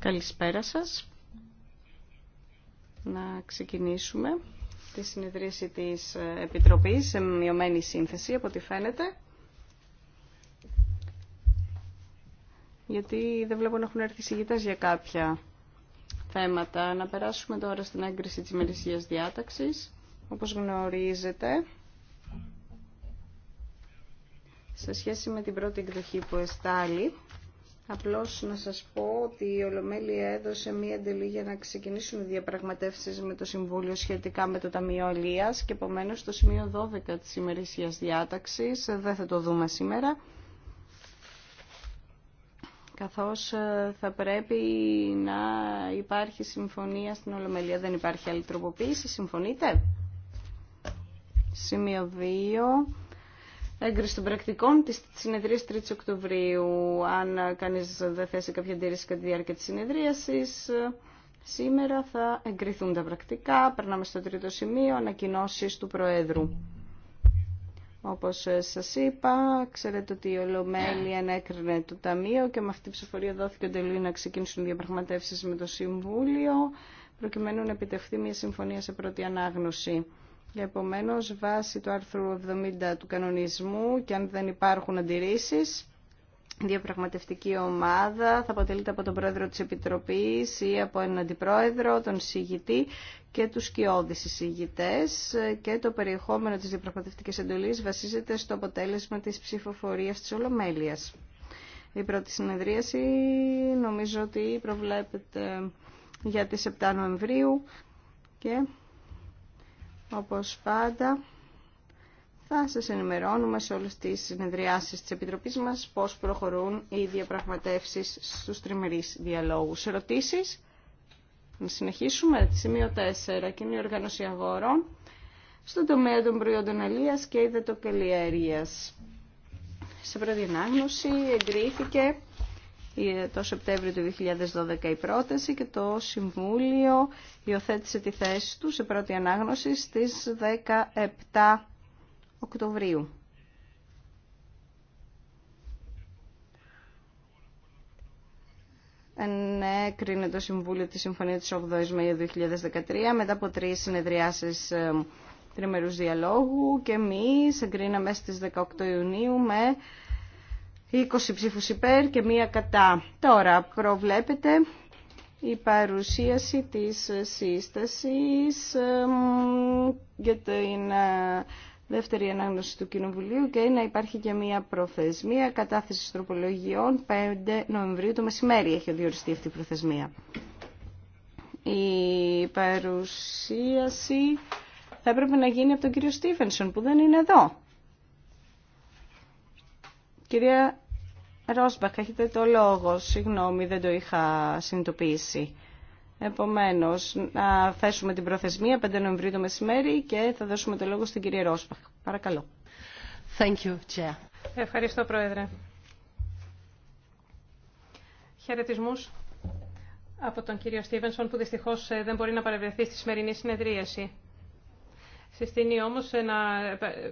Καλησπέρα σας. Να ξεκινήσουμε τη συνεδρίαση της Επιτροπής σε μειωμένη σύνθεση, από ό,τι φαίνεται. Γιατί δεν βλέπω να έχουν έρθει συγγητές για κάποια θέματα. Να περάσουμε τώρα στην έγκριση της ημερησίας διάταξης. Όπως γνωρίζετε, σε σχέση με την πρώτη εκδοχή που εστάλει. Απλώς να σας πω ότι η Ολομέλεια έδωσε μία εντελή για να ξεκινήσουν οι διαπραγματεύσεις με το Συμβούλιο σχετικά με το Ταμείο Αλίας και επομένως το σημείο 12 της ημερησίας διάταξης δεν θα το δούμε σήμερα καθώς ε, θα πρέπει να υπάρχει συμφωνία στην Ολομέλεια. Δεν υπάρχει άλλη τροποποίηση. Συμφωνείτε? Σημείο 2 έγκριση των πρακτικών της συνεδρίας 3 Οκτωβρίου. Αν κανείς δεν θέσει κάποια αντίρρηση κατά τη διάρκεια της συνεδρίασης, σήμερα θα εγκριθούν τα πρακτικά. Περνάμε στο τρίτο σημείο, ανακοινώσει του Προέδρου. Όπως σας είπα, ξέρετε ότι η Ολομέλη ανέκρινε το Ταμείο και με αυτή τη ψηφορία δόθηκε εντελή να ξεκινήσουν διαπραγματεύσεις με το Συμβούλιο, προκειμένου να επιτευχθεί μια συμφωνία σε πρώτη ανάγνωση. Και βάσει του άρθρου 70 του κανονισμού και αν δεν υπάρχουν αντιρρήσεις διαπραγματευτική ομάδα θα αποτελείται από τον πρόεδρο της Επιτροπής ή από έναν αντιπρόεδρο, τον συγητή και τους σκιώδεις συγητές και το περιεχόμενο της διαπραγματευτικής εντολής βασίζεται στο αποτέλεσμα της ψηφοφορίας της Ολομέλειας. Η πρώτη συνεδρίαση νομίζω ότι προβλέπεται για τις 7 Νοεμβρίου και όπως πάντα, θα σας ενημερώνουμε σε όλες τις συνεδριάσεις της Επιτροπής μας πώς προχωρούν οι διαπραγματεύσεις στους τριμερείς διαλόγους. Ερωτήσεις? Να συνεχίσουμε. Σημείο 4. Κοινή οργάνωση αγορών στον τομέα των προϊόντων αλίας και υδατοκαλλιέργειας. Σε πρώτη ανάγνωση εγκρίθηκε ε, το Σεπτέμβριο του 2012 η πρόταση και το Συμβούλιο υιοθέτησε τη θέση του σε πρώτη ανάγνωση στις 17 Οκτωβρίου. Ενέκρινε το Συμβούλιο τη Συμφωνία της 8ης Μαΐου 2013 μετά από τρεις συνεδριάσεις ε, τριμερούς διαλόγου και εμείς εγκρίναμε στις 18 Ιουνίου με 20 ψήφους υπέρ και μία κατά. Τώρα προβλέπεται η παρουσίαση της σύστασης για την ε, δεύτερη ανάγνωση του Κοινοβουλίου και να υπάρχει και μία προθεσμία κατάθεσης τροπολογιών 5 Νοεμβρίου το μεσημέρι έχει διοριστεί αυτή η προθεσμία. Η παρουσίαση θα έπρεπε να γίνει από τον κύριο Στίφενσον που δεν είναι εδώ. Κυρία Ρόσπαχ, έχετε το λόγο. Συγγνώμη, δεν το είχα συνειδητοποιήσει. Επομένως, να θέσουμε την προθεσμία 5 Νοεμβρίου το μεσημέρι και θα δώσουμε το λόγο στην κυρία Ρόσπαχ. Παρακαλώ. Thank you, Chair. Ευχαριστώ, Πρόεδρε. Χαιρετισμού από τον κύριο Στίβενσον που δυστυχώς ε, δεν μπορεί να παρευρεθεί στη σημερινή συνεδρίαση. Συστήνει όμω να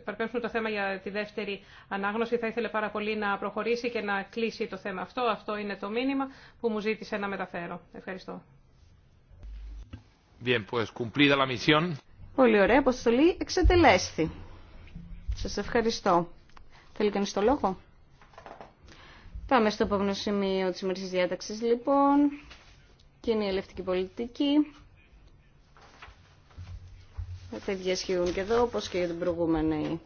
παρπέμψουμε το θέμα για τη δεύτερη ανάγνωση. Θα ήθελε πάρα πολύ να προχωρήσει και να κλείσει το θέμα αυτό. Αυτό είναι το μήνυμα που μου ζήτησε να μεταφέρω. Ευχαριστώ. Bien, pues, cumplida la misión. Πολύ ωραία. Αποστολή εξετελέσθη. Σα ευχαριστώ. Θέλει κανεί το λόγο. Πάμε στο επόμενο σημείο τη ημερική διάταξη λοιπόν. η ελευτική πολιτική. Θα ίδια και εδώ, όπως και για την προηγούμενη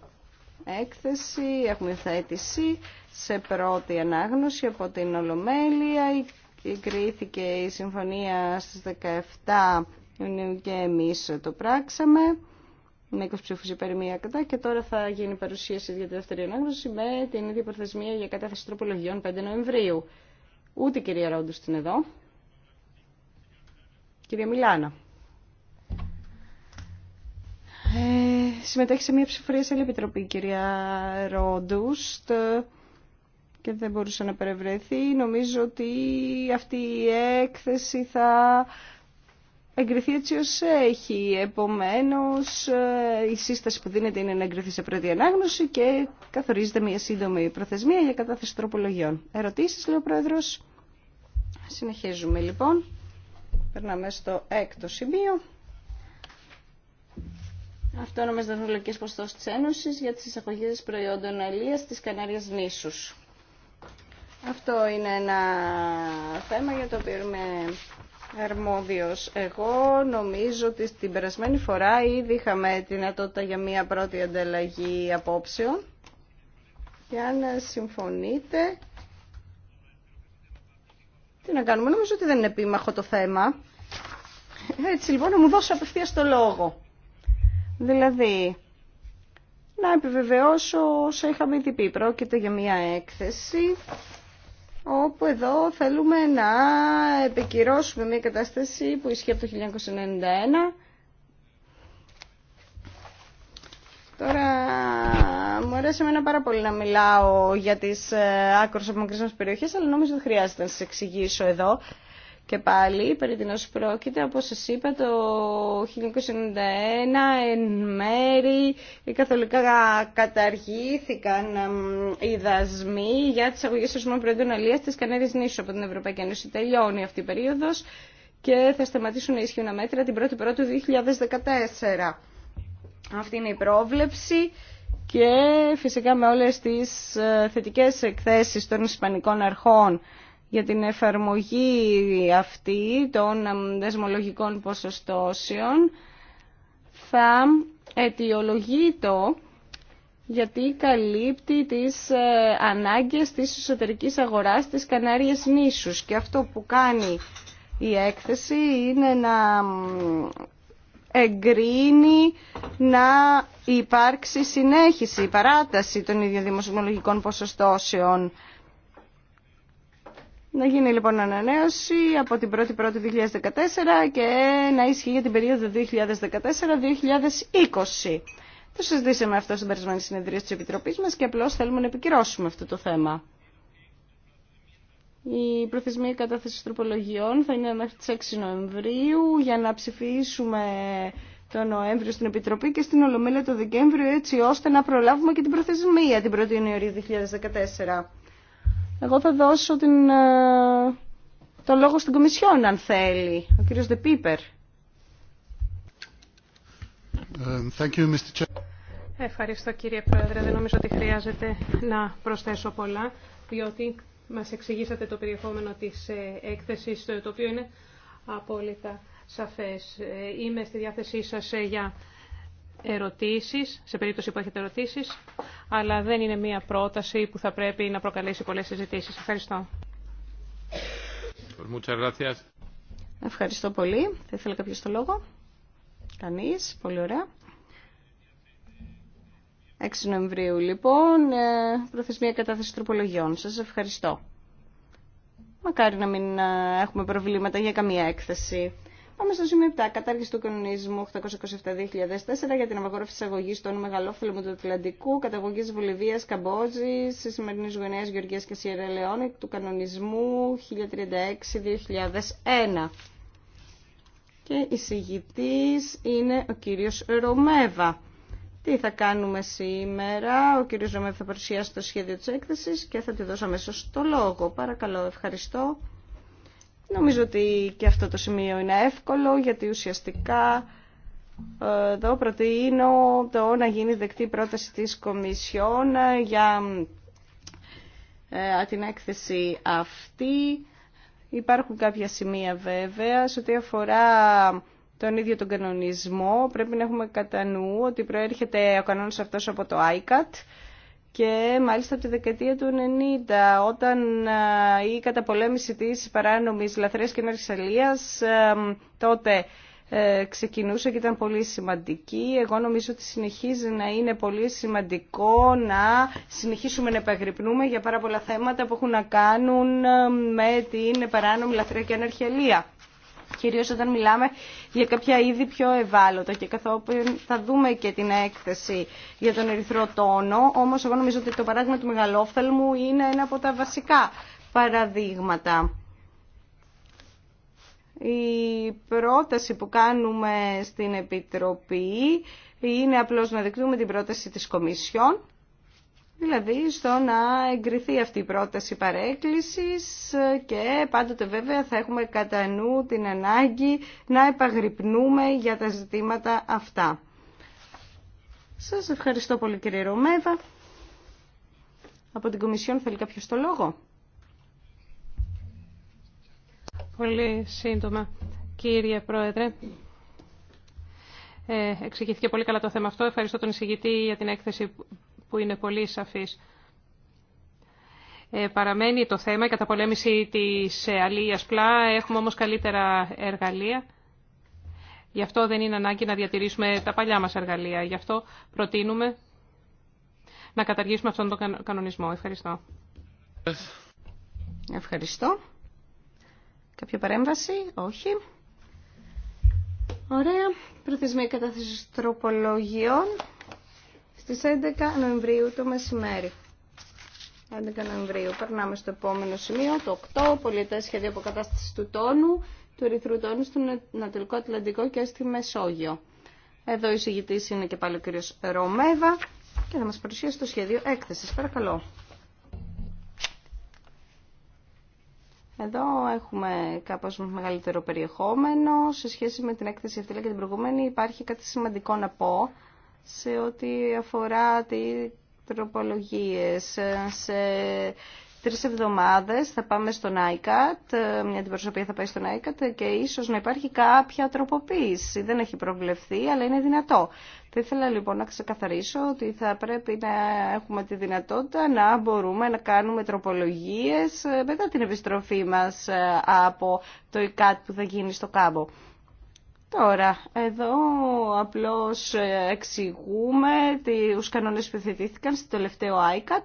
έκθεση. Έχουμε θέτηση σε πρώτη ανάγνωση από την Ολομέλεια. Κρίθηκε η συμφωνία στις 17 Ιουνίου και εμείς το πράξαμε με 20 ψήφου υπέρ μία κατά και τώρα θα γίνει παρουσίαση για τη δεύτερη ανάγνωση με την ίδια προθεσμία για κατάθεση τροπολογιών 5 Νοεμβρίου. Ούτε η κυρία Ρόντου στην εδώ. Κυρία Μιλάνα. Ε, συμμετέχει σε μια ψηφορία σε άλλη επιτροπή κυρία Ρόντουστ ε, και δεν μπορούσε να παρευρεθεί. Νομίζω ότι αυτή η έκθεση θα εγκριθεί έτσι ως έχει. Επομένως, ε, η σύσταση που δίνεται είναι να εγκριθεί σε πρώτη ανάγνωση και καθορίζεται μια σύντομη προθεσμία για κατάθεση τροπολογιών. Ερωτήσεις, λέει ο Πρόεδρος. Συνεχίζουμε λοιπόν. Περνάμε στο έκτο σημείο ο δασμολογικές ποστός τη Ένωση για τις εισαγωγέ προϊόντων της τη Κανάριας νήσους. Αυτό είναι ένα θέμα για το οποίο είμαι αρμόδιος. Εγώ νομίζω ότι στην περασμένη φορά ήδη είχαμε τη δυνατότητα για μια πρώτη ανταλλαγή απόψεων. Και αν συμφωνείτε, τι να κάνουμε, νομίζω ότι δεν είναι επίμαχο το θέμα. Έτσι λοιπόν να μου δώσω απευθείας το λόγο. Δηλαδή, να επιβεβαιώσω όσα είχαμε ήδη πει. Πρόκειται για μια έκθεση όπου εδώ θέλουμε να επικυρώσουμε μια κατάσταση που ισχύει από το 1991. Τώρα μου αρέσει εμένα πάρα πολύ να μιλάω για τις ε, άκρως μας περιοχές, αλλά νομίζω ότι χρειάζεται να σας εξηγήσω εδώ. Και πάλι, περί την όσο πρόκειται, όπως σας είπα, το 1991 εν μέρη οι καθολικά καταργήθηκαν οι δασμοί για τις αγωγές οσμών προϊόντων αλίας της Κανέρης Νήσου από την Ευρωπαϊκή Ένωση. Τελειώνει αυτή η περίοδος και θα σταματήσουν να ισχύουν μέτρα την 1η Πρώτου 2014. Αυτή είναι η πρόβλεψη και φυσικά με όλες τις ε, θετικές εκθέσεις των Ισπανικών αρχών για την εφαρμογή αυτή των δεσμολογικών ποσοστώσεων θα αιτιολογεί το γιατί καλύπτει τις ε, ανάγκες της εσωτερικής αγοράς της Κανάριας νήσους και αυτό που κάνει η έκθεση είναι να εγκρίνει να υπάρξει συνέχιση, παράταση των ίδιων δημοσιολογικών ποσοστώσεων να γίνει λοιπόν ανανέωση από την 1η 1η 2014 και να ισχύει για την περίοδο 2014-2020. Το συζητήσαμε αυτό στην περισμένη συνεδρία της Επιτροπής μας και απλώς θέλουμε να επικυρώσουμε αυτό το θέμα. Η προθεσμία κατάθεση τροπολογιών θα είναι μέχρι τις 6 Νοεμβρίου για να ψηφίσουμε το Νοέμβριο στην Επιτροπή και στην Ολομέλεια το Δεκέμβριο έτσι ώστε να προλάβουμε και την προθεσμία την 1η Ιανουαρίου 2014. Εγώ θα δώσω την, ε, το λόγο στην Κομισιόν, αν θέλει. Ο κύριος Δεπίπερ. Thank Ευχαριστώ κύριε Πρόεδρε. Δεν νομίζω ότι χρειάζεται να προσθέσω πολλά, διότι μας εξηγήσατε το περιεχόμενο της ε, έκθεσης, το οποίο είναι απόλυτα σαφές. Ε, είμαι στη διάθεσή σας για ερωτήσεις, σε περίπτωση που έχετε ερωτήσεις, αλλά δεν είναι μία πρόταση που θα πρέπει να προκαλέσει πολλές συζητήσεις. Ευχαριστώ. Ευχαριστώ πολύ. Θα ήθελα κάποιος το λόγο. Κανείς. Πολύ ωραία. 6 Νοεμβρίου, λοιπόν, ε, προθεσμία κατάθεση τροπολογιών. Σας ευχαριστώ. Μακάρι να μην ε, έχουμε προβλήματα για καμία έκθεση. Πάμε στο σημείο 7. Κατάργηση του κανονισμού 827-2004 για την απαγόρευση τη αγωγή των μεγαλόφιλων του Ατλαντικού, καταγωγή Βολιβία, Καμπότζη, τη σημερινή Γουενέα Γεωργία και Σιέρα Λεόνη, του κανονισμού 1036-2001. Και η εισηγητή είναι ο κύριο Ρωμέβα. Τι θα κάνουμε σήμερα. Ο κύριος Ρωμέβα θα παρουσιάσει το σχέδιο τη έκθεση και θα τη δώσω αμέσω το λόγο. Παρακαλώ, ευχαριστώ. Νομίζω ότι και αυτό το σημείο είναι εύκολο γιατί ουσιαστικά ε, εδώ προτείνω το να γίνει δεκτή πρόταση της Κομισιόν ε, για ε, την έκθεση αυτή. Υπάρχουν κάποια σημεία βέβαια σε ό,τι αφορά τον ίδιο τον κανονισμό. Πρέπει να έχουμε κατά νου ότι προέρχεται ο κανόνας αυτός από το ICAT και μάλιστα από τη δεκαετία του 90 όταν η καταπολέμηση της παράνομης λαθρέας και τότε ε, ξεκινούσε και ήταν πολύ σημαντική. Εγώ νομίζω ότι συνεχίζει να είναι πολύ σημαντικό να συνεχίσουμε να επαγρυπνούμε για πάρα πολλά θέματα που έχουν να κάνουν με την παράνομη λαθρέα και αναρχελία κυρίως όταν μιλάμε για κάποια είδη πιο ευάλωτα και καθόπιν θα δούμε και την έκθεση για τον ερυθρό τόνο, όμως εγώ νομίζω ότι το παράδειγμα του μεγαλόφθαλμου είναι ένα από τα βασικά παραδείγματα. Η πρόταση που κάνουμε στην Επιτροπή είναι απλώς να δεκτούμε την πρόταση της Κομισιόν Δηλαδή στο να εγκριθεί αυτή η πρόταση παρέκκλησης και πάντοτε βέβαια θα έχουμε κατά νου την ανάγκη να επαγρυπνούμε για τα ζητήματα αυτά. Σας ευχαριστώ πολύ κύριε Ρωμέβα. Από την Κομισιόν θέλει κάποιο το λόγο. Πολύ σύντομα κύριε Πρόεδρε. Ε, εξηγήθηκε πολύ καλά το θέμα αυτό. Ευχαριστώ τον εισηγητή για την έκθεση που είναι πολύ σαφής. Ε, παραμένει το θέμα η καταπολέμηση της ε, αλίας πλά, έχουμε όμως καλύτερα εργαλεία. Γι' αυτό δεν είναι ανάγκη να διατηρήσουμε τα παλιά μας εργαλεία. Γι' αυτό προτείνουμε να καταργήσουμε αυτόν τον κανονισμό. Ευχαριστώ. Ευχαριστώ. Κάποια παρέμβαση. Όχι. Ωραία. Προθεσμία καταθέσεις τροπολογιών στις 11 Νοεμβρίου το μεσημέρι. 11 Νοεμβρίου. Περνάμε στο επόμενο σημείο, το 8, Πολιτές, σχέδιο αποκατάσταση του τόνου, του ερυθρού τόνου στον Ανατολικό Ατλαντικό και στη Μεσόγειο. Εδώ η συγητή είναι και πάλι ο κύριος Ρωμέβα και θα μας παρουσιάσει το σχέδιο έκθεση. Παρακαλώ. Εδώ έχουμε κάπως μεγαλύτερο περιεχόμενο. Σε σχέση με την έκθεση αυτή και την προηγούμενη υπάρχει κάτι σημαντικό να πω σε ό,τι αφορά τι τροπολογίες. Σε τρεις εβδομάδες θα πάμε στον ICAT, μια αντιπροσωπεία θα πάει στον ICAT και ίσως να υπάρχει κάποια τροποποίηση. Δεν έχει προβλεφθεί, αλλά είναι δυνατό. Θα ήθελα λοιπόν να ξεκαθαρίσω ότι θα πρέπει να έχουμε τη δυνατότητα να μπορούμε να κάνουμε τροπολογίες μετά την επιστροφή μας ε, από το ICAT που θα γίνει στο κάμπο. Τώρα, εδώ απλώς εξηγούμε τους κανόνες που θετήθηκαν στο τελευταίο ICAT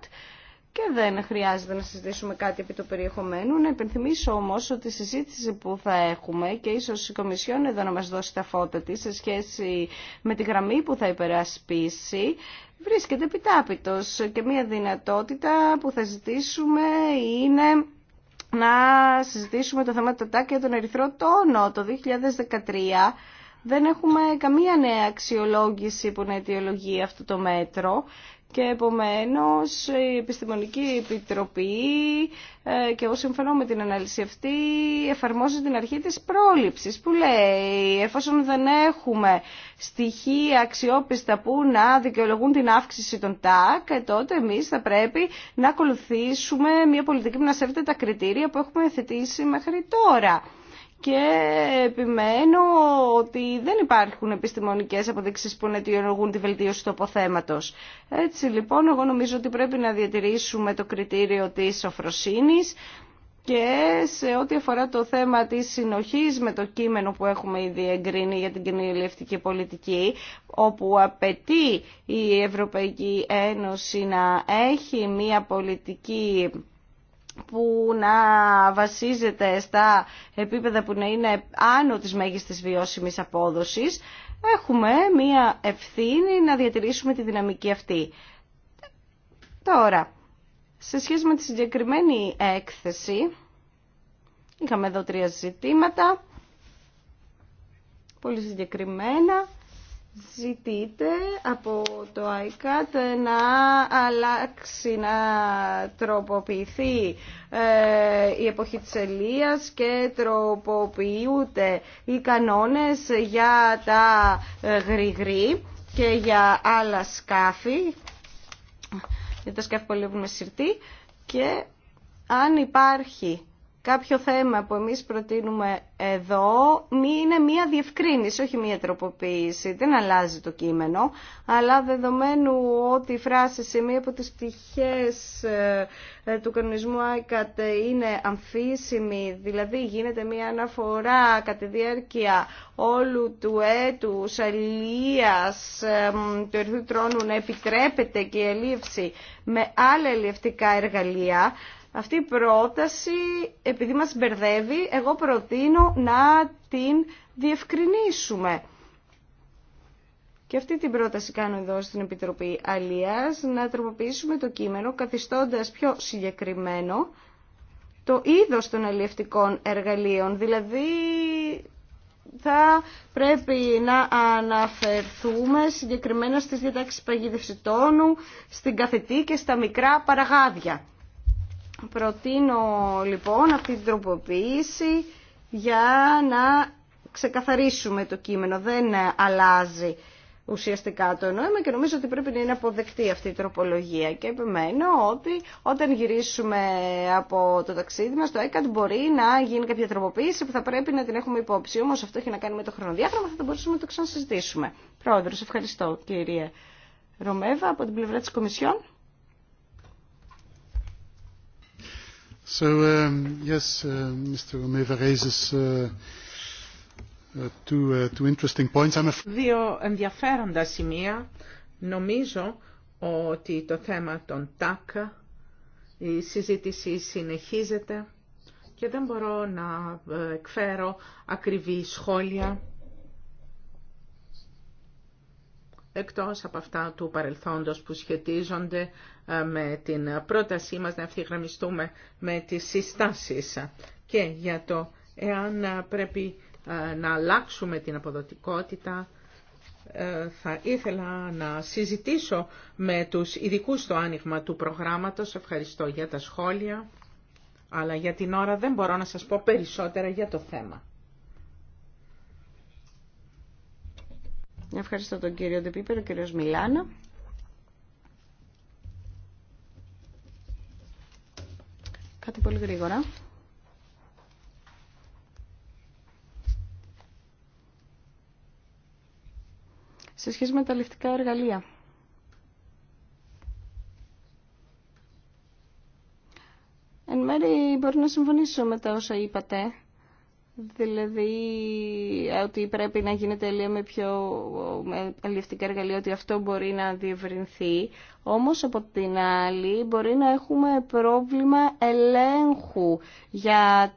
και δεν χρειάζεται να συζητήσουμε κάτι επί το περιεχομένου. Να υπενθυμίσω όμως ότι η συζήτηση που θα έχουμε και ίσως η Κομισιόν εδώ να μας δώσει τα φώτα της σε σχέση με τη γραμμή που θα υπερασπίσει βρίσκεται επιτάπητος και μια δυνατότητα που θα ζητήσουμε είναι να συζητήσουμε το θέμα του ΤΑΚ και τον Ερυθρό Τόνο το 2013. Δεν έχουμε καμία νέα αξιολόγηση που να αιτιολογεί αυτό το μέτρο και επομένως η Επιστημονική Επιτροπή ε, και εγώ συμφωνώ με την ανάλυση αυτή εφαρμόζει την αρχή της πρόληψης που λέει εφόσον δεν έχουμε στοιχεία αξιόπιστα που να δικαιολογούν την αύξηση των ΤΑΚ ε, τότε εμείς θα πρέπει να ακολουθήσουμε μια πολιτική που να σέβεται τα κριτήρια που έχουμε θετήσει μέχρι τώρα και επιμένω ότι δεν υπάρχουν επιστημονικές αποδείξεις που να τη βελτίωση του αποθέματος. Έτσι λοιπόν εγώ νομίζω ότι πρέπει να διατηρήσουμε το κριτήριο της σοφροσύνης και σε ό,τι αφορά το θέμα της συνοχής με το κείμενο που έχουμε ήδη εγκρίνει για την κοινή πολιτική, όπου απαιτεί η Ευρωπαϊκή Ένωση να έχει μια πολιτική που να βασίζεται στα επίπεδα που να είναι άνω της μέγιστης βιώσιμης απόδοσης, έχουμε μία ευθύνη να διατηρήσουμε τη δυναμική αυτή. Τώρα, σε σχέση με τη συγκεκριμένη έκθεση, είχαμε εδώ τρία ζητήματα, πολύ συγκεκριμένα ζητείτε από το ICAT να αλλάξει, να τροποποιηθεί ε, η εποχή της Ελίας και τροποποιούνται οι κανόνες για τα ε, γρηγρή και για άλλα σκάφη, για τα σκάφη που με συρτή και αν υπάρχει κάποιο θέμα που εμείς προτείνουμε εδώ είναι μία διευκρίνηση, όχι μία τροποποίηση. Δεν αλλάζει το κείμενο, αλλά δεδομένου ότι η φράση σε μία από τις πτυχές ε, του κανονισμού ICAT είναι αμφίσιμη, δηλαδή γίνεται μία αναφορά κατά τη διάρκεια όλου του έτους ε, του ερθού τρόνου να επιτρέπεται και η με άλλα αλληλευτικά εργαλεία, αυτή η πρόταση, επειδή μας μπερδεύει, εγώ προτείνω να την διευκρινίσουμε. Και αυτή την πρόταση κάνω εδώ στην Επιτροπή Αλίας, να τροποποιήσουμε το κείμενο καθιστώντας πιο συγκεκριμένο το είδος των αλλιευτικών εργαλείων. Δηλαδή θα πρέπει να αναφερθούμε συγκεκριμένα στις διατάξεις παγίδευση τόνου, στην καθετή και στα μικρά παραγάδια. Προτείνω λοιπόν αυτή την τροποποίηση για να ξεκαθαρίσουμε το κείμενο. Δεν αλλάζει ουσιαστικά το νόημα και νομίζω ότι πρέπει να είναι αποδεκτή αυτή η τροπολογία. Και επιμένω ότι όταν γυρίσουμε από το ταξίδι μας το ΕΚΑΤ μπορεί να γίνει κάποια τροποποίηση που θα πρέπει να την έχουμε υπόψη. Όμως αυτό έχει να κάνει με το χρονοδιάγραμμα, θα το μπορούσαμε να το ξανασυζητήσουμε. Πρόεδρος, ευχαριστώ κύριε Ρωμέβα από την πλευρά της Κομισιόν. So, um, yes, uh, Mr. Omeva raises uh, uh, Δύο ενδιαφέροντα σημεία. Νομίζω ότι το θέμα των ΤΑΚ, η συζήτηση συνεχίζεται και δεν μπορώ να ε, εκφέρω ακριβή σχόλια εκτός από αυτά του παρελθόντος που σχετίζονται ε, με την πρότασή μας να ευθυγραμμιστούμε με τις συστάσεις και για το εάν πρέπει ε, να αλλάξουμε την αποδοτικότητα ε, θα ήθελα να συζητήσω με τους ειδικού στο άνοιγμα του προγράμματος. Ευχαριστώ για τα σχόλια, αλλά για την ώρα δεν μπορώ να σας πω περισσότερα για το θέμα. Ευχαριστώ τον κύριο Ντεπίπερο, κύριος Μιλάνα. κάτι πολύ γρήγορα. Σε σχέση με τα ληφτικά εργαλεία. Εν μέρει μπορώ να συμφωνήσω με τα όσα είπατε Δηλαδή ότι πρέπει να γίνεται ελεία με πιο αλληλευτικά εργαλεία, ότι αυτό μπορεί να διευρυνθεί. Όμως από την άλλη μπορεί να έχουμε πρόβλημα ελέγχου για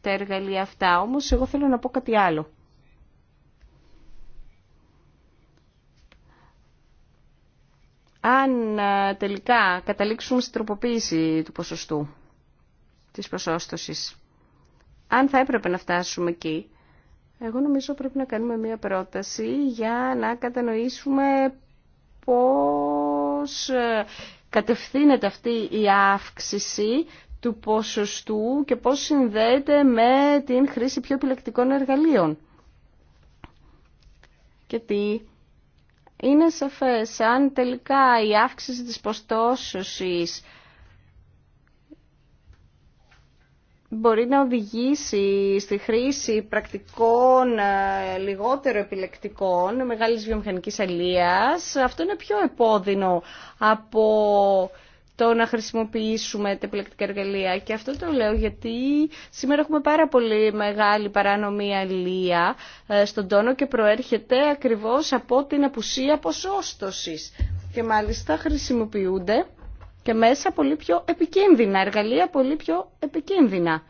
τα εργαλεία αυτά. Όμως εγώ θέλω να πω κάτι άλλο. Αν τελικά καταλήξουμε στην τροποποίηση του ποσοστού της ποσόστοσης αν θα έπρεπε να φτάσουμε εκεί. Εγώ νομίζω πρέπει να κάνουμε μία πρόταση για να κατανοήσουμε πώς ε, κατευθύνεται αυτή η αύξηση του ποσοστού και πώς συνδέεται με την χρήση πιο επιλεκτικών εργαλείων. Γιατί είναι σαφές αν τελικά η αύξηση της ποστόσωσης μπορεί να οδηγήσει στη χρήση πρακτικών ε, λιγότερο επιλεκτικών μεγάλης βιομηχανικής αλίας. Αυτό είναι πιο επώδυνο από το να χρησιμοποιήσουμε τα επιλεκτικά εργαλεία. Και αυτό το λέω γιατί σήμερα έχουμε πάρα πολύ μεγάλη παράνομη αλία ε, στον τόνο και προέρχεται ακριβώς από την απουσία ποσόστοσης. Και μάλιστα χρησιμοποιούνται και μέσα πολύ πιο επικίνδυνα, εργαλεία πολύ πιο επικίνδυνα.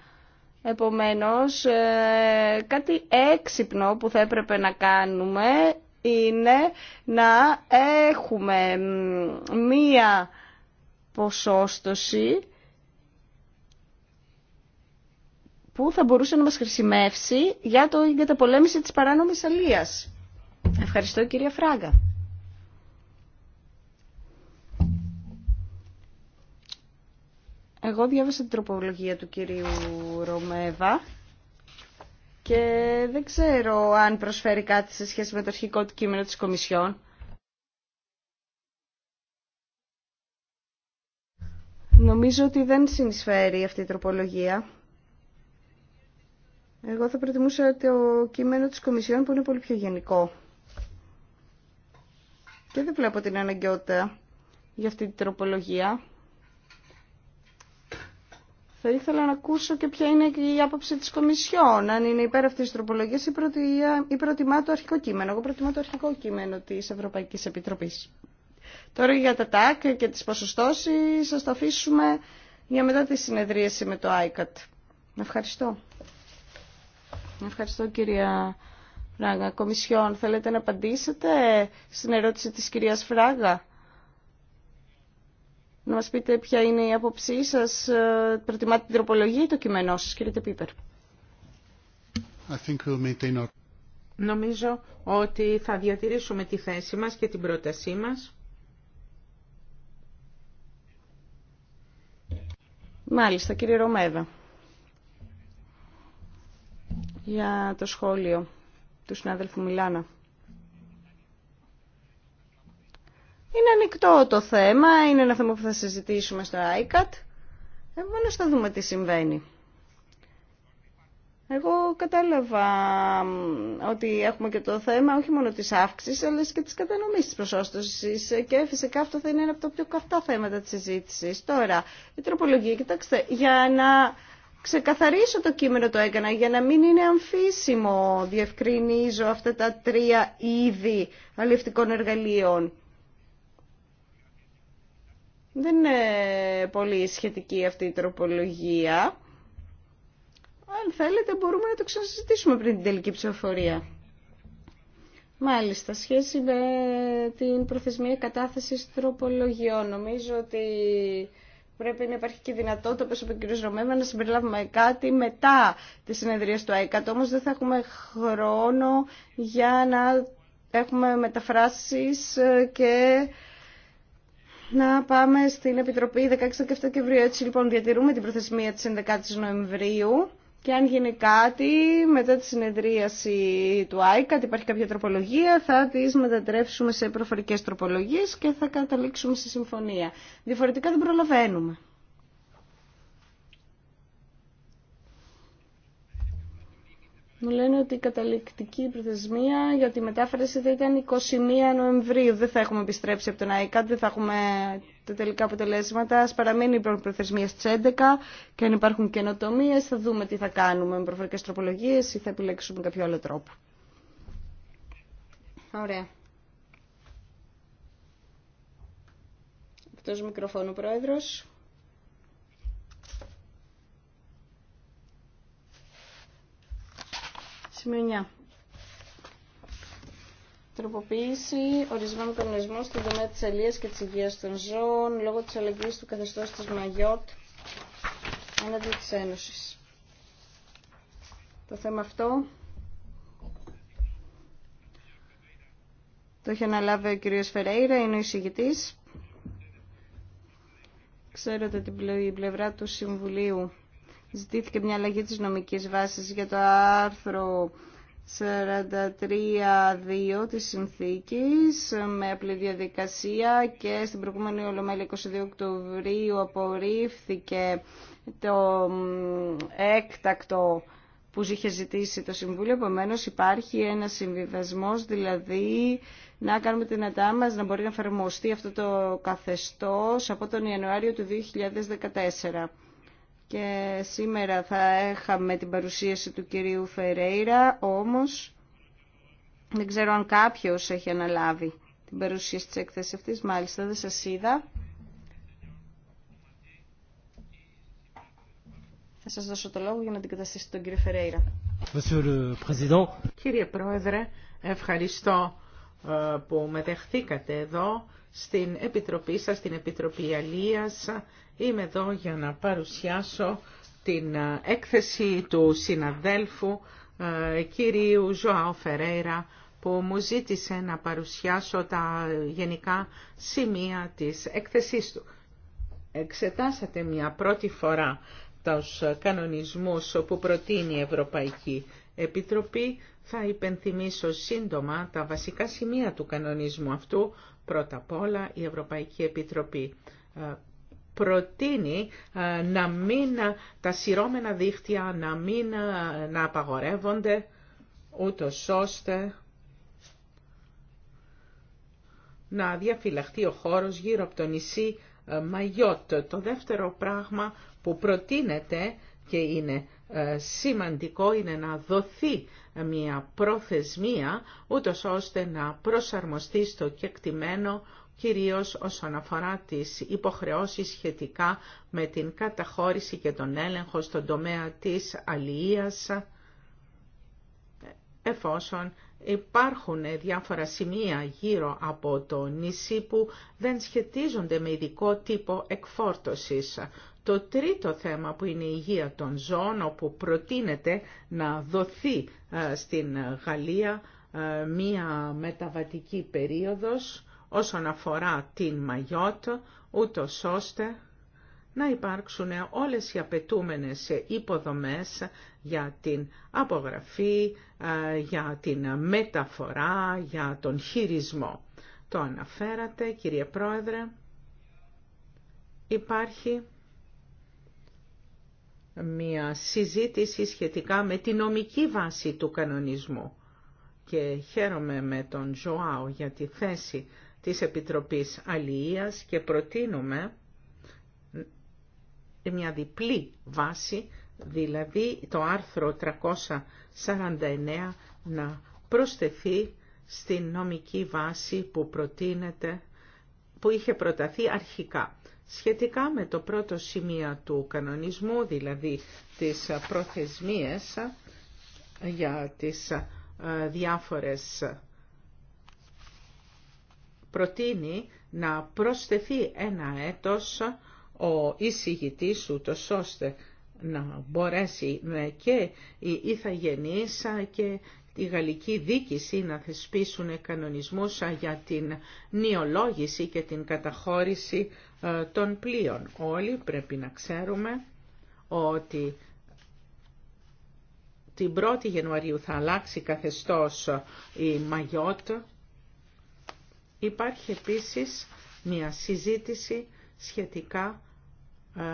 Επομένως, ε, κάτι έξυπνο που θα έπρεπε να κάνουμε είναι να έχουμε μία ποσόστοση που θα μπορούσε να μας χρησιμεύσει για την καταπολέμηση της παράνομης αλίας. Ευχαριστώ κυρία Φράγκα. Εγώ διάβασα την τροπολογία του κυρίου Ρωμέβα και δεν ξέρω αν προσφέρει κάτι σε σχέση με το αρχικό του κείμενο της Κομισιόν. Νομίζω ότι δεν συνεισφέρει αυτή η τροπολογία. Εγώ θα προτιμούσα το κείμενο της Κομισιόν που είναι πολύ πιο γενικό. Και δεν βλέπω την αναγκαιότητα για αυτή την τροπολογία. Θα ήθελα να ακούσω και ποια είναι η άποψη της Κομισιόν, αν είναι υπέρ αυτής της τροπολογίας ή, προτι... ή προτιμά το αρχικό κείμενο. Εγώ προτιμά το αρχικό κείμενο της Ευρωπαϊκής Επιτροπής. Τώρα για τα ΤΑΚ και τις ποσοστώσεις σας τα αφήσουμε για μετά τη συνεδρίαση με το ICAT. Ευχαριστώ. Ευχαριστώ κυρία Φράγα. Κομισιόν, θέλετε να απαντήσετε στην ερώτηση της κυρίας Φράγα να μας πείτε ποια είναι η άποψή σας. Ε, προτιμάτε την τροπολογία ή το κείμενό σας, κύριε Τεπίπερ. Νομίζω ότι θα διατηρήσουμε τη θέση μας και την πρότασή μας. Μάλιστα, κύριε Ρωμέδα. Για το σχόλιο του συνάδελφου Μιλάνα. Είναι ανοιχτό το θέμα, είναι ένα θέμα που θα συζητήσουμε στο ICAT. Επομένω θα δούμε τι συμβαίνει. Εγώ κατάλαβα ότι έχουμε και το θέμα όχι μόνο της αύξηση, αλλά και της κατανομής της προσώστοσης και φυσικά αυτό θα είναι ένα από τα πιο καυτά θέματα της συζήτηση. Τώρα, η τροπολογία, κοιτάξτε, για να ξεκαθαρίσω το κείμενο το έκανα, για να μην είναι αμφίσιμο διευκρινίζω αυτά τα τρία είδη αλληλευτικών εργαλείων. Δεν είναι πολύ σχετική αυτή η τροπολογία. Αν θέλετε μπορούμε να το ξανασυζητήσουμε πριν την τελική ψηφοφορία. Μάλιστα, σχέση με την προθεσμία κατάθεσης τροπολογιών. Νομίζω ότι πρέπει να υπάρχει και δυνατότητα, όπως είπε ο κ. Ρωμέβα, να συμπεριλάβουμε κάτι μετά τη συνεδρία του ΑΕΚΑΤ. Όμως δεν θα έχουμε χρόνο για να έχουμε μεταφράσεις και να πάμε στην Επιτροπή 16 και 17 Δεκεμβρίου. Έτσι λοιπόν διατηρούμε την προθεσμία της 11ης Νοεμβρίου και αν γίνει κάτι μετά τη συνεδρίαση του ΆΙΚΑ, υπάρχει κάποια τροπολογία, θα τις μετατρέψουμε σε προφορικές τροπολογίες και θα καταλήξουμε στη συμφωνία. Διαφορετικά δεν προλαβαίνουμε. Μου λένε ότι η καταληκτική προθεσμία για τη μετάφραση θα ήταν 21 Νοεμβρίου. Δεν θα έχουμε επιστρέψει από τον ΑΕΚΑΤ, δεν θα έχουμε τα τελικά αποτελέσματα. Α παραμείνει λοιπόν η προθεσμία στι 11 και αν υπάρχουν καινοτομίε θα δούμε τι θα κάνουμε με προφορικέ τροπολογίε ή θα επιλέξουμε κάποιο άλλο τρόπο. Ωραία. μικροφώνου, Πρόεδρος. Σημείο 9. Τροποποίηση ορισμένων κανονισμών στον τομέα τη αλληλεία και τη υγεία των ζώων λόγω τη αλλαγής του καθεστώ τη Μαγιότ έναντι τη Ένωση. Το θέμα αυτό το έχει αναλάβει ο κ. Φεραίρα, είναι ο εισηγητή. Ξέρετε την πλευρά του Συμβουλίου ζητήθηκε μια αλλαγή της νομικής βάσης για το άρθρο 43.2 της συνθήκης με απλή διαδικασία και στην προηγούμενη ολομέλη 22 Οκτωβρίου απορρίφθηκε το έκτακτο που είχε ζητήσει το Συμβούλιο. Επομένως υπάρχει ένα συμβιβασμός δηλαδή να κάνουμε την δυνατά μα να μπορεί να εφαρμοστεί αυτό το καθεστώς από τον Ιανουάριο του 2014 και σήμερα θα έχαμε την παρουσίαση του κυρίου Φερέιρα, όμως δεν ξέρω αν κάποιος έχει αναλάβει την παρουσίαση της έκθεσης αυτής, μάλιστα δεν σας είδα. Θα σας δώσω το λόγο για να την αντικαταστήσετε τον κύριο Φερέιρα. Κύριε Πρόεδρε, ευχαριστώ ε, που με δεχθήκατε εδώ στην Επιτροπή σας, στην Επιτροπή Αλίας. Είμαι εδώ για να παρουσιάσω την ε, έκθεση του συναδέλφου ε, κυρίου Ζωάο Φερέιρα που μου ζήτησε να παρουσιάσω τα γενικά σημεία της έκθεσής του. Εξετάσατε μια πρώτη φορά τους κανονισμούς που προτείνει η Ευρωπαϊκή Επιτροπή. Θα υπενθυμίσω σύντομα τα βασικά σημεία του κανονισμού αυτού Πρώτα απ' όλα η Ευρωπαϊκή Επιτροπή ε, προτείνει ε, να μην ε, τα σειρώμενα δίχτυα να μην να απαγορεύονται ούτω ώστε να διαφυλαχθεί ο χώρος γύρω από το νησί Μαγιότ. Το δεύτερο πράγμα που προτείνεται και είναι σημαντικό είναι να δοθεί μια προθεσμία, ούτως ώστε να προσαρμοστεί στο κεκτημένο κυρίως όσον αφορά τις υποχρεώσεις σχετικά με την καταχώρηση και τον έλεγχο στον τομέα της αλληλείας, εφόσον υπάρχουν διάφορα σημεία γύρω από το νησί που δεν σχετίζονται με ειδικό τύπο εκφόρτωσης. Το τρίτο θέμα που είναι η υγεία των ζώων, όπου προτείνεται να δοθεί ε, στην Γαλλία ε, μία μεταβατική περίοδος όσον αφορά την Μαγιότ, ούτω ώστε να υπάρξουν όλες οι απαιτούμενες υποδομές για την απογραφή, ε, για την μεταφορά, για τον χειρισμό. Το αναφέρατε, κύριε Πρόεδρε. Υπάρχει μια συζήτηση σχετικά με τη νομική βάση του κανονισμού. Και χαίρομαι με τον Ζωάο για τη θέση της Επιτροπής Αλληλείας και προτείνουμε μια διπλή βάση, δηλαδή το άρθρο 349 να προσθεθεί στην νομική βάση που προτείνεται, που είχε προταθεί αρχικά σχετικά με το πρώτο σημείο του κανονισμού, δηλαδή τις προθεσμίες για τις ε, διάφορες ε, προτείνει να προσθεθεί ένα έτος ο εισηγητής ούτως ώστε να μπορέσει και η ηθαγενείς και η γαλλική δίκηση να θεσπίσουν κανονισμούς για την νιολόγηση και την καταχώρηση ε, των πλοίων. Όλοι πρέπει να ξέρουμε ότι την 1η Ιανουαρίου θα αλλάξει καθεστώς η γενουαριου θα αλλαξει Υπάρχει επίσης μια συζήτηση σχετικά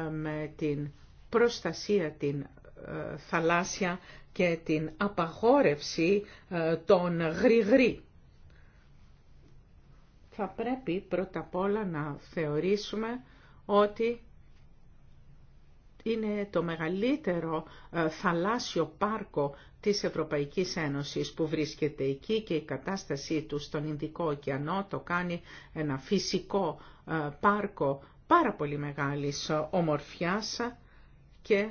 ε, με την προστασία την ε, θαλάσσια και την απαγόρευση των γρηγρή θα πρέπει πρώτα απ' όλα να θεωρήσουμε ότι είναι το μεγαλύτερο ε, θαλάσσιο πάρκο της Ευρωπαϊκής Ένωσης που βρίσκεται εκεί και η κατάστασή του στον Ινδικό ωκεανό το κάνει ένα φυσικό ε, πάρκο πάρα πολύ μεγάλης ε, ομορφιάς και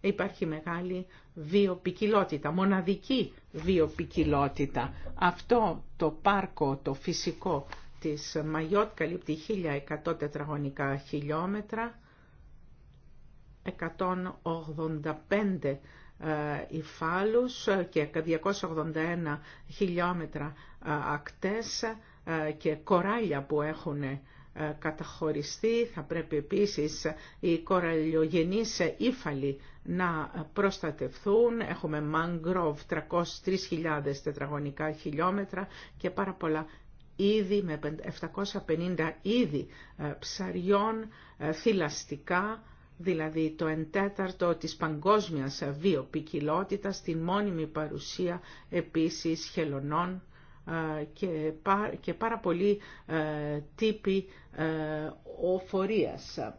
υπάρχει μεγάλη βιοπικιλότητα, μοναδική βιοπικιλότητα. Αυτό το πάρκο, το φυσικό της Μαγιότ καλύπτει 1100 τετραγωνικά χιλιόμετρα, 185 ε, υφάλους και 281 χιλιόμετρα ε, ακτές ε, και κοράλια που έχουν ε, καταχωριστεί. Θα πρέπει επίσης οι κοραλιογενείς ύφαλοι να προστατευθούν. Έχουμε mangrove 303.000 τετραγωνικά χιλιόμετρα και πάρα πολλά είδη με 750 είδη ε, ψαριών ε, θηλαστικά δηλαδή το εντέταρτο τέταρτο της παγκόσμιας βιοπικιλότητας, την μόνιμη παρουσία επίσης χελωνών και πάρα πολλοί ε, τύποι ε, οφορίας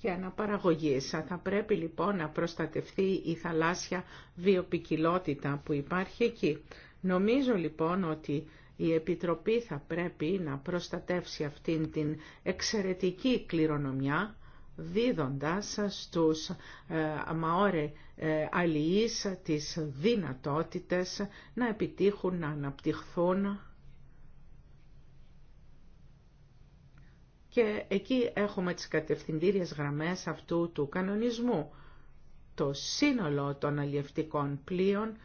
και αναπαραγωγής. Θα πρέπει λοιπόν να προστατευτεί η θαλάσσια βιοπικιλότητα που υπάρχει εκεί. Νομίζω λοιπόν ότι η Επιτροπή θα πρέπει να προστατεύσει αυτήν την εξαιρετική κληρονομιά δίδοντας στους ε, Μαόρε ε, αλληλείς τις δυνατότητες να επιτύχουν, να αναπτυχθούν και εκεί έχουμε τις κατευθυντήριες γραμμές αυτού του κανονισμού. Το σύνολο των αλλιευτικών πλοίων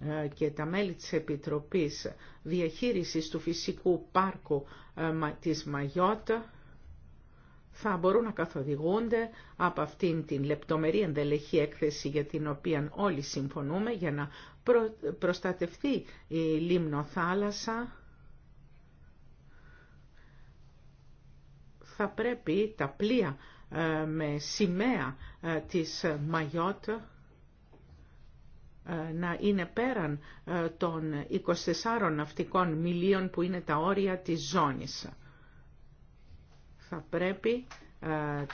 ε, και τα μέλη της Επιτροπής Διαχείρισης του Φυσικού Πάρκου της Μαγιώτα θα μπορούν να καθοδηγούνται από αυτήν την λεπτομερή ενδελεχή έκθεση για την οποία όλοι συμφωνούμε για να προ... προστατευτεί η λίμνο θάλασσα. Θα πρέπει τα πλοία ε, με σημαία ε, της Μαγιότ ε, να είναι πέραν των 24 ναυτικών μιλίων που είναι τα όρια της ζώνης θα πρέπει ε,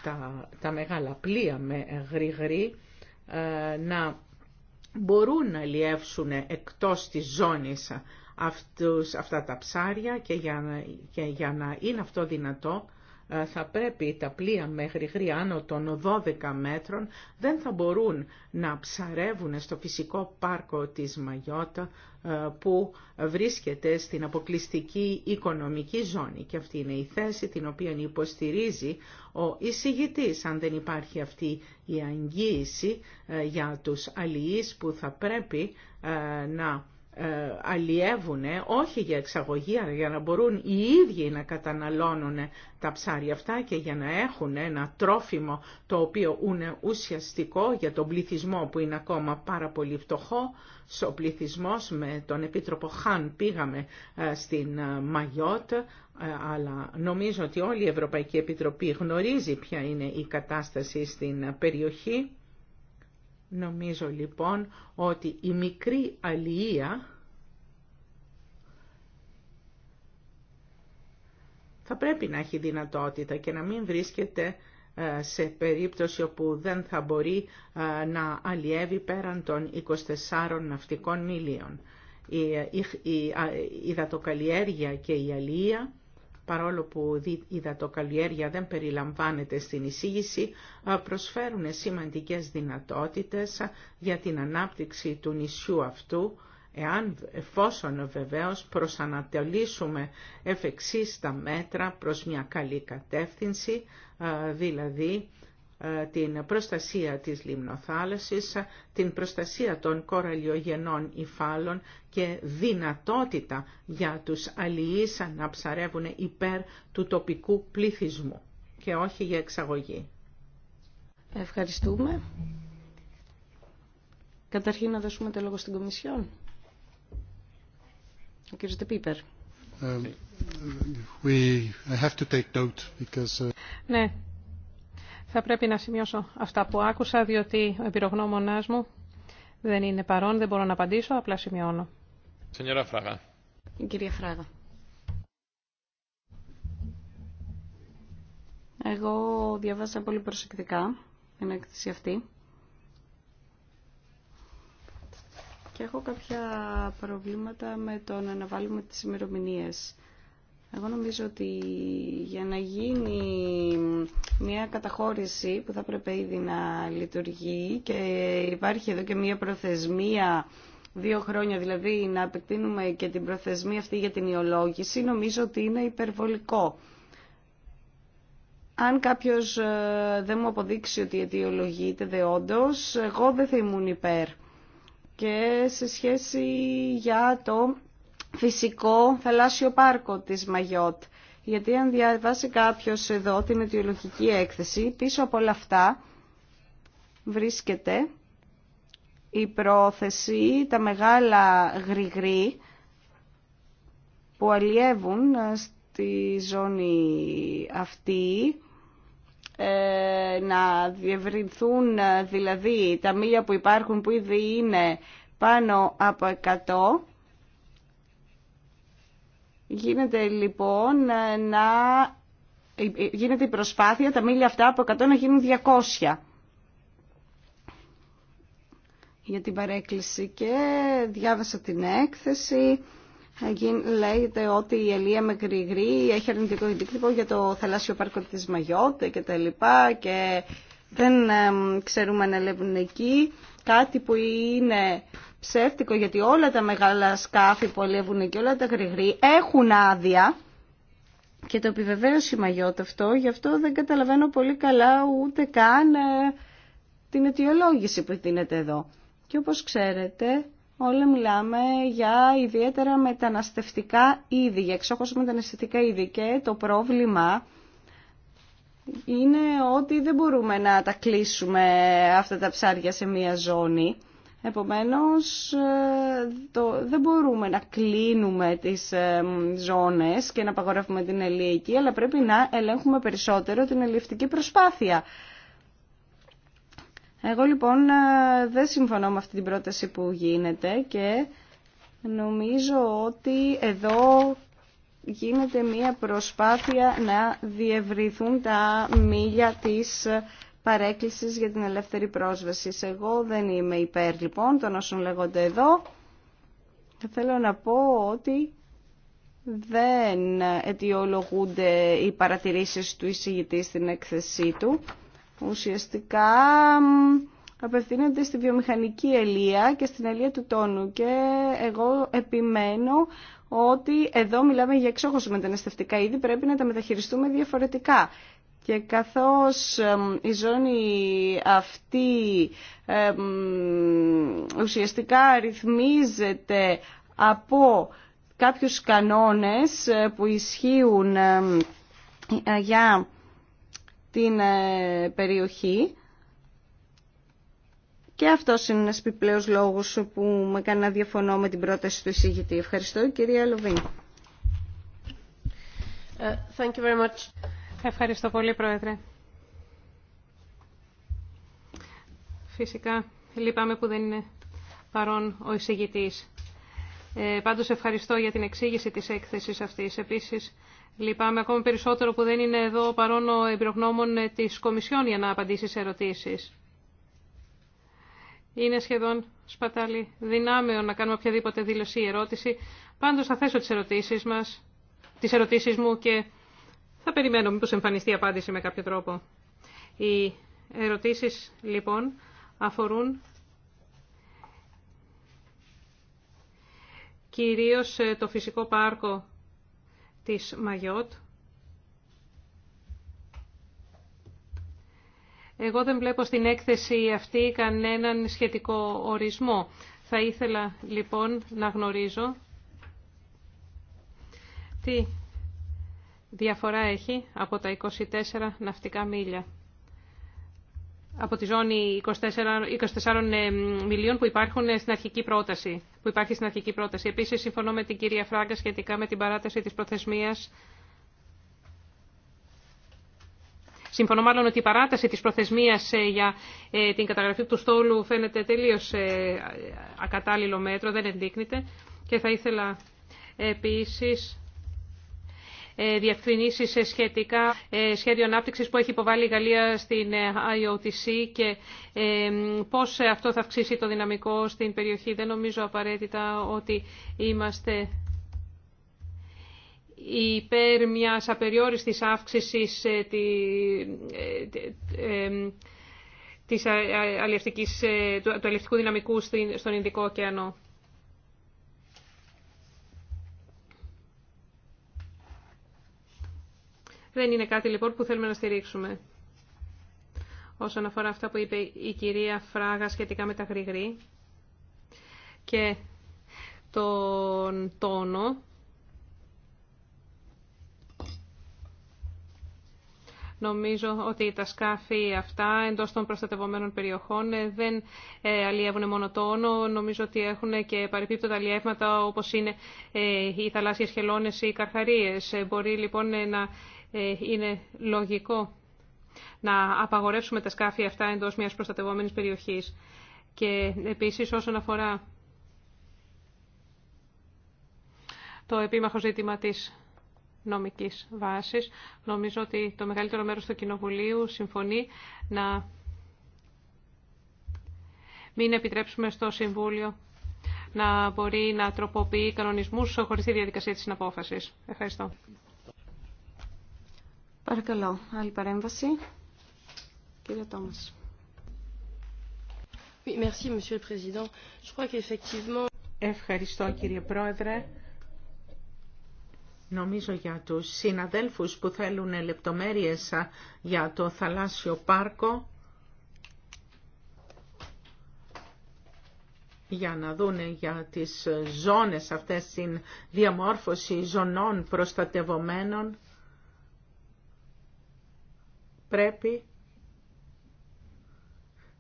τα, τα μεγάλα πλοία με ε, να μπορούν να λιεύσουν εκτός της ζώνης αυτούς, αυτά τα ψάρια και για, και για να είναι αυτό δυνατό ε, θα πρέπει τα πλοία μέχρι άνω των 12 μέτρων δεν θα μπορούν να ψαρεύουν στο φυσικό πάρκο της Μαγιώτα ε, που βρίσκεται στην αποκλειστική οικονομική ζώνη. Και αυτή είναι η θέση την οποία υποστηρίζει ο εισηγητής. Αν δεν υπάρχει αυτή η αγγίηση ε, για τους αλληλείς που θα πρέπει να ε, αλλιεύουν, όχι για εξαγωγή, αλλά για να μπορούν οι ίδιοι να καταναλώνουν τα ψάρια αυτά και για να έχουν ένα τρόφιμο το οποίο είναι ουσιαστικό για τον πληθυσμό που είναι ακόμα πάρα πολύ φτωχό. Ο πληθυσμό με τον Επίτροπο Χαν πήγαμε ε, στην ε, Μαγιότ, αλλά νομίζω ότι όλη η Ευρωπαϊκή Επιτροπή γνωρίζει ποια είναι η κατάσταση στην περιοχή Νομίζω λοιπόν ότι η μικρή αλληλεία θα πρέπει να έχει δυνατότητα και να μην βρίσκεται ε, σε περίπτωση όπου δεν θα μπορεί ε, να αλλιεύει πέραν των 24 ναυτικών μιλίων. Ε, η, υδατοκαλλιέργεια και η αλληλεία παρόλο που η δατοκαλλιέργεια δεν περιλαμβάνεται στην εισήγηση, προσφέρουν σημαντικές δυνατότητες για την ανάπτυξη του νησιού αυτού, εάν εφόσον βεβαίως προσανατολίσουμε εφ' τα μέτρα προς μια καλή κατεύθυνση, δηλαδή ε, την προστασία της λιμνοθάλασσης, την προστασία των κοραλιογενών υφάλων και δυνατότητα για τους αλληλείς να ψαρεύουν υπέρ του τοπικού πληθυσμού και όχι για εξαγωγή. Ευχαριστούμε. Καταρχήν να δώσουμε το λόγο στην Κομισιόν. Ο κύριος Τεπίπερ. Um, we, have to take note because, uh, Ναι, θα πρέπει να σημειώσω αυτά που άκουσα, διότι ο εμπειρογνώμονάς μου δεν είναι παρόν, δεν μπορώ να απαντήσω, απλά σημειώνω. Φράγα. Κυρία Φράγα. Εγώ διαβάζα πολύ προσεκτικά την έκθεση αυτή. Και έχω κάποια προβλήματα με το να αναβάλουμε τις ημερομηνίες. Εγώ νομίζω ότι για να γίνει μια καταχώρηση που θα πρέπει ήδη να λειτουργεί και υπάρχει εδώ και μια προθεσμία δύο χρόνια δηλαδή να επεκτείνουμε και την προθεσμία αυτή για την ιολόγηση νομίζω ότι είναι υπερβολικό. Αν κάποιος ε, δεν μου αποδείξει ότι αιτιολογείται όντως, εγώ δεν θα ήμουν υπέρ. Και σε σχέση για το φυσικό θαλάσσιο πάρκο της Μαγιότ. Γιατί αν διαβάσει κάποιος εδώ την αιτιολογική έκθεση, πίσω από όλα αυτά βρίσκεται η πρόθεση, τα μεγάλα γρηγρή που αλλιεύουν ε, στη ζώνη αυτή ε, να διευρυνθούν ε, δηλαδή τα μίλια που υπάρχουν που ήδη είναι πάνω από 100 Γίνεται λοιπόν ε, να γίνεται η προσπάθεια τα μίλια αυτά από 100 να γίνουν 200 για την παρέκκληση και διάβασα την έκθεση. Ε, λέγεται ότι η Ελία γρήγορη έχει αρνητικό εντύπωση για το θαλάσσιο πάρκο της Μαγιώτε και τα λοιπά και δεν ξέρουμε αν ελεύουν εκεί. Κάτι που είναι ψεύτικο γιατί όλα τα μεγάλα σκάφη που αλλιεύουν και όλα τα γρηγροί έχουν άδεια και το επιβεβαίωσε η Μαγιώτα αυτό, γι' αυτό δεν καταλαβαίνω πολύ καλά ούτε καν ε, την αιτιολόγηση που δίνεται εδώ. Και όπως ξέρετε, όλα μιλάμε για ιδιαίτερα μεταναστευτικά είδη, για εξόχως μεταναστευτικά είδη και το πρόβλημα είναι ότι δεν μπορούμε να τα κλείσουμε αυτά τα ψάρια σε μία ζώνη. Επομένως, ε, το, δεν μπορούμε να κλείνουμε τις ε, ζώνες και να απαγορεύουμε την ελίκη, αλλά πρέπει να ελέγχουμε περισσότερο την ελιευτική προσπάθεια. Εγώ λοιπόν ε, δεν συμφωνώ με αυτή την πρόταση που γίνεται και νομίζω ότι εδώ γίνεται μία προσπάθεια να διευρυθούν τα μίλια της παρέκκλησης για την ελεύθερη πρόσβαση. Εγώ δεν είμαι υπέρ λοιπόν των όσων λέγονται εδώ. Θέλω να πω ότι δεν αιτιολογούνται οι παρατηρήσεις του εισηγητή στην έκθεσή του. Ουσιαστικά απευθύνονται στη βιομηχανική ελεία και στην ελεία του τόνου και εγώ επιμένω ότι εδώ μιλάμε για εξόχως μεταναστευτικά είδη, πρέπει να τα μεταχειριστούμε διαφορετικά. Και καθώς η ζώνη αυτή ουσιαστικά ρυθμίζεται από κάποιους κανόνες ε, που ισχύουν για την ε, περιοχή και αυτό είναι ένας επιπλέον λόγος που με κάνει να διαφωνώ με την πρόταση του εισηγητή. Ευχαριστώ κυρία Λοβίν. Ε, Ευχαριστώ πολύ, Πρόεδρε. Φυσικά, λυπάμαι που δεν είναι παρόν ο εισηγητής. Ε, πάντως ευχαριστώ για την εξήγηση της έκθεσης αυτής. Επίσης, λυπάμαι ακόμα περισσότερο που δεν είναι εδώ παρόν ο εμπειρογνώμων της Κομισιόν για να απαντήσει σε ερωτήσεις. Είναι σχεδόν σπατάλη δυνάμεων να κάνουμε οποιαδήποτε δήλωση ή ερώτηση. Πάντως θα θέσω τις ερωτήσεις, μας, τις ερωτήσεις μου και θα περιμένω μήπως εμφανιστεί απάντηση με κάποιο τρόπο. Οι ερωτήσεις λοιπόν αφορούν κυρίως ε, το φυσικό πάρκο της Μαγιότ. Εγώ δεν βλέπω στην έκθεση αυτή κανέναν σχετικό ορισμό. Θα ήθελα λοιπόν να γνωρίζω τι διαφορά έχει από τα 24 ναυτικά μίλια. Από τη ζώνη 24, 24 ε, μιλίων που, υπάρχουν στην αρχική πρόταση, που υπάρχει στην αρχική πρόταση. Επίσης, συμφωνώ με την κυρία Φράγκα σχετικά με την παράταση της προθεσμίας Συμφωνώ μάλλον ότι η παράταση της προθεσμίας ε, για ε, την καταγραφή του στόλου φαίνεται τελείως ακατάλληλο μέτρο, δεν ενδείκνεται. Και θα ήθελα επίσης ε, σε ε, σχετικά ε, σχέδιο ανάπτυξης που έχει υποβάλει η Γαλλία στην IOTC και πώς αυτό θα αυξήσει το δυναμικό στην περιοχή. Δεν νομίζω απαραίτητα ότι είμαστε υπέρ μιας απεριόριστης αύξησης του αλληλευτικού δυναμικού στον Ινδικό ωκεανό. Δεν είναι κάτι λοιπόν που θέλουμε να στηρίξουμε. Όσον αφορά αυτά που είπε η κυρία Φράγα σχετικά με τα γρηγρή και τον τόνο, Νομίζω ότι τα σκάφη αυτά εντός των προστατευομένων περιοχών ε, δεν ε, αλλιεύουν μόνο τόνο. Νομίζω ότι έχουν και παρεπίπτωτα αλλιεύματα όπως είναι ε, οι θαλάσσιες χελώνες ή οι καρχαρίες. Μπορεί λοιπόν να ε, είναι λογικό να απαγορεύσουμε τα σκάφη αυτά εντός μιας προστατευόμενης περιοχής. Και επίσης όσον αφορά το επίμαχο ζήτημα της νομικής βάσης, νομίζω ότι το μεγαλύτερο μέρος του Κοινοβουλίου συμφωνεί να μην επιτρέψουμε στο Συμβούλιο να μπορεί να τροποποιεί κανονισμούς χωρίς τη διαδικασία της συναπόφασης. Ευχαριστώ. Παρακαλώ, άλλη παρέμβαση. Κύριε Τόμας. Ευχαριστώ κύριε Πρόεδρε. Νομίζω για τους συναδέλφους που θέλουν λεπτομέρειες για το θαλάσσιο πάρκο, για να δούνε για τις ζώνες αυτές, την διαμόρφωση ζωνών προστατευομένων, πρέπει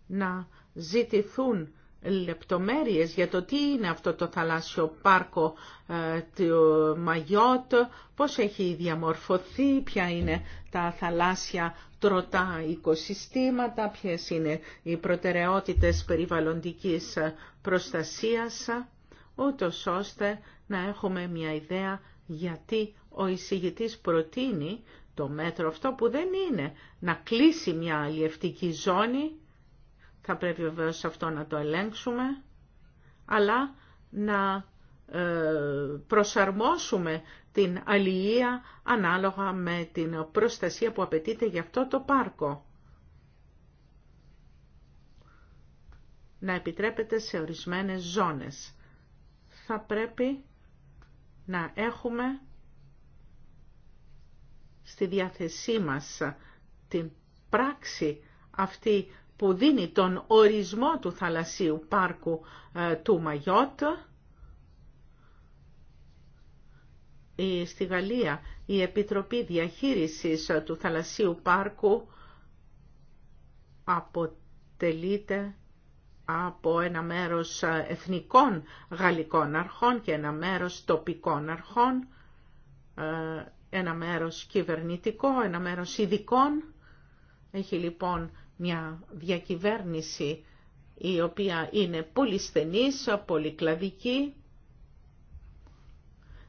να ζητηθούν λεπτομέρειες για το τι είναι αυτό το θαλάσσιο πάρκο ε, του Μαγιότ, πώς έχει διαμορφωθεί, ποια είναι τα θαλάσσια τροτά οικοσυστήματα, ποιες είναι οι προτεραιότητες περιβαλλοντικής προστασίας, ούτω ώστε να έχουμε μια ιδέα γιατί ο εισηγητής προτείνει το μέτρο αυτό που δεν είναι να κλείσει μια αλλιευτική ζώνη, θα πρέπει βεβαίω αυτό να το ελέγξουμε, αλλά να ε, προσαρμόσουμε την αλληλεία ανάλογα με την προστασία που απαιτείται για αυτό το πάρκο. Να επιτρέπεται σε ορισμένες ζώνες. Θα πρέπει να έχουμε στη διάθεσή μας την πράξη αυτή που δίνει τον ορισμό του θαλασσίου πάρκου ε, του Μαγιότ στη Γαλλία η Επιτροπή Διαχείρισης του Θαλασσίου Πάρκου αποτελείται από ένα μέρος εθνικών γαλλικών αρχών και ένα μέρος τοπικών αρχών ε, ένα μέρος κυβερνητικό, ένα μέρος ειδικών. Έχει λοιπόν μια διακυβέρνηση η οποία είναι πολύ στενής, πολυκλαδική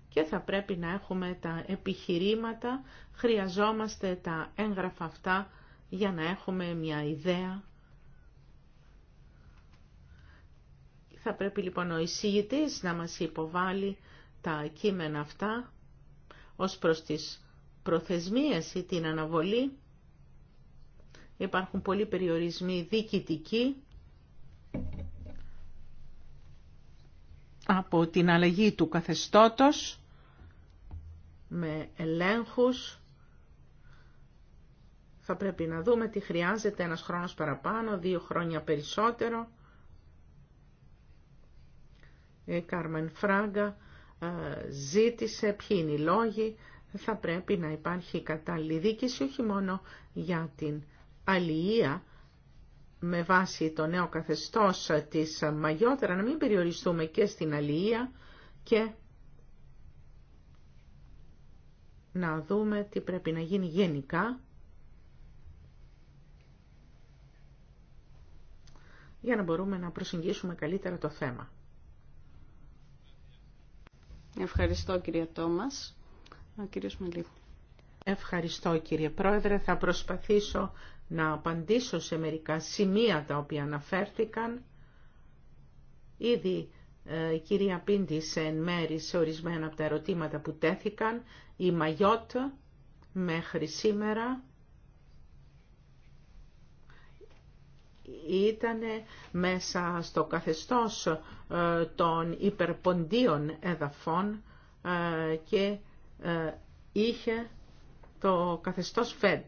και θα πρέπει να έχουμε τα επιχειρήματα, χρειαζόμαστε τα έγγραφα αυτά για να έχουμε μια ιδέα. Θα πρέπει λοιπόν ο εισηγητής να μας υποβάλει τα κείμενα αυτά ως προς τις προθεσμίες ή την αναβολή υπάρχουν πολλοί περιορισμοί διοικητικοί από την αλλαγή του καθεστώτος με ελέγχους θα πρέπει να δούμε τι χρειάζεται ένας χρόνος παραπάνω, δύο χρόνια περισσότερο. Η ε, Κάρμεν πρεπει να δουμε τι χρειαζεται ενας χρονος παραπανω δυο χρονια περισσοτερο καρμεν φραγκα ζήτησε, ποιοι είναι οι λόγοι, θα πρέπει να υπάρχει κατάλληλη δίκηση όχι μόνο για την αλληλεία με βάση το νέο καθεστώς της μαγιότερα, να μην περιοριστούμε και στην αλληλεία και να δούμε τι πρέπει να γίνει γενικά για να μπορούμε να προσεγγίσουμε καλύτερα το θέμα. Ευχαριστώ κύριε Τόμας. κύριος Ευχαριστώ κύριε Πρόεδρε. Θα προσπαθήσω να απαντήσω σε μερικά σημεία τα οποία αναφέρθηκαν. Ήδη ε, η κυρία Πίντης εν μέρη σε ορισμένα από τα ερωτήματα που τέθηκαν. Η Μαγιότ μέχρι σήμερα ήταν μέσα στο καθεστώς ε, των υπερποντίων εδαφών ε, και ε, είχε το καθεστώς ΦΕΔ.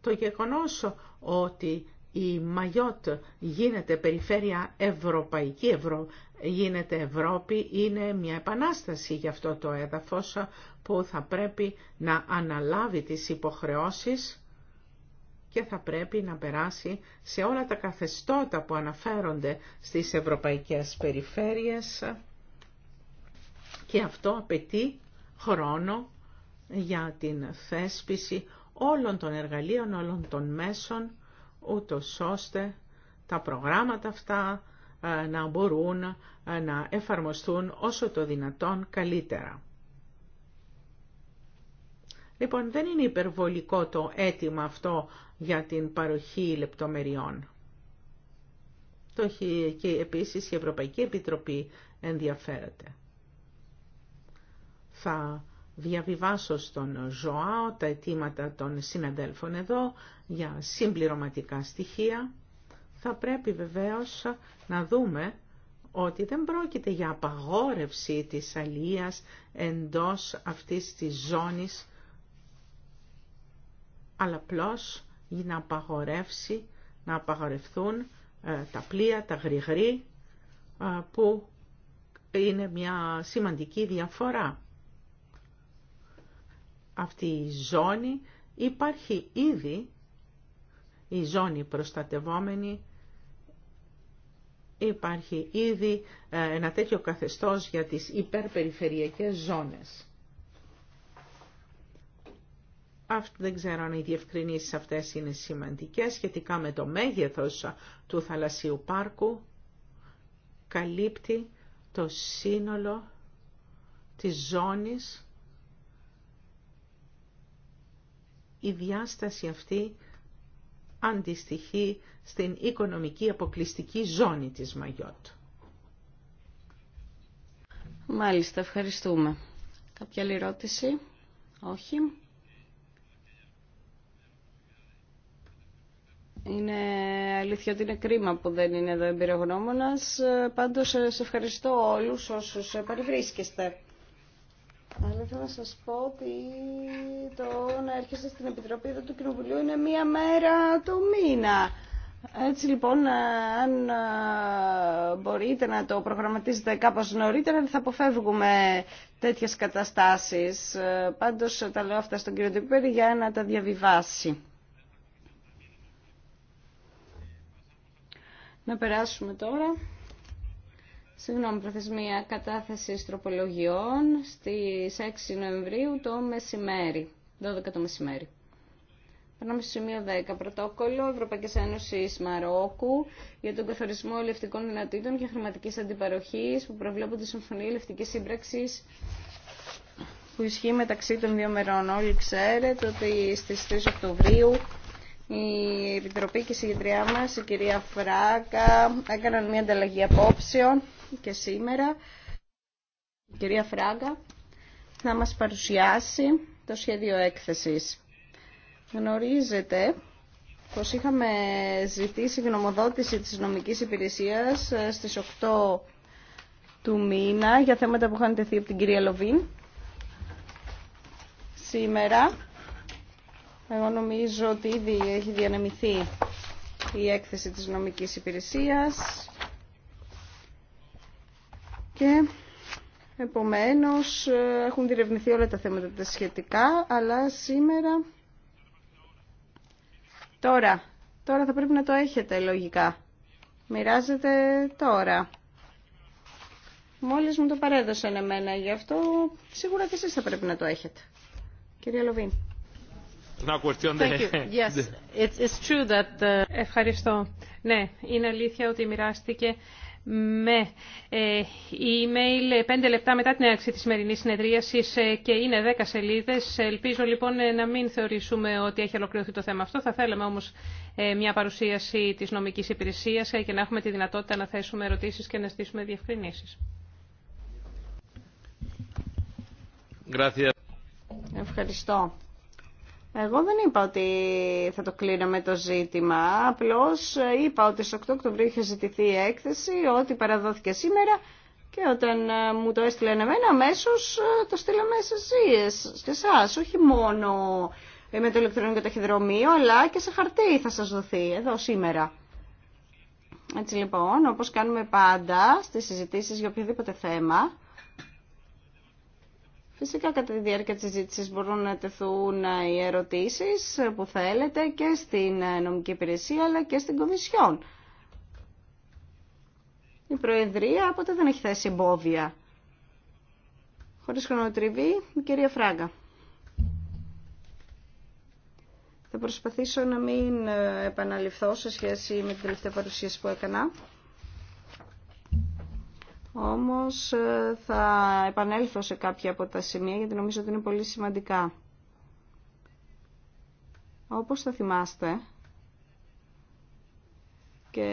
Το γεγονός ότι η Μαγιότ γίνεται περιφέρεια ευρωπαϊκή, ευρω... γίνεται Ευρώπη, είναι μια επανάσταση για αυτό το έδαφος που θα πρέπει να αναλάβει τις υποχρεώσεις και θα πρέπει να περάσει σε όλα τα καθεστώτα που αναφέρονται στις ευρωπαϊκές περιφέρειες και αυτό απαιτεί χρόνο για την θέσπιση όλων των εργαλείων, όλων των μέσων, ούτω ώστε τα προγράμματα αυτά ε, να μπορούν ε, να εφαρμοστούν όσο το δυνατόν καλύτερα. Λοιπόν, δεν είναι υπερβολικό το αίτημα αυτό για την παροχή λεπτομεριών. Το έχει και επίσης η Ευρωπαϊκή Επιτροπή ενδιαφέρεται. Θα διαβιβάσω στον ΖΟΑΟ τα αιτήματα των συναδέλφων εδώ για συμπληρωματικά στοιχεία. Θα πρέπει βεβαίως να δούμε ότι δεν πρόκειται για απαγόρευση της αλίας εντός αυτής της ζώνης αλλά απλώ να απαγορεύσει, να απαγορευθούν ε, τα πλοία, τα γρηγρή, ε, που είναι μια σημαντική διαφορά. Αυτή η ζώνη υπάρχει ήδη, η ζώνη προστατευόμενη, υπάρχει ήδη ε, ένα τέτοιο καθεστώς για τις υπερπεριφερειακές ζώνες. Αυτό δεν ξέρω αν οι διευκρινήσεις αυτές είναι σημαντικές σχετικά με το μέγεθος του θαλασσίου πάρκου. Καλύπτει το σύνολο της ζώνης. Η διάσταση αυτή αντιστοιχεί στην οικονομική αποκλειστική ζώνη της Μαγιότ. Μάλιστα, ευχαριστούμε. Κάποια άλλη ερώτηση? Όχι. Είναι αλήθεια ότι είναι κρίμα που δεν είναι εδώ εμπειρογνώμονας. Πάντως, σε ευχαριστώ όλους όσους παρευρίσκεστε. Αλλά θέλω να σας πω ότι το να έρχεστε στην Επιτροπή εδώ του Κοινοβουλίου είναι μία μέρα το μήνα. Έτσι λοιπόν, αν μπορείτε να το προγραμματίσετε κάπως νωρίτερα, θα αποφεύγουμε τέτοιες καταστάσεις. Πάντως τα λέω αυτά στον κύριο Τιπέρη για να τα διαβιβάσει. Να περάσουμε τώρα. Συγγνώμη, προθεσμία κατάθεση τροπολογιών στις 6 Νοεμβρίου το μεσημέρι, 12 το μεσημέρι. Περνάμε στο σημείο 10. Πρωτόκολλο Ευρωπαϊκή Ένωση Μαρόκου για τον καθορισμό ελευτικών δυνατήτων και χρηματική αντιπαροχή που προβλέπουν τη Συμφωνία Ελευτική Σύμπραξη που ισχύει μεταξύ των δύο μερών. Όλοι ξέρετε ότι στι 3 Οκτωβρίου η Επιτροπή και η συγκεντριά μας, η κυρία Φράγκα, έκαναν μια ανταλλαγή απόψεων και σήμερα η κυρία Φράγκα θα μας παρουσιάσει το σχέδιο έκθεσης. Γνωρίζετε πως είχαμε ζητήσει γνωμοδότηση της νομικής υπηρεσίας ε, στις 8 του μήνα για θέματα που είχαν τεθεί από την κυρία Λοβίν. Σήμερα εγώ νομίζω ότι ήδη έχει διανεμηθεί η έκθεση της νομικής υπηρεσίας και επομένως ε, έχουν διερευνηθεί όλα τα θέματα τα σχετικά, αλλά σήμερα... Τώρα, τώρα θα πρέπει να το έχετε λογικά. Μοιράζεται τώρα. Μόλις μου το παρέδωσαν εμένα γι' αυτό, σίγουρα και εσείς θα πρέπει να το έχετε. Κυρία Λοβίν. Uh, Ευχαριστώ. Ναι, είναι αλήθεια ότι μοιράστηκε με ε, email ε, πέντε λεπτά μετά την έναρξη της σημερινής συνεδρίασης ε, και είναι δέκα σελίδες. Ελπίζω λοιπόν να μην θεωρήσουμε ότι έχει ολοκληρωθεί το θέμα αυτό. Θα θέλαμε όμως μια παρουσίαση της νομικής υπηρεσίας και να έχουμε τη δυνατότητα να θέσουμε ερωτήσεις και να στήσουμε διευκρινήσεις. Ευχαριστώ. Εγώ δεν είπα ότι θα το κλείναμε το ζήτημα, απλώς ε, είπα ότι στις 8 Οκτωβρίου είχε ζητηθεί η έκθεση, ότι παραδόθηκε σήμερα και όταν ε, μου το έστειλαν εμένα αμέσω ε, το στείλαμε σε εσείς και όχι μόνο με το ηλεκτρονικό ταχυδρομείο, αλλά και σε χαρτί θα σας δοθεί εδώ σήμερα. Έτσι λοιπόν, όπως κάνουμε πάντα στις συζητήσεις για οποιοδήποτε θέμα, Φυσικά κατά τη διάρκεια της συζήτησης μπορούν να τεθούν οι ερωτήσεις που θέλετε και στην νομική υπηρεσία αλλά και στην Κομισιόν. Η Προεδρία ποτέ δεν έχει θέσει εμπόδια. Χωρίς χρονοτριβή, η κυρία Φράγκα. Θα προσπαθήσω να μην επαναληφθώ σε σχέση με την τελευταία παρουσίαση που έκανα. Όμως ε, θα επανέλθω σε κάποια από τα σημεία γιατί νομίζω ότι είναι πολύ σημαντικά. Όπως θα θυμάστε και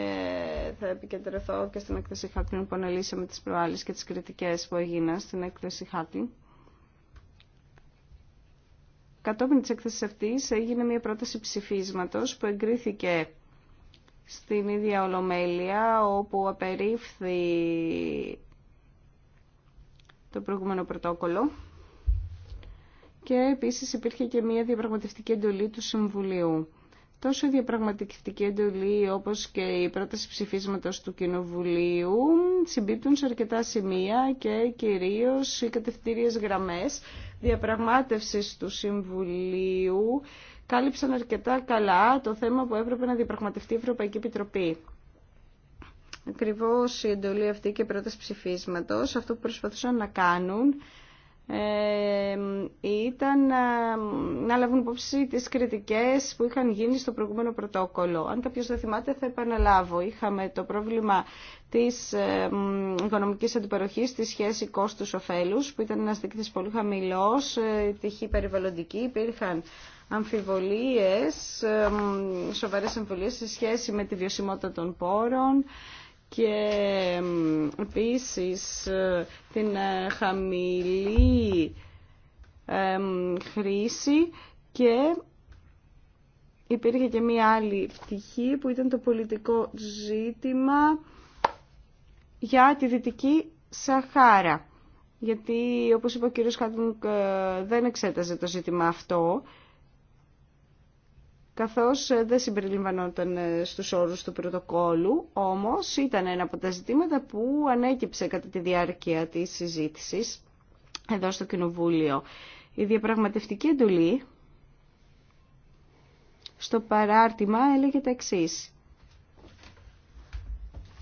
θα επικεντρωθώ και στην έκθεση Χάτλιν που αναλύσαμε τις προάλλες και τις κριτικές που έγιναν στην έκθεση Χάτλιν, Κατόπιν της έκθεσης αυτής έγινε μια πρόταση ψηφίσματος που εγκρίθηκε στην ίδια Ολομέλεια όπου απερίφθη το προηγούμενο πρωτόκολλο και επίσης υπήρχε και μια διαπραγματευτική εντολή του Συμβουλίου. Τόσο η διαπραγματευτική εντολή όπως και η πρόταση ψηφίσματος του Κοινοβουλίου συμπίπτουν σε αρκετά σημεία και κυρίως οι κατευθυντήριες γραμμές διαπραγμάτευσης του Συμβουλίου κάλυψαν αρκετά καλά το θέμα που έπρεπε να διαπραγματευτεί η Ευρωπαϊκή Επιτροπή. Ακριβώ η εντολή αυτή και η ψηφίσματος αυτό που προσπαθούσαν να κάνουν ήταν να λάβουν υπόψη τις κριτικές που είχαν γίνει στο προηγούμενο πρωτόκολλο. Αν κάποιος δεν θυμάται θα επαναλάβω. Είχαμε το πρόβλημα της οικονομικής αντιπαροχής στη σχέση κόστους-οφέλους που ήταν ένας δείκτης πολύ χαμηλός, ε, τυχή περιβαλλοντική, υπήρχαν αμφιβολίες, σοβαρές αμφιβολίες σε σχέση με τη βιωσιμότητα των πόρων και επίσης ε, την ε, χαμηλή χρήση και υπήρχε και μία άλλη πτυχή που ήταν το πολιτικό ζήτημα για τη Δυτική Σαχάρα. Γιατί, όπως είπε ο κύριος Χάτμουκ, ε, δεν εξέταζε το ζήτημα αυτό καθώς ε, δεν συμπεριλαμβανόταν ε, στους όρους του πρωτοκόλου, όμως ήταν ένα από τα ζητήματα που ανέκυψε κατά τη διάρκεια της συζήτησης εδώ στο Κοινοβούλιο. Η διαπραγματευτική εντολή στο παράρτημα έλεγε τα εξή.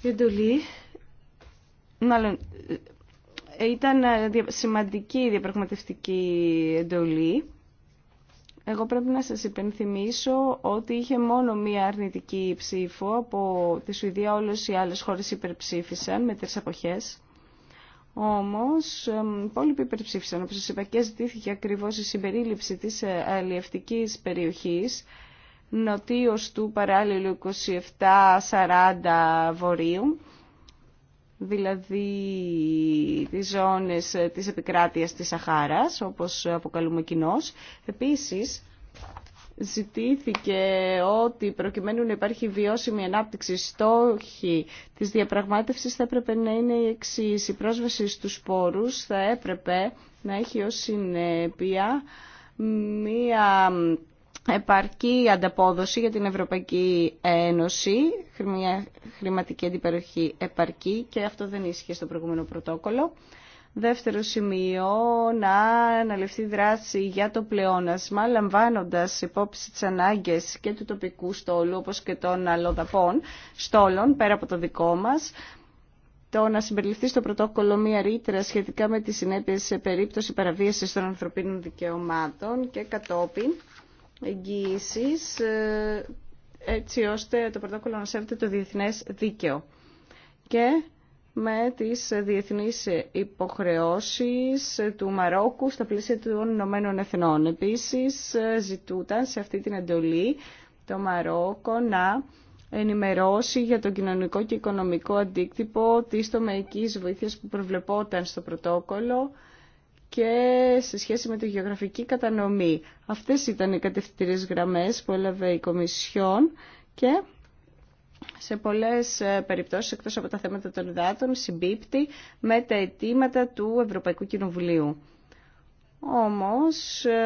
Η εντολή, μάλλον, ε, ήταν σημαντική διαπραγματευτική εντολή εγώ πρέπει να σας υπενθυμίσω ότι είχε μόνο μία αρνητική ψήφο από τη Σουηδία όλες οι άλλες χώρες υπερψήφισαν με τρεις αποχές. Όμως, οι υπόλοιποι υπερψήφισαν, όπως σας είπα, και ζητήθηκε ακριβώς η συμπερίληψη της ε, αλλιευτικής περιοχής νοτίως του παράλληλου 27-40 βορείου δηλαδή τις ζώνες της επικράτειας της Σαχάρας, όπως αποκαλούμε κοινώ. Επίσης, ζητήθηκε ότι προκειμένου να υπάρχει βιώσιμη ανάπτυξη, στόχη της διαπραγμάτευσης θα έπρεπε να είναι η εξή. Η πρόσβαση στους πόρους θα έπρεπε να έχει ως συνέπεια μία επαρκή ανταπόδοση για την Ευρωπαϊκή Ένωση, χρηματική αντιπεροχή επαρκή και αυτό δεν ίσχυε στο προηγούμενο πρωτόκολλο. Δεύτερο σημείο, να αναλυφθεί δράση για το πλεόνασμα, λαμβάνοντας υπόψη τις ανάγκες και του τοπικού στόλου, όπως και των αλλοδαπών στόλων, πέρα από το δικό μας, το να συμπεριληφθεί στο πρωτόκολλο μία ρήτρα σχετικά με τις συνέπειες σε περίπτωση παραβίασης των ανθρωπίνων δικαιωμάτων και κατόπιν εγγύησης ε, έτσι ώστε το πρωτόκολλο να σέβεται το διεθνές δίκαιο. Και με τις διεθνείς υποχρεώσεις του Μαρόκου στα πλαίσια των Ηνωμένων Εθνών. Επίσης ε, ζητούταν σε αυτή την εντολή το Μαρόκο να ενημερώσει για τον κοινωνικό και οικονομικό αντίκτυπο της τομεϊκής βοήθειας που προβλεπόταν στο πρωτόκολλο και σε σχέση με τη γεωγραφική κατανομή. Αυτές ήταν οι κατευθυντήριες γραμμές που έλαβε η Κομισιόν και σε πολλές ε, περιπτώσεις εκτός από τα θέματα των υδάτων συμπίπτει με τα αιτήματα του Ευρωπαϊκού Κοινοβουλίου. Όμως ε,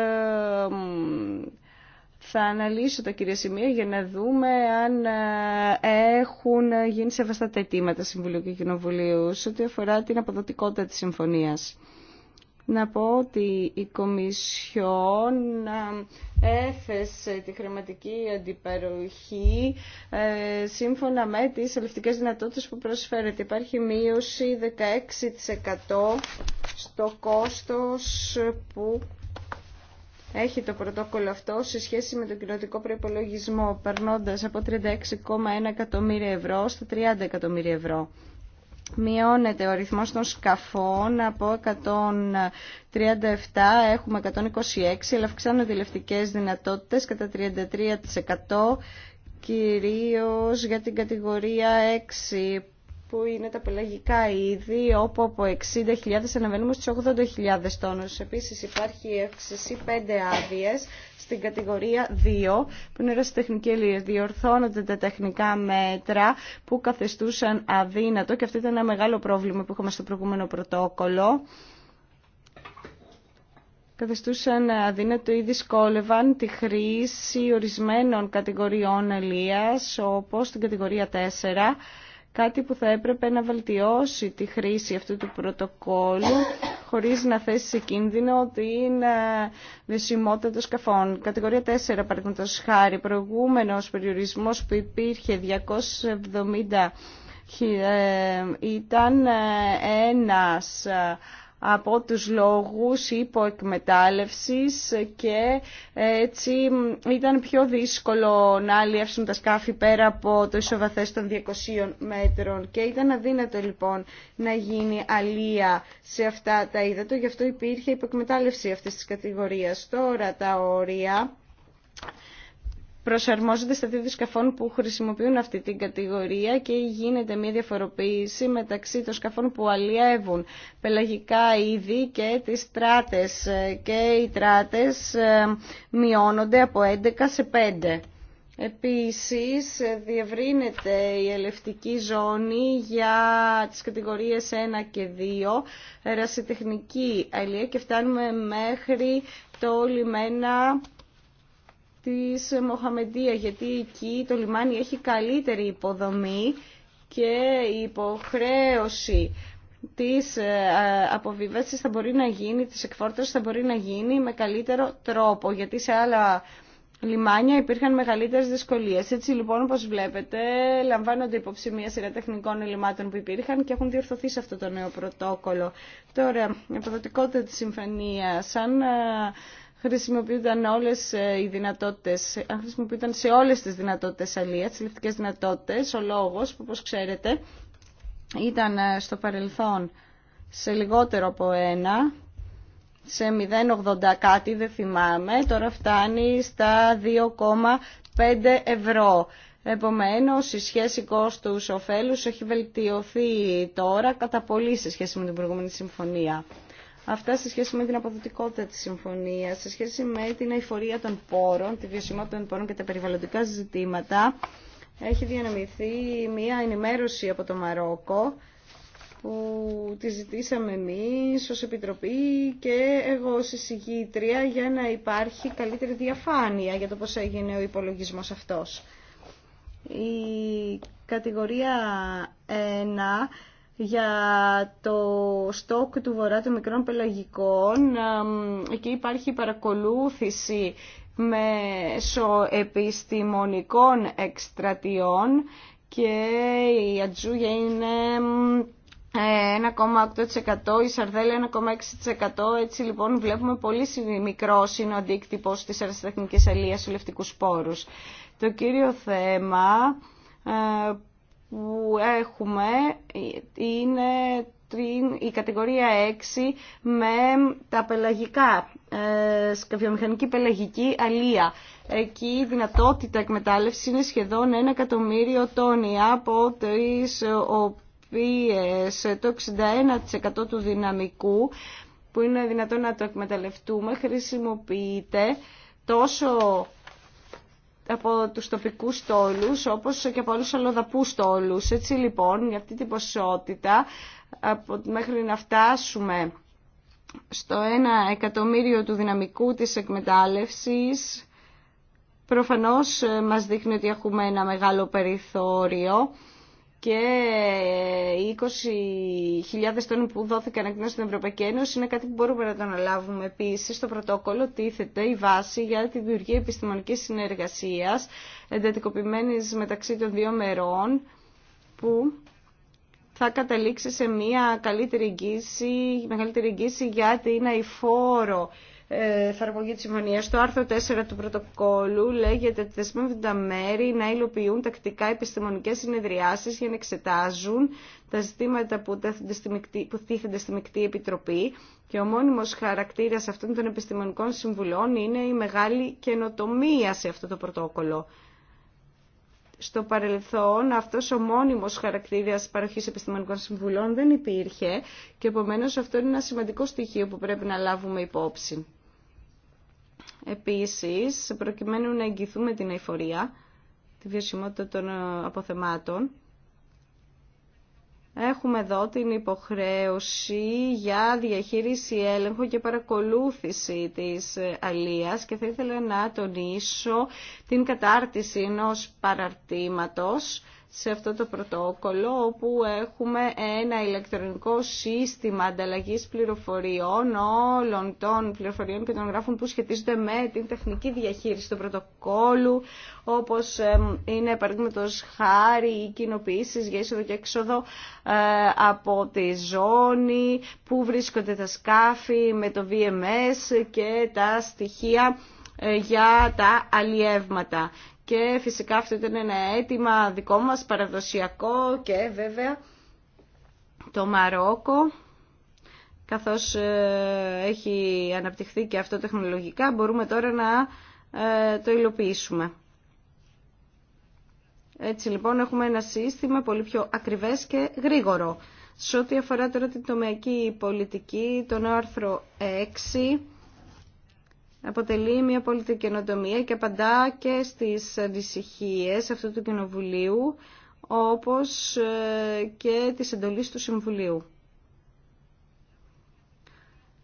θα αναλύσω τα κυρία σημεία για να δούμε αν ε, έχουν γίνει σεβαστά τα αιτήματα Συμβουλίου και Κοινοβουλίου σε ό,τι αφορά την αποδοτικότητα της συμφωνίας να πω ότι η Κομισιόν έθεσε τη χρηματική αντιπαροχή ε, σύμφωνα με τις ελευτικές δυνατότητες που προσφέρεται. Υπάρχει μείωση 16% στο κόστος που έχει το πρωτόκολλο αυτό σε σχέση με τον κοινοτικό προϋπολογισμό, περνώντας από 36,1 εκατομμύρια ευρώ στα 30 εκατομμύρια ευρώ μειώνεται ο ρυθμός των σκαφών από 137 έχουμε 126 αλλά αυξάνονται οι λευτικές δυνατότητες κατά 33% κυρίως για την κατηγορία 6 που είναι τα πελαγικά είδη, όπου από 60.000 αναβαίνουμε στις 80.000 τόνους. Επίσης υπάρχει αύξηση 5 άδειε στην κατηγορία 2, που είναι ερασιτεχνική αλληλεία. Διορθώνονται τα τεχνικά μέτρα που καθεστούσαν αδύνατο και αυτό ήταν ένα μεγάλο πρόβλημα που είχαμε στο προηγούμενο πρωτόκολλο. Καθεστούσαν αδύνατο ή δυσκόλευαν τη χρήση ορισμένων κατηγοριών ελίας όπως την κατηγορία 4, κάτι που θα έπρεπε να βελτιώσει τη χρήση αυτού του πρωτοκόλλου χωρίς να θέσει σε κίνδυνο την ε, δεσιμότητα των σκαφών. Κατηγορία 4, παραδείγματο χάρη, προηγούμενος περιορισμός που υπήρχε 270 ε, ήταν ε, ένας από τους λόγους υποεκμετάλλευσης και έτσι ήταν πιο δύσκολο να αλλιεύσουν τα σκάφη πέρα από το ισοβαθές των 200 μέτρων και ήταν αδύνατο λοιπόν να γίνει αλία σε αυτά τα είδατο. γι' αυτό υπήρχε υποεκμετάλλευση αυτής της κατηγορίας. Τώρα τα όρια προσαρμόζονται στα δίδυ σκαφών που χρησιμοποιούν αυτή την κατηγορία και γίνεται μια διαφοροποίηση μεταξύ των σκαφών που αλλιεύουν πελαγικά είδη και τις τράτες ε, και οι τράτες ε, μειώνονται από 11 σε 5. Επίσης διευρύνεται η ελευτική ζώνη για τις κατηγορίες 1 και 2, ρασιτεχνική αλληλεία και φτάνουμε μέχρι το λιμένα της Μοχαμεντία, γιατί εκεί το λιμάνι έχει καλύτερη υποδομή και η υποχρέωση της ε, αποβίβασης θα μπορεί να γίνει, της εκφόρτωσης θα μπορεί να γίνει με καλύτερο τρόπο, γιατί σε άλλα λιμάνια υπήρχαν μεγαλύτερες δυσκολίες. Έτσι λοιπόν, όπως βλέπετε, λαμβάνονται υπόψη μια σειρά τεχνικών ελλημάτων που υπήρχαν και έχουν διορθωθεί σε αυτό το νέο πρωτόκολλο. Τώρα, η αποδοτικότητα της συμφωνίας, αν ε, χρησιμοποιούνταν όλες ε, οι δυνατότητες, αν χρησιμοποιούνταν σε όλες τις δυνατότητες αλία, τις ληφτικές δυνατότητες, ο λόγος που όπως ξέρετε ήταν ε, στο παρελθόν σε λιγότερο από ένα, σε 0,80 κάτι δεν θυμάμαι, τώρα φτάνει στα 2,5 ευρώ. Επομένως, η σχέση κόστους-οφέλους έχει βελτιωθεί τώρα κατά πολύ σε σχέση με την προηγούμενη συμφωνία. Αυτά σε σχέση με την αποδοτικότητα της συμφωνίας, σε σχέση με την αηφορία των πόρων, τη βιωσιμότητα των πόρων και τα περιβαλλοντικά ζητήματα, έχει διανομηθεί μία ενημέρωση από το Μαρόκο που τη ζητήσαμε εμείς ως Επιτροπή και εγώ ως εισηγήτρια για να υπάρχει καλύτερη διαφάνεια για το πώς έγινε ο υπολογισμός αυτός. Η κατηγορία 1 για το στόκ του βορρά των μικρών πελαγικών. Εκεί υπάρχει παρακολούθηση μέσω επιστημονικών εκστρατιών και η ατζούγια είναι 1,8%, ε, η σαρδέλα 1,6%. Έτσι λοιπόν βλέπουμε πολύ μικρό είναι ο αντίκτυπος της αεραστεχνικής αλίας στους Το κύριο θέμα ε, που έχουμε είναι η κατηγορία 6 με τα πελαγικά, ε, βιομηχανική πελαγική αλία. Εκεί η δυνατότητα εκμετάλλευση είναι σχεδόν 1 εκατομμύριο τόνια από τις οποίες το 61% του δυναμικού που είναι δυνατόν να το εκμεταλλευτούμε χρησιμοποιείται τόσο από τους τοπικούς στόλους όπως και από όλους αλλοδαπούς στόλους. Έτσι λοιπόν για αυτή την ποσότητα από, μέχρι να φτάσουμε στο ένα εκατομμύριο του δυναμικού της εκμετάλλευσης προφανώς ε, μας δείχνει ότι έχουμε ένα μεγάλο περιθώριο και οι 20.000 τόνοι που δόθηκαν εκτός στην Ευρωπαϊκή Ένωση είναι κάτι που μπορούμε να το αναλάβουμε. επίση στο πρωτόκολλο τίθεται η βάση για τη δημιουργία επιστημονικής συνεργασίας εντατικοποιημένη μεταξύ των δύο μερών που θα καταλήξει σε μια καλύτερη εγγύηση, μεγαλύτερη εγγύηση για την αηφόρο εφαρμογή της συμφωνίας. Το άρθρο 4 του πρωτοκόλου λέγεται ότι δεσμεύονται μέρη να υλοποιούν τακτικά επιστημονικές συνεδριάσεις για να εξετάζουν τα ζητήματα που τίθενται στη Μικτή Επιτροπή και ο μόνιμος χαρακτήρας αυτών των επιστημονικών συμβουλών είναι η μεγάλη καινοτομία σε αυτό το πρωτόκολλο στο παρελθόν αυτός ο μόνιμος χαρακτήρας παροχής επιστημονικών συμβουλών δεν υπήρχε και επομένως αυτό είναι ένα σημαντικό στοιχείο που πρέπει να λάβουμε υπόψη. Επίσης, προκειμένου να εγγυθούμε την αηφορία, τη βιωσιμότητα των ε, αποθεμάτων, Έχουμε εδώ την υποχρέωση για διαχείριση, έλεγχο και παρακολούθηση της ε, αλίας και θα ήθελα να τονίσω την κατάρτιση ενός παραρτήματος σε αυτό το πρωτόκολλο όπου έχουμε ένα ηλεκτρονικό σύστημα ανταλλαγής πληροφοριών όλων των πληροφοριών και των γράφων που σχετίζονται με την τεχνική διαχείριση του πρωτοκόλλου όπως είναι παραδείγματο χάρη οι κοινοποιήσεις για είσοδο και έξοδο ε, από τη ζώνη που βρίσκονται τα σκάφη με το VMS και τα στοιχεία ε, για τα αλλιεύματα και φυσικά αυτό ήταν ένα αίτημα δικό μας παραδοσιακό και βέβαια το Μαρόκο καθώς ε, έχει αναπτυχθεί και αυτό τεχνολογικά μπορούμε τώρα να ε, το υλοποιήσουμε. Έτσι λοιπόν έχουμε ένα σύστημα πολύ πιο ακριβές και γρήγορο. Σε ό,τι αφορά τώρα την τομεακή πολιτική, τον άρθρο 6 αποτελεί μια πολιτική καινοτομία και απαντά και στις ανησυχίε αυτού του Κοινοβουλίου όπως ε, και τις εντολής του Συμβουλίου.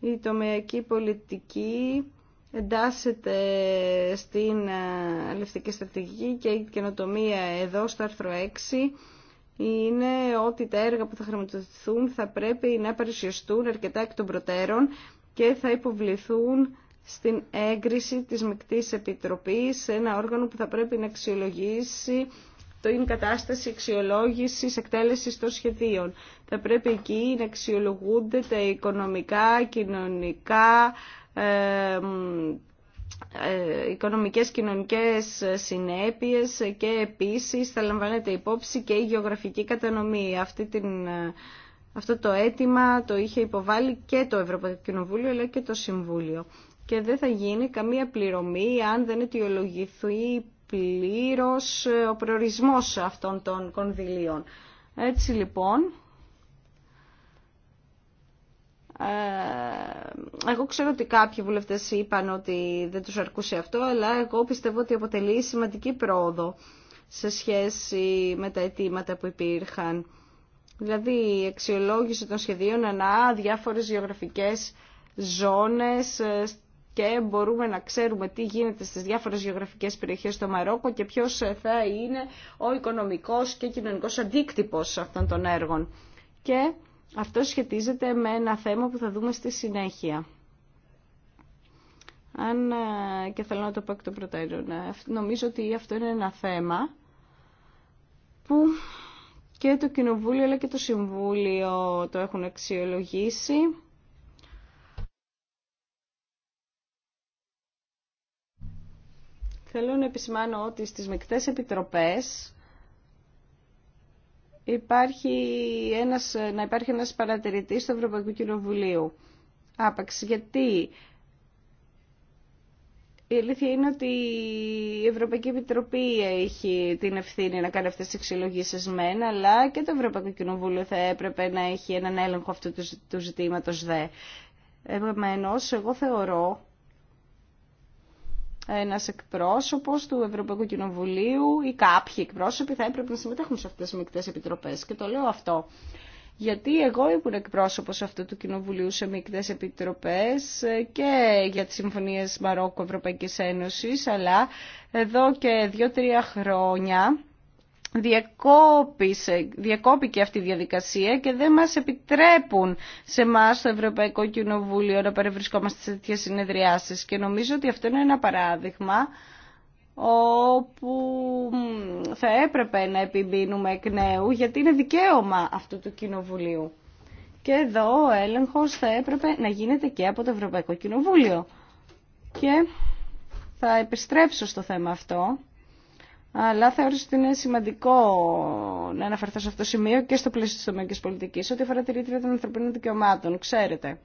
Η τομεακή πολιτική εντάσσεται στην ε, αλευτική στρατηγική και η καινοτομία εδώ στο άρθρο 6 είναι ότι τα έργα που θα χρηματοδοτηθούν θα πρέπει να παρουσιαστούν αρκετά εκ των προτέρων και θα υποβληθούν στην έγκριση της Μικτής Επιτροπής, ένα όργανο που θα πρέπει να αξιολογήσει το είναι κατάσταση αξιολόγηση εκτέλεσης των σχεδίων. Θα πρέπει εκεί να αξιολογούνται τα οικονομικά, κοινωνικά, ε, ε, οικονομικές κοινωνικές συνέπειες και επίσης θα λαμβάνεται υπόψη και η γεωγραφική κατανομή. Αυτή την, ε, αυτό το αίτημα το είχε υποβάλει και το Ευρωπαϊκό Κοινοβούλιο αλλά και το Συμβούλιο και δεν θα γίνει καμία πληρωμή αν δεν αιτιολογηθεί πλήρως ε, ο προορισμός αυτών των κονδυλίων. Έτσι λοιπόν, ε, εγώ ξέρω ότι κάποιοι βουλευτές είπαν ότι δεν τους αρκούσε αυτό, αλλά εγώ πιστεύω ότι αποτελεί σημαντική πρόοδο σε σχέση με τα αιτήματα που υπήρχαν. Δηλαδή, η αξιολόγηση των σχεδίων ανά διάφορες γεωγραφικές ζώνες ε, και μπορούμε να ξέρουμε τι γίνεται στις διάφορες γεωγραφικές περιοχές στο Μαρόκο και ποιος θα είναι ο οικονομικός και κοινωνικός αντίκτυπος αυτών των έργων. Και αυτό σχετίζεται με ένα θέμα που θα δούμε στη συνέχεια. Αν ε, και θέλω να το πω εκ των προτέρων, ε, νομίζω ότι αυτό είναι ένα θέμα που και το Κοινοβούλιο αλλά και το Συμβούλιο το έχουν αξιολογήσει Θέλω να επισημάνω ότι στις μεκτές επιτροπές υπάρχει ένας, να υπάρχει ένας παρατηρητής του Ευρωπαϊκού Κοινοβουλίου. Άπαξ, γιατί η αλήθεια είναι ότι η Ευρωπαϊκή Επιτροπή έχει την ευθύνη να κάνει αυτές τις εξελογήσεις μεν, αλλά και το Ευρωπαϊκό Κοινοβούλιο θα έπρεπε να έχει έναν έλεγχο αυτού του ζητήματος δε. Επομένω, εγώ θεωρώ ένας εκπρόσωπος του Ευρωπαϊκού Κοινοβουλίου ή κάποιοι εκπρόσωποι θα έπρεπε να συμμετέχουν σε αυτές τις μεικτές επιτροπές. Και το λέω αυτό. Γιατί εγώ ήμουν εκπρόσωπο αυτού του Κοινοβουλίου σε μεικτέ επιτροπέ και για τι συμφωνίε Μαρόκου Ευρωπαϊκή Ένωση, αλλά εδώ και δύο-τρία χρόνια Διακόπησε, διακόπηκε αυτή η διαδικασία και δεν μας επιτρέπουν σε εμά στο Ευρωπαϊκό Κοινοβούλιο να παρευρισκόμαστε σε τέτοιες συνεδριάσεις και νομίζω ότι αυτό είναι ένα παράδειγμα όπου θα έπρεπε να επιμπίνουμε εκ νέου γιατί είναι δικαίωμα αυτού του Κοινοβουλίου. Και εδώ ο έλεγχος θα έπρεπε να γίνεται και από το Ευρωπαϊκό Κοινοβούλιο. Και θα επιστρέψω στο θέμα αυτό αλλά θεωρώ ότι είναι σημαντικό να αναφερθώ σε αυτό το σημείο και στο πλαίσιο τη τομεακή πολιτική, ό,τι αφορά τη ρήτρα των ανθρωπίνων δικαιωμάτων. Ξέρετε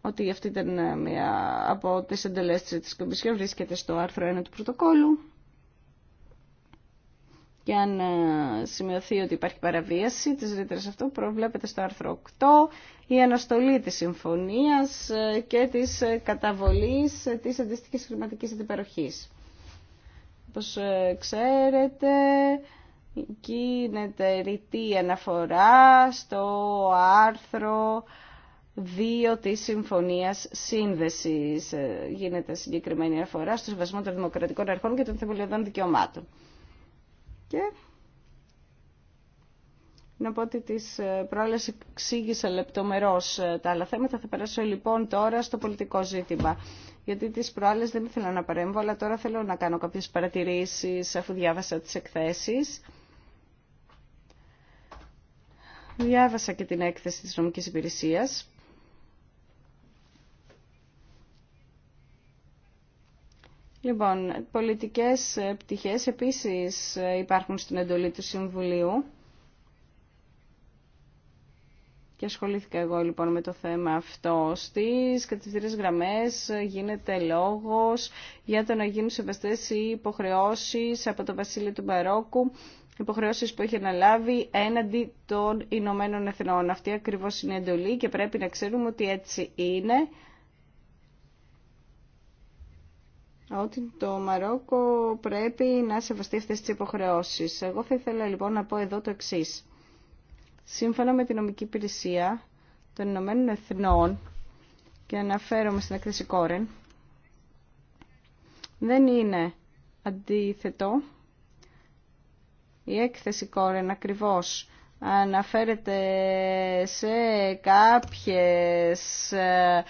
ότι αυτή ήταν μία από τι εντελέσει τη Κομισιόν, βρίσκεται στο άρθρο 1 του πρωτοκόλου. Και αν ε, σημειωθεί ότι υπάρχει παραβίαση της ρήτρας αυτού, προβλέπεται στο άρθρο 8 η αναστολή της συμφωνίας ε, και της ε, καταβολής της αντίστοιχης χρηματικής αντιπεροχής. Όπως ε, ξέρετε, γίνεται ρητή αναφορά στο άρθρο 2 της Συμφωνίας Σύνδεσης. Ε, γίνεται συγκεκριμένη αναφορά στο σεβασμό των δημοκρατικών αρχών και των θεμελιωδών δικαιωμάτων. Και να πω ότι τις ε, προάλλες εξήγησα λεπτομερώς τα άλλα θέματα. Θα περάσω λοιπόν τώρα στο πολιτικό ζήτημα γιατί τις προάλλες δεν ήθελα να παρέμβω, αλλά τώρα θέλω να κάνω κάποιες παρατηρήσεις αφού διάβασα τις εκθέσεις. Διάβασα και την έκθεση της νομικής υπηρεσίας. Λοιπόν, πολιτικές πτυχές επίσης υπάρχουν στην εντολή του Συμβουλίου. Και ασχολήθηκα εγώ λοιπόν με το θέμα αυτό. Στις κατευθυντήρε γραμμές γίνεται λόγος για το να γίνουν σεβαστέ οι υποχρεώσει από το βασίλειο του Μπαρόκου υποχρεώσεις που έχει αναλάβει έναντι των Ηνωμένων Εθνών. Αυτή ακριβώς είναι η εντολή και πρέπει να ξέρουμε ότι έτσι είναι. ότι το Μαρόκο πρέπει να σεβαστεί αυτές τις υποχρεώσεις. Εγώ θα ήθελα λοιπόν να πω εδώ το εξής. Σύμφωνα με την νομική υπηρεσία των Ηνωμένων Εθνών, και αναφέρομαι στην έκθεση Κόρεν, δεν είναι αντίθετο. Η έκθεση Κόρεν ακριβώς αναφέρεται σε κάποιες ε,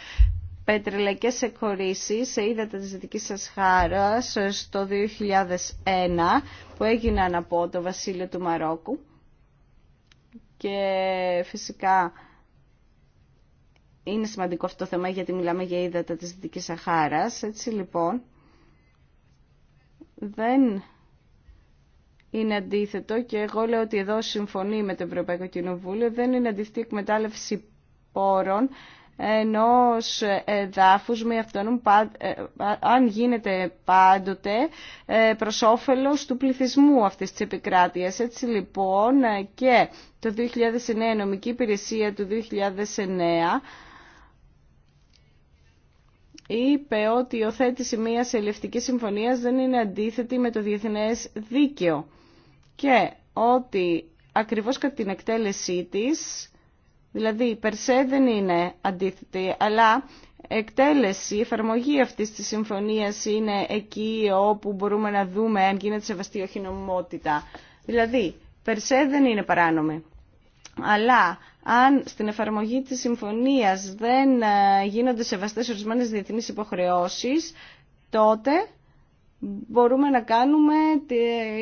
πετρελαϊκές εκχωρήσεις σε ύδατα της Δυτικής χάρας ε, στο 2001 που έγιναν από το βασίλειο του Μαρόκου και φυσικά είναι σημαντικό αυτό το θέμα γιατί μιλάμε για ύδατα της Δυτικής Σαχάρας. Έτσι λοιπόν δεν είναι αντίθετο και εγώ λέω ότι εδώ συμφωνεί με το Ευρωπαϊκό Κοινοβούλιο, δεν είναι αντίθετη εκμετάλλευση πόρων ενός εδάφου με αυτόν, ε, αν γίνεται πάντοτε ε, προς όφελος του πληθυσμού αυτής της επικράτειας. Έτσι λοιπόν ε, και το 2009, η νομική υπηρεσία του 2009, είπε ότι η οθέτηση μιας ελευτική συμφωνίας δεν είναι αντίθετη με το διεθνές δίκαιο και ότι ακριβώς κατά την εκτέλεσή της Δηλαδή, περσέ δεν είναι αντίθετη, αλλά εκτέλεση, η εφαρμογή αυτής της συμφωνίας είναι εκεί όπου μπορούμε να δούμε αν γίνεται σεβαστή όχι νομιμότητα. Δηλαδή, περσέ δεν είναι παράνομη. Αλλά αν στην εφαρμογή της συμφωνίας δεν ε, γίνονται σεβαστές ορισμένες διεθνείς υποχρεώσεις, τότε μπορούμε να κάνουμε τη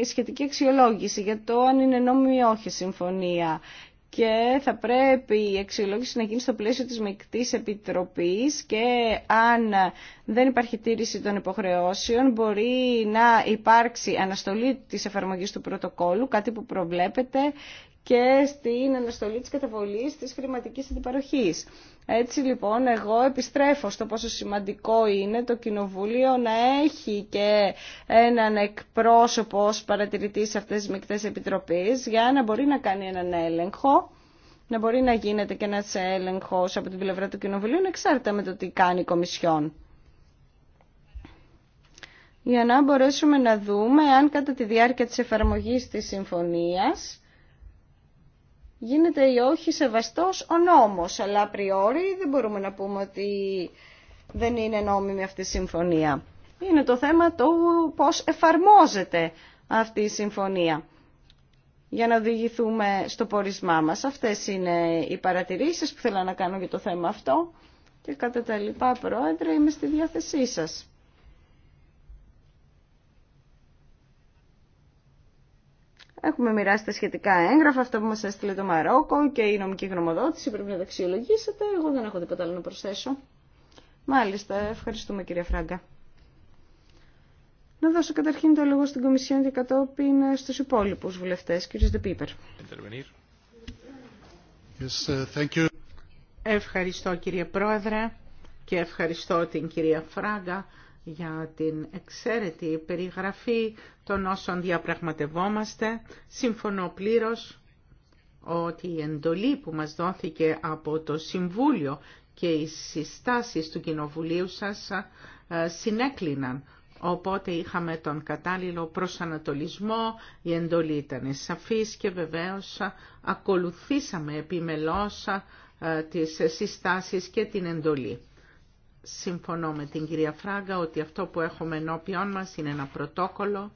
σχετική αξιολόγηση για το αν είναι νόμιμη ή όχι συμφωνία και θα πρέπει η αξιολόγηση να γίνει στο πλαίσιο της μεικτής Επιτροπής και αν δεν υπάρχει τήρηση των υποχρεώσεων μπορεί να υπάρξει αναστολή της εφαρμογής του πρωτοκόλλου, κάτι που προβλέπεται και στην αναστολή της καταβολής της χρηματικής αντιπαροχής. Έτσι λοιπόν εγώ επιστρέφω στο πόσο σημαντικό είναι το Κοινοβούλιο να έχει και έναν εκπρόσωπο ως παρατηρητή αυτές τις μεικτές επιτροπές για να μπορεί να κάνει έναν έλεγχο να μπορεί να γίνεται και ένας έλεγχος από την πλευρά του Κοινοβουλίου εξάρτητα με το τι κάνει η Κομισιόν για να μπορέσουμε να δούμε αν κατά τη διάρκεια της εφαρμογής της συμφωνίας γίνεται ή όχι σεβαστός ο νόμος, αλλά απριόρι δεν μπορούμε να πούμε ότι δεν είναι νόμιμη αυτή η συμφωνία. Είναι αλλα πριορι θέμα του πώς εφαρμόζεται αυτή η συμφωνια ειναι το θεμα το πως εφαρμοζεται αυτη η συμφωνια για να οδηγηθούμε στο πορισμά μας. Αυτές είναι οι παρατηρήσεις που θέλω να κάνω για το θέμα αυτό και κατά τα λοιπά, Πρόεδρε, είμαι στη διάθεσή σας. Έχουμε μοιράσει τα σχετικά έγγραφα, αυτό που μας έστειλε το Μαρόκο και η νομική γνωμοδότηση, πρέπει να τα αξιολογήσετε. Εγώ δεν έχω τίποτα άλλο να προσθέσω. Μάλιστα, ευχαριστούμε κυρία Φράγκα. Να δώσω καταρχήν το λόγο στην Κομισιόν και κατόπιν στους υπόλοιπους βουλευτές. Κύριε Δε Yes, uh, Ευχαριστώ κύριε Πρόεδρε και ευχαριστώ την κυρία Φράγκα για την εξαίρετη περιγραφή των όσων διαπραγματευόμαστε. Συμφωνώ πλήρως ότι η εντολή που μας δόθηκε από το Συμβούλιο και οι συστάσεις του Κοινοβουλίου σας ε, συνέκλειναν. Οπότε είχαμε τον κατάλληλο προσανατολισμό, η εντολή ήταν σαφής και βεβαίως ακολουθήσαμε επιμελώς ε, τις συστάσεις και την εντολή. Συμφωνώ με την κυρία Φράγκα ότι αυτό που έχουμε ενώπιόν μας είναι ένα πρωτόκολλο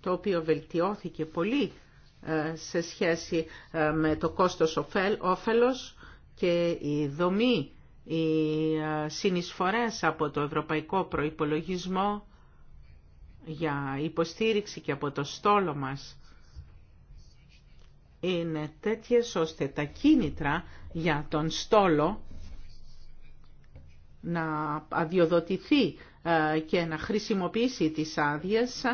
το οποίο βελτιώθηκε πολύ ε, σε σχέση ε, με το κόστος όφελος και η δομή, οι ε, συνεισφορές από το ευρωπαϊκό προϋπολογισμό για υποστήριξη και από το στόλο μας είναι τέτοιες ώστε τα κίνητρα για τον στόλο να αδειοδοτηθεί ε, και να χρησιμοποιήσει τις άδειες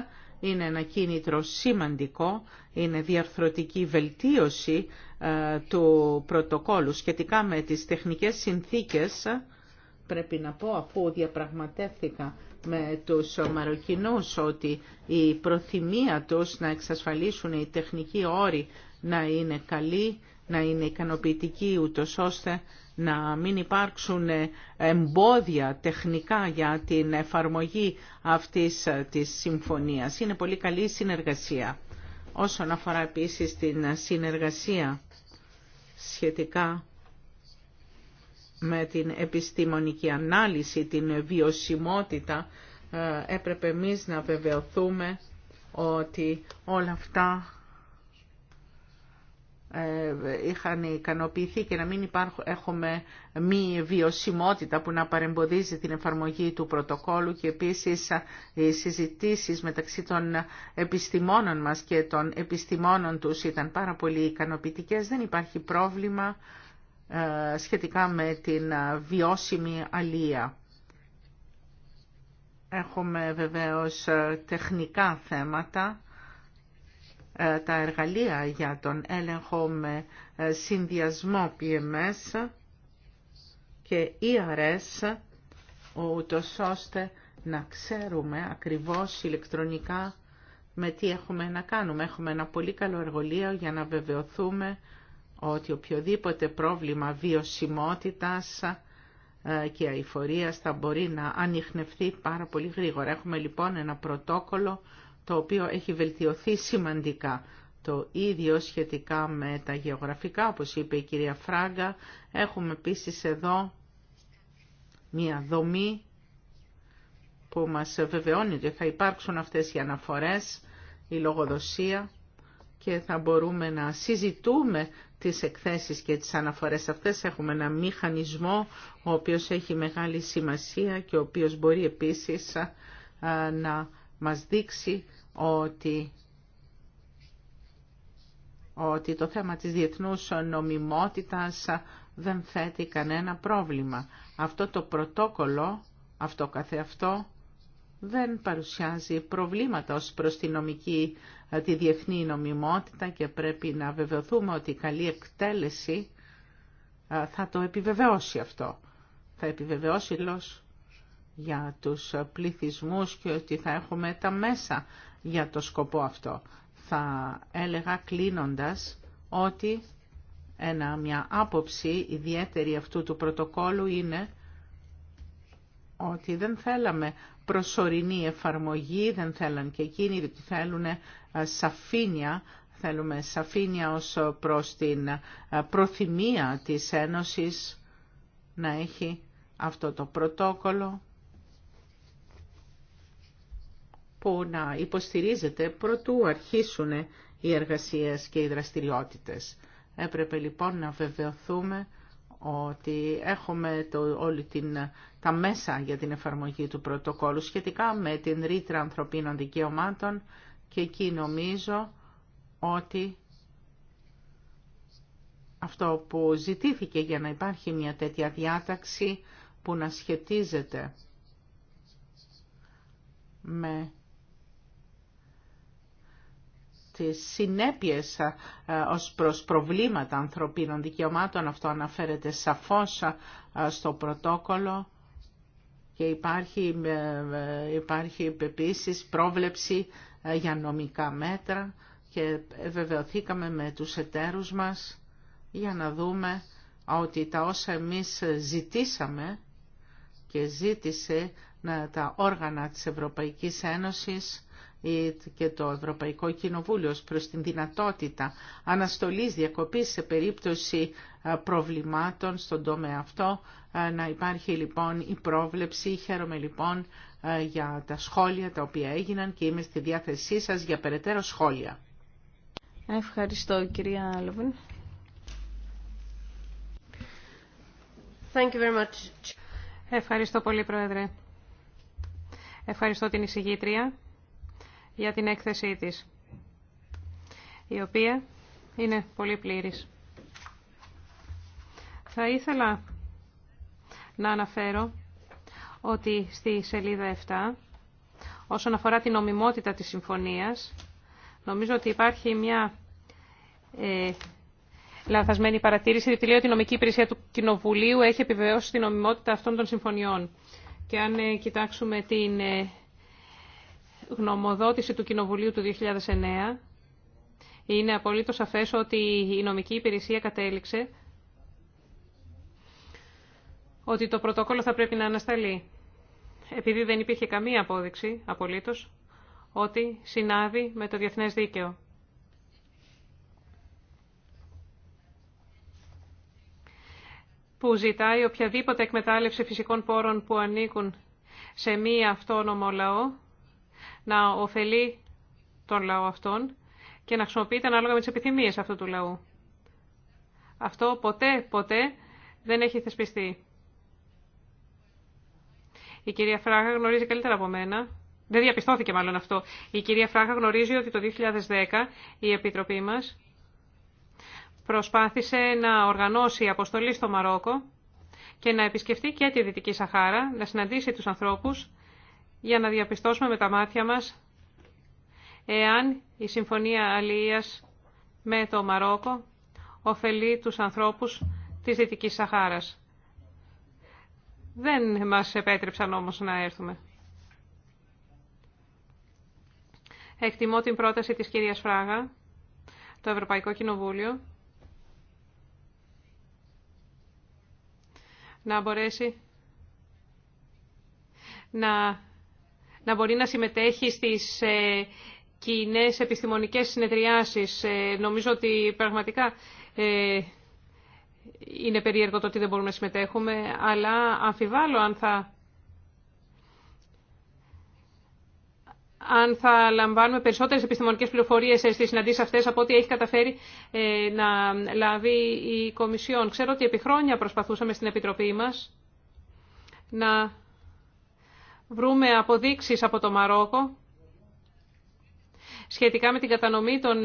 είναι ένα κίνητρο σημαντικό, είναι διαρθρωτική βελτίωση ε, του πρωτοκόλου σχετικά με τις τεχνικές συνθήκες. Πρέπει να πω, αφού διαπραγματεύτηκα με τους Μαροκινούς ότι η προθυμία τους να εξασφαλίσουν οι τεχνικοί όροι να είναι καλοί, να είναι ικανοποιητικοί ούτως ώστε να μην υπάρξουν εμπόδια τεχνικά για την εφαρμογή αυτής της συμφωνίας. Είναι πολύ καλή συνεργασία. Όσον αφορά επίσης την συνεργασία σχετικά με την επιστημονική ανάλυση, την βιωσιμότητα, ε, έπρεπε εμείς να βεβαιωθούμε ότι όλα αυτά ε, είχαν ικανοποιηθεί και να μην υπάρχουν, έχουμε μη βιωσιμότητα που να παρεμποδίζει την εφαρμογή του πρωτοκόλου και επίσης οι συζητήσεις μεταξύ των επιστημόνων μας και των επιστημόνων τους ήταν πάρα πολύ ικανοποιητικές. Δεν υπάρχει πρόβλημα ε, σχετικά με την βιώσιμη αλία. Έχουμε βεβαίως τεχνικά θέματα ε, τα εργαλεία για τον έλεγχο με ε, συνδυασμό PMS και ERS, ούτως ώστε να ξέρουμε ακριβώς ηλεκτρονικά με τι έχουμε να κάνουμε. Έχουμε ένα πολύ καλό εργαλείο για να βεβαιωθούμε ότι οποιοδήποτε πρόβλημα βιωσιμότητας ε, και αηφορίας θα μπορεί να ανοιχνευτεί πάρα πολύ γρήγορα. Έχουμε λοιπόν ένα πρωτόκολλο το οποίο έχει βελτιωθεί σημαντικά. Το ίδιο σχετικά με τα γεωγραφικά, όπως είπε η κυρία Φράγκα, έχουμε επίση εδώ μία δομή που μας βεβαιώνει ότι θα υπάρξουν αυτές οι αναφορές, η λογοδοσία και θα μπορούμε να συζητούμε τις εκθέσεις και τις αναφορές αυτές. Έχουμε ένα μηχανισμό ο οποίος έχει μεγάλη σημασία και ο οποίος μπορεί επίσης να μας δείξει ότι ότι το θέμα της διεθνούς νομιμότητας δεν θέτει κανένα πρόβλημα. Αυτό το πρωτόκολλο, αυτό καθεαυτό, δεν παρουσιάζει προβλήματα ως προς τη νομική, τη διεθνή νομιμότητα και πρέπει να βεβαιωθούμε ότι η καλή εκτέλεση θα το επιβεβαιώσει αυτό. Θα επιβεβαιώσει λοιπόν, για τους πληθυσμούς και ότι θα έχουμε τα μέσα για το σκοπό αυτό. Θα έλεγα κλείνοντας ότι ένα, μια άποψη ιδιαίτερη αυτού του πρωτοκόλου είναι ότι δεν θέλαμε προσωρινή εφαρμογή, δεν θέλαν και εκείνοι, διότι θέλουν ε, σαφήνεια, θέλουμε σαφήνεια ως προς την ε, προθυμία της Ένωσης να έχει αυτό το πρωτόκολλο που να υποστηρίζεται προτού αρχίσουν οι εργασίες και οι δραστηριότητες. Έπρεπε λοιπόν να βεβαιωθούμε ότι έχουμε το, όλη την, τα μέσα για την εφαρμογή του πρωτοκόλου σχετικά με την ρήτρα ανθρωπίνων δικαιωμάτων και εκεί νομίζω ότι αυτό που ζητήθηκε για να υπάρχει μια τέτοια διάταξη που να σχετίζεται με τις συνέπειες ε, ως προς προβλήματα ανθρωπίνων δικαιωμάτων. Αυτό αναφέρεται σαφώς ε, στο πρωτόκολλο και υπάρχει, ε, υπάρχει επίσης πρόβλεψη για νομικά μέτρα και βεβαιωθήκαμε με τους εταίρους μας για να δούμε ότι τα όσα εμείς ζητήσαμε και ζήτησε τα όργανα της Ευρωπαϊκής Ένωσης και το Ευρωπαϊκό Κοινοβούλιο προς την δυνατότητα αναστολής διακοπής σε περίπτωση προβλημάτων στον τομέα αυτό. Να υπάρχει λοιπόν η πρόβλεψη. Χαίρομαι λοιπόν για τα σχόλια τα οποία έγιναν και είμαι στη διάθεσή σας για περαιτέρω σχόλια. Ευχαριστώ κυρία Λοβίν. Thank you very much. Ευχαριστώ πολύ Πρόεδρε. Ευχαριστώ την εισηγήτρια για την έκθεσή της, η οποία είναι πολύ πλήρης. Θα ήθελα να αναφέρω ότι στη σελίδα 7, όσον αφορά την ομιμότητα της συμφωνίας, νομίζω ότι υπάρχει μια ε, λανθασμένη παρατήρηση, διότι λέει ότι η νομική υπηρεσία του Κοινοβουλίου έχει επιβεβαιώσει την ομιμότητα αυτών των συμφωνιών. Και αν ε, κοιτάξουμε την ε, γνωμοδότηση του Κοινοβουλίου του 2009 είναι απολύτω σαφές ότι η νομική υπηρεσία κατέληξε ότι το πρωτόκολλο θα πρέπει να ανασταλεί. Επειδή δεν υπήρχε καμία απόδειξη, απολύτως, ότι συνάδει με το διεθνές δίκαιο. που ζητάει οποιαδήποτε εκμετάλλευση φυσικών πόρων που ανήκουν σε μία αυτόνομο λαό να ωφελεί τον λαό αυτόν και να χρησιμοποιείται ανάλογα με τις επιθυμίες αυτού του λαού. Αυτό ποτέ, ποτέ δεν έχει θεσπιστεί. Η κυρία Φράγα γνωρίζει καλύτερα από μένα. Δεν διαπιστώθηκε μάλλον αυτό. Η κυρία Φράγα γνωρίζει ότι το 2010 η Επιτροπή μας προσπάθησε να οργανώσει αποστολή στο Μαρόκο και να επισκεφτεί και τη Δυτική Σαχάρα, να συναντήσει τους ανθρώπους για να διαπιστώσουμε με τα μάτια μας εάν η Συμφωνία Αλίας με το Μαρόκο ωφελεί τους ανθρώπους της Δυτικής Σαχάρας. Δεν μας επέτρεψαν όμως να έρθουμε. Εκτιμώ την πρόταση της κυρίας Φράγα, το Ευρωπαϊκό Κοινοβούλιο, να μπορέσει να να μπορεί να συμμετέχει στις ε, κοινέ επιστημονικές συνεδριάσεις. Ε, νομίζω ότι πραγματικά ε, είναι περίεργο το ότι δεν μπορούμε να συμμετέχουμε, αλλά αμφιβάλλω αν θα... αν θα λαμβάνουμε περισσότερες επιστημονικές πληροφορίες στις συναντήσεις αυτές από ό,τι έχει καταφέρει να λάβει η Κομισιόν. Ξέρω ότι επί χρόνια προσπαθούσαμε στην Επιτροπή μας να βρούμε αποδείξεις από το Μαρόκο σχετικά με την κατανομή των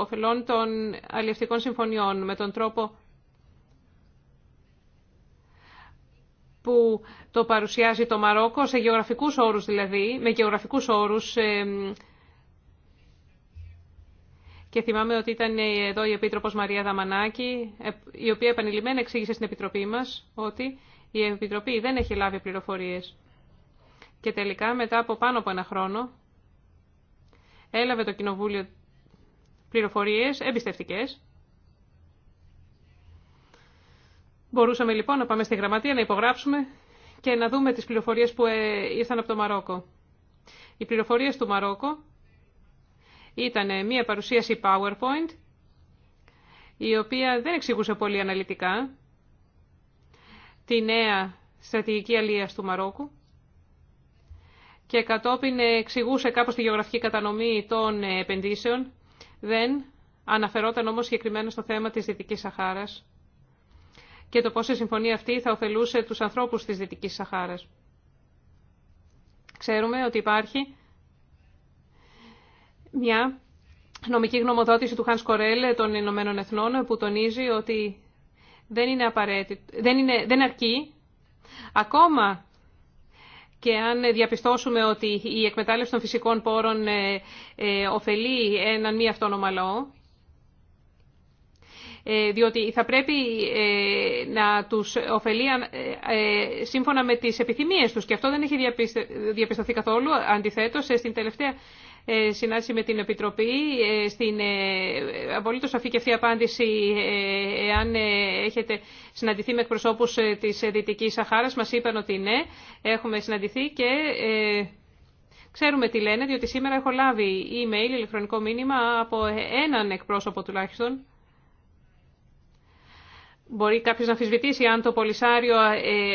οφελών ε, των αλληλευτικών συμφωνιών, με τον τρόπο που το παρουσιάζει το Μαρόκο, σε γεωγραφικούς όρους δηλαδή, με γεωγραφικούς όρους. Ε, και θυμάμαι ότι ήταν εδώ η Επίτροπος Μαρία Δαμανάκη, η οποία επανειλημμένα εξήγησε στην Επιτροπή μας ότι η Επιτροπή δεν έχει λάβει πληροφορίες. Και τελικά μετά από πάνω από ένα χρόνο έλαβε το Κοινοβούλιο πληροφορίες εμπιστευτικές. Μπορούσαμε λοιπόν να πάμε στη γραμματεία να υπογράψουμε και να δούμε τις πληροφορίες που ε, ήρθαν από το Μαρόκο. Οι πληροφορίες του Μαρόκο ήταν ε, μία παρουσίαση PowerPoint, η οποία δεν εξηγούσε πολύ αναλυτικά τη νέα στρατηγική αλίας του Μαρόκου και κατόπιν εξηγούσε κάπως τη γεωγραφική κατανομή των επενδύσεων. Δεν αναφερόταν όμως συγκεκριμένα στο θέμα της Δυτικής Σαχάρας και το πώς η συμφωνία αυτή θα ωφελούσε τους ανθρώπους της Δυτικής Σαχάρας. Ξέρουμε ότι υπάρχει μια νομική γνωμοδότηση του Χαν Κορέλ των Ηνωμένων Εθνών που τονίζει ότι δεν είναι, δεν είναι δεν αρκεί ακόμα και αν διαπιστώσουμε ότι η εκμετάλλευση των φυσικών πόρων ε, ε, ωφελεί έναν μη αυτόνομα λαό, ε, διότι θα πρέπει να τους ωφελεί σύμφωνα με τις επιθυμίες τους και αυτό δεν έχει διαπιστωθεί καθόλου. Αντιθέτως, στην τελευταία ε, συνάντηση με την Επιτροπή. Ε, στην ε, απολύτως σαφή και αυτή απάντηση, εάν έχετε συναντηθεί με εκπροσώπους της Δυτικής Σαχάρας, μας είπαν ότι ναι, έχουμε συναντηθεί και... Ξέρουμε τι λένε, διότι σήμερα έχω λάβει email, ηλεκτρονικό μήνυμα από έναν εκπρόσωπο τουλάχιστον Μπορεί κάποιος να αμφισβητήσει αν το Πολυσάριο ε,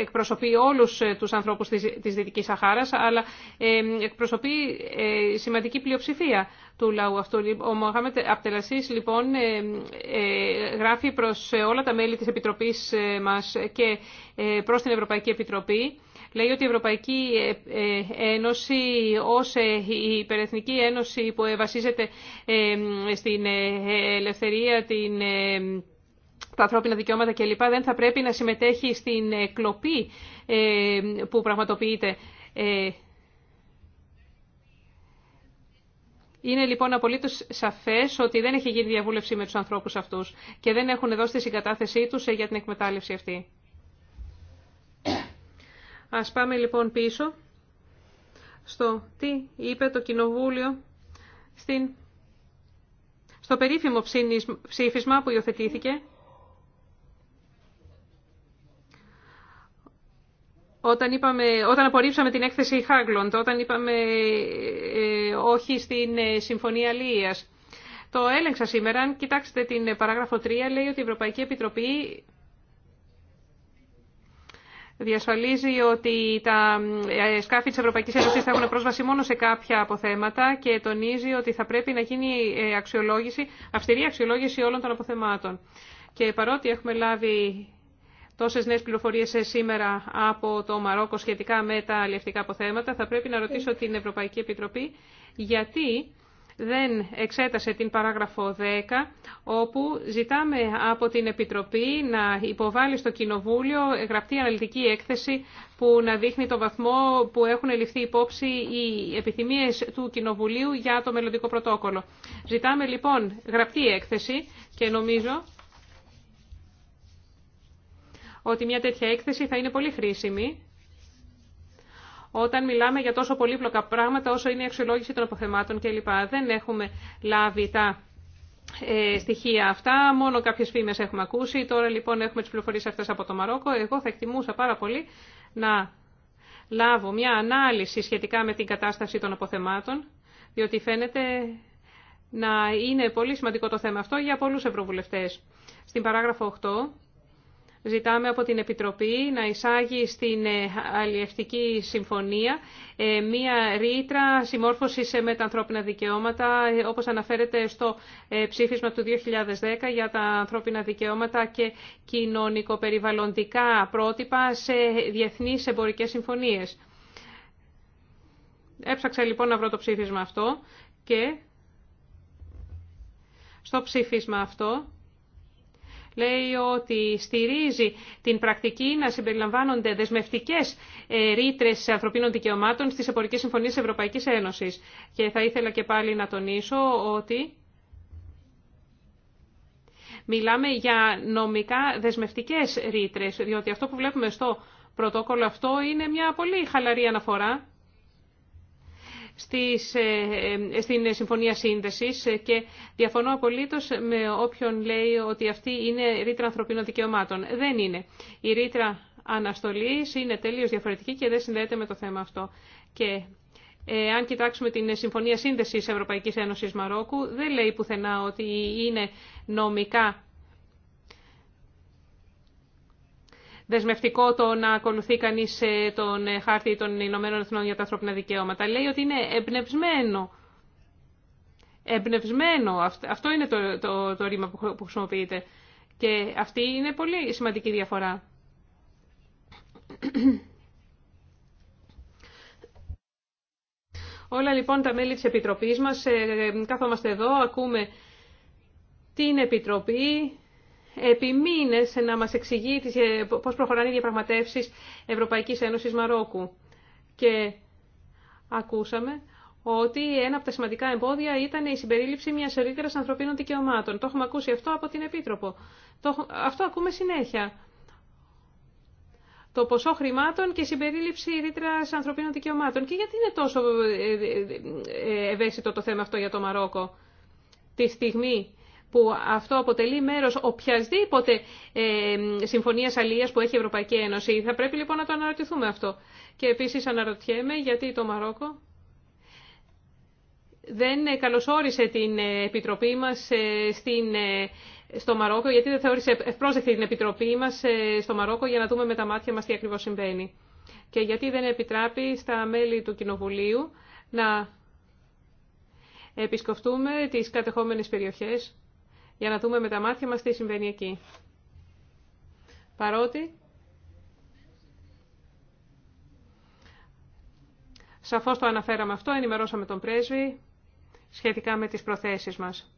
εκπροσωπεί όλους ε, τους ανθρώπους της Δυτικής Σαχάρας, αλλά ε, εκπροσωπεί σημαντική πλειοψηφία του λαού αυτού. Ο Μοχάμετ Απτελασής, λοιπόν, γράφει προς όλα τα μέλη της Επιτροπής μας και προς την Ευρωπαϊκή Επιτροπή. Λέει ότι η Ευρωπαϊκή Ένωση ως η υπερεθνική ένωση που βασίζεται στην ελευθερία, την τα ανθρώπινα δικαιώματα κλπ. δεν θα πρέπει να συμμετέχει στην κλοπή ε, που πραγματοποιείται. Ε, είναι λοιπόν απολύτως σαφές ότι δεν έχει γίνει διαβούλευση με τους ανθρώπους αυτούς και δεν έχουν δώσει τη συγκατάθεσή τους ε, για την εκμετάλλευση αυτή. Ας πάμε λοιπόν πίσω στο τι είπε το Κοινοβούλιο στην... στο περίφημο ψήφισμα που υιοθετήθηκε Όταν, είπαμε, όταν απορρίψαμε την έκθεση Χάγκλοντ, όταν είπαμε ε, όχι στην ε, Συμφωνία Λίας. Το έλεγξα σήμερα. κοιτάξτε κοιτάξετε την ε, παράγραφο 3, λέει ότι η Ευρωπαϊκή Επιτροπή διασφαλίζει ότι τα σκάφη της Ευρωπαϊκής Ένωσης θα έχουν πρόσβαση μόνο σε κάποια αποθέματα και τονίζει ότι θα πρέπει να γίνει αξιολόγηση, αυστηρή αξιολόγηση όλων των αποθεμάτων. Και παρότι έχουμε λάβει τόσες νέες πληροφορίες ε, σήμερα από το Μαρόκο σχετικά με τα αλληλευτικά αποθέματα, θα πρέπει να ρωτήσω την Ευρωπαϊκή Επιτροπή γιατί δεν εξέτασε την παράγραφο 10, όπου ζητάμε από την Επιτροπή να υποβάλει στο Κοινοβούλιο γραπτή αναλυτική έκθεση που να δείχνει το βαθμό που έχουν ληφθεί υπόψη οι επιθυμίες του Κοινοβουλίου για το μελλοντικό πρωτόκολλο. Ζητάμε λοιπόν γραπτή έκθεση και νομίζω ότι μια τέτοια έκθεση θα είναι πολύ χρήσιμη όταν μιλάμε για τόσο πολύπλοκα πράγματα όσο είναι η αξιολόγηση των αποθεμάτων κλπ. Δεν έχουμε λάβει τα ε, στοιχεία αυτά, μόνο κάποιε φήμε έχουμε ακούσει. Τώρα λοιπόν έχουμε τι πληροφορίες αυτέ από το Μαρόκο. Εγώ θα εκτιμούσα πάρα πολύ να λάβω μια ανάλυση σχετικά με την κατάσταση των αποθεμάτων, διότι φαίνεται να είναι πολύ σημαντικό το θέμα αυτό για πολλού ευρωβουλευτέ. Στην παράγραφο 8 Ζητάμε από την Επιτροπή να εισάγει στην ε, Αλλιευτική Συμφωνία ε, μία ρήτρα συμμόρφωσης ε, με τα ανθρώπινα δικαιώματα, όπως αναφέρεται στο ψήφισμα του 2010 για τα ανθρώπινα δικαιώματα και κοινωνικοπεριβαλλοντικά πρότυπα σε διεθνείς εμπορικές συμφωνίες. Έψαξα λοιπόν να βρω το ψήφισμα αυτό και στο ψήφισμα αυτό λέει ότι στηρίζει την πρακτική να συμπεριλαμβάνονται δεσμευτικές ε, ρήτρε ανθρωπίνων δικαιωμάτων στις εμπορικές συμφωνίες Ευρωπαϊκής Ένωσης. Και θα ήθελα και πάλι να τονίσω ότι μιλάμε για νομικά δεσμευτικές ρήτρες, διότι αυτό που βλέπουμε στο πρωτόκολλο αυτό είναι μια πολύ χαλαρή αναφορά στις, ε, ε, στην Συμφωνία Σύνδεσης ε, και διαφωνώ απολύτως με όποιον λέει ότι αυτή είναι ρήτρα ανθρωπίνων δικαιωμάτων. Δεν είναι. Η ρήτρα αναστολής είναι τελείως διαφορετική και δεν συνδέεται με το θέμα αυτό. Και αν κοιτάξουμε την Συμφωνία Σύνδεσης Ευρωπαϊκής Ένωσης Μαρόκου, δεν λέει πουθενά ότι είναι νομικά δεσμευτικό το να ακολουθεί κανεί ε, τον ε, χάρτη των Ηνωμένων Εθνών για τα ανθρώπινα δικαιώματα. Λέει ότι είναι εμπνευσμένο. Εμπνευσμένο. Αυτό είναι το, το, ρήμα που χρησιμοποιείται. Και αυτή είναι πολύ σημαντική διαφορά. Όλα λοιπόν τα μέλη της Επιτροπής μας, ε, ε κάθομαστε εδώ, ακούμε την Επιτροπή, επί μήνες να μα εξηγεί πώ προχωράνε οι διαπραγματεύσει Ευρωπαϊκή Ένωση Μαρόκου. Και ακούσαμε ότι ένα από τα σημαντικά εμπόδια ήταν η συμπερίληψη μια ρήτρα ανθρωπίνων δικαιωμάτων. Το έχουμε ακούσει αυτό από την Επίτροπο. Το, αυτό ακούμε συνέχεια. Το ποσό χρημάτων και η συμπερίληψη ρήτρα ανθρωπίνων δικαιωμάτων. Και γιατί είναι τόσο ε, ε, ε, ευαίσθητο το θέμα αυτό για το Μαρόκο. Τη στιγμή που αυτό αποτελεί μέρος οποιασδήποτε ε, συμφωνίας αλλίας που έχει η Ευρωπαϊκή Ένωση. Θα πρέπει λοιπόν να το αναρωτηθούμε αυτό. Και επίσης αναρωτιέμαι γιατί το Μαρόκο δεν καλωσόρισε την ε, Επιτροπή μας ε, στην, ε, στο Μαρόκο, γιατί δεν θεώρησε ευπρόσδεκτη την Επιτροπή μας στο Μαρόκο για να δούμε με τα μάτια μας τι ακριβώς συμβαίνει. Και γιατί δεν επιτράπει στα μέλη του Κοινοβουλίου να επισκοφτούμε τις κατεχόμενες περιοχές για να δούμε με τα μάτια μας τι συμβαίνει εκεί. Παρότι σαφώς το αναφέραμε αυτό, ενημερώσαμε τον πρέσβη σχετικά με τις προθέσεις μας.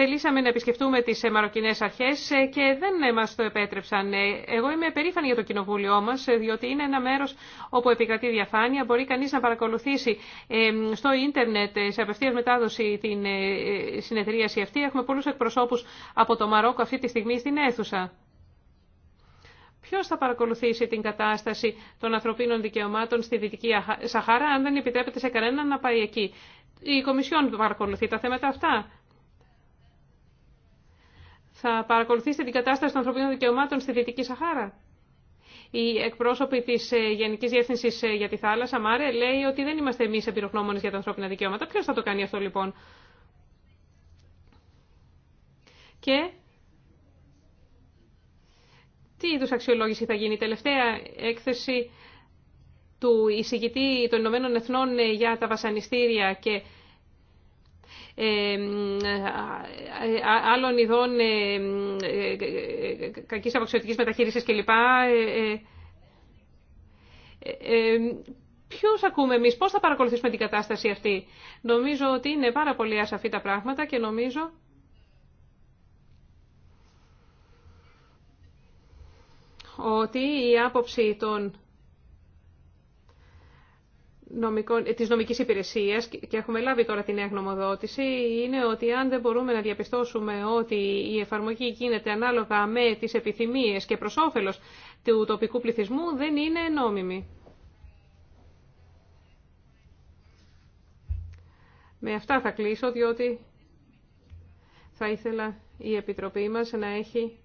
Θελήσαμε να επισκεφτούμε τις ε, μαροκινές αρχές ε, και δεν ε, μας το επέτρεψαν. Εγώ είμαι περήφανη για το κοινοβούλιο μας, διότι είναι ένα μέρος όπου επικρατεί διαφάνεια. Μπορεί κανείς να παρακολουθήσει στο ίντερνετ, σε απευθεία μετάδοση την συνεδρίαση αυτή. Έχουμε πολλούς εκπροσώπους από το Μαρόκο αυτή τη στιγμή στην αίθουσα. Ποιο θα παρακολουθήσει την κατάσταση των ανθρωπίνων δικαιωμάτων στη Δυτική Σαχάρα, αν δεν επιτρέπεται σε κανέναν να πάει εκεί. Η Κομισιόν παρακολουθεί τα θέματα αυτά. Θα παρακολουθήσετε την κατάσταση των ανθρωπίνων δικαιωμάτων στη Δυτική Σαχάρα. Η εκπρόσωποι τη ε, Γενική Διεύθυνση ε, για τη Θάλασσα, Μάρε, λέει ότι δεν είμαστε εμεί εμπειρογνώμονε για τα ανθρώπινα δικαιώματα. Ποιο θα το κάνει αυτό λοιπόν. Και τι είδου αξιολόγηση θα γίνει. Η τελευταία έκθεση του εισηγητή των Ηνωμένων Εθνών ε, για τα βασανιστήρια και ε, ε, ε, άλλων ειδών κακής απαξιωτικής μεταχείρισης κλπ. Ποιο ακούμε εμεί, πώ θα παρακολουθήσουμε την κατάσταση αυτή. Νομίζω ότι είναι πάρα πολύ ασαφή τα πράγματα και νομίζω. ότι η άποψη των τη ε, της νομικής υπηρεσίας και έχουμε λάβει τώρα την νέα γνωμοδότηση είναι ότι αν δεν μπορούμε να διαπιστώσουμε ότι η εφαρμογή γίνεται ανάλογα με τις επιθυμίες και προς όφελος του τοπικού πληθυσμού δεν είναι νόμιμη. Με αυτά θα κλείσω διότι θα ήθελα η Επιτροπή μας να έχει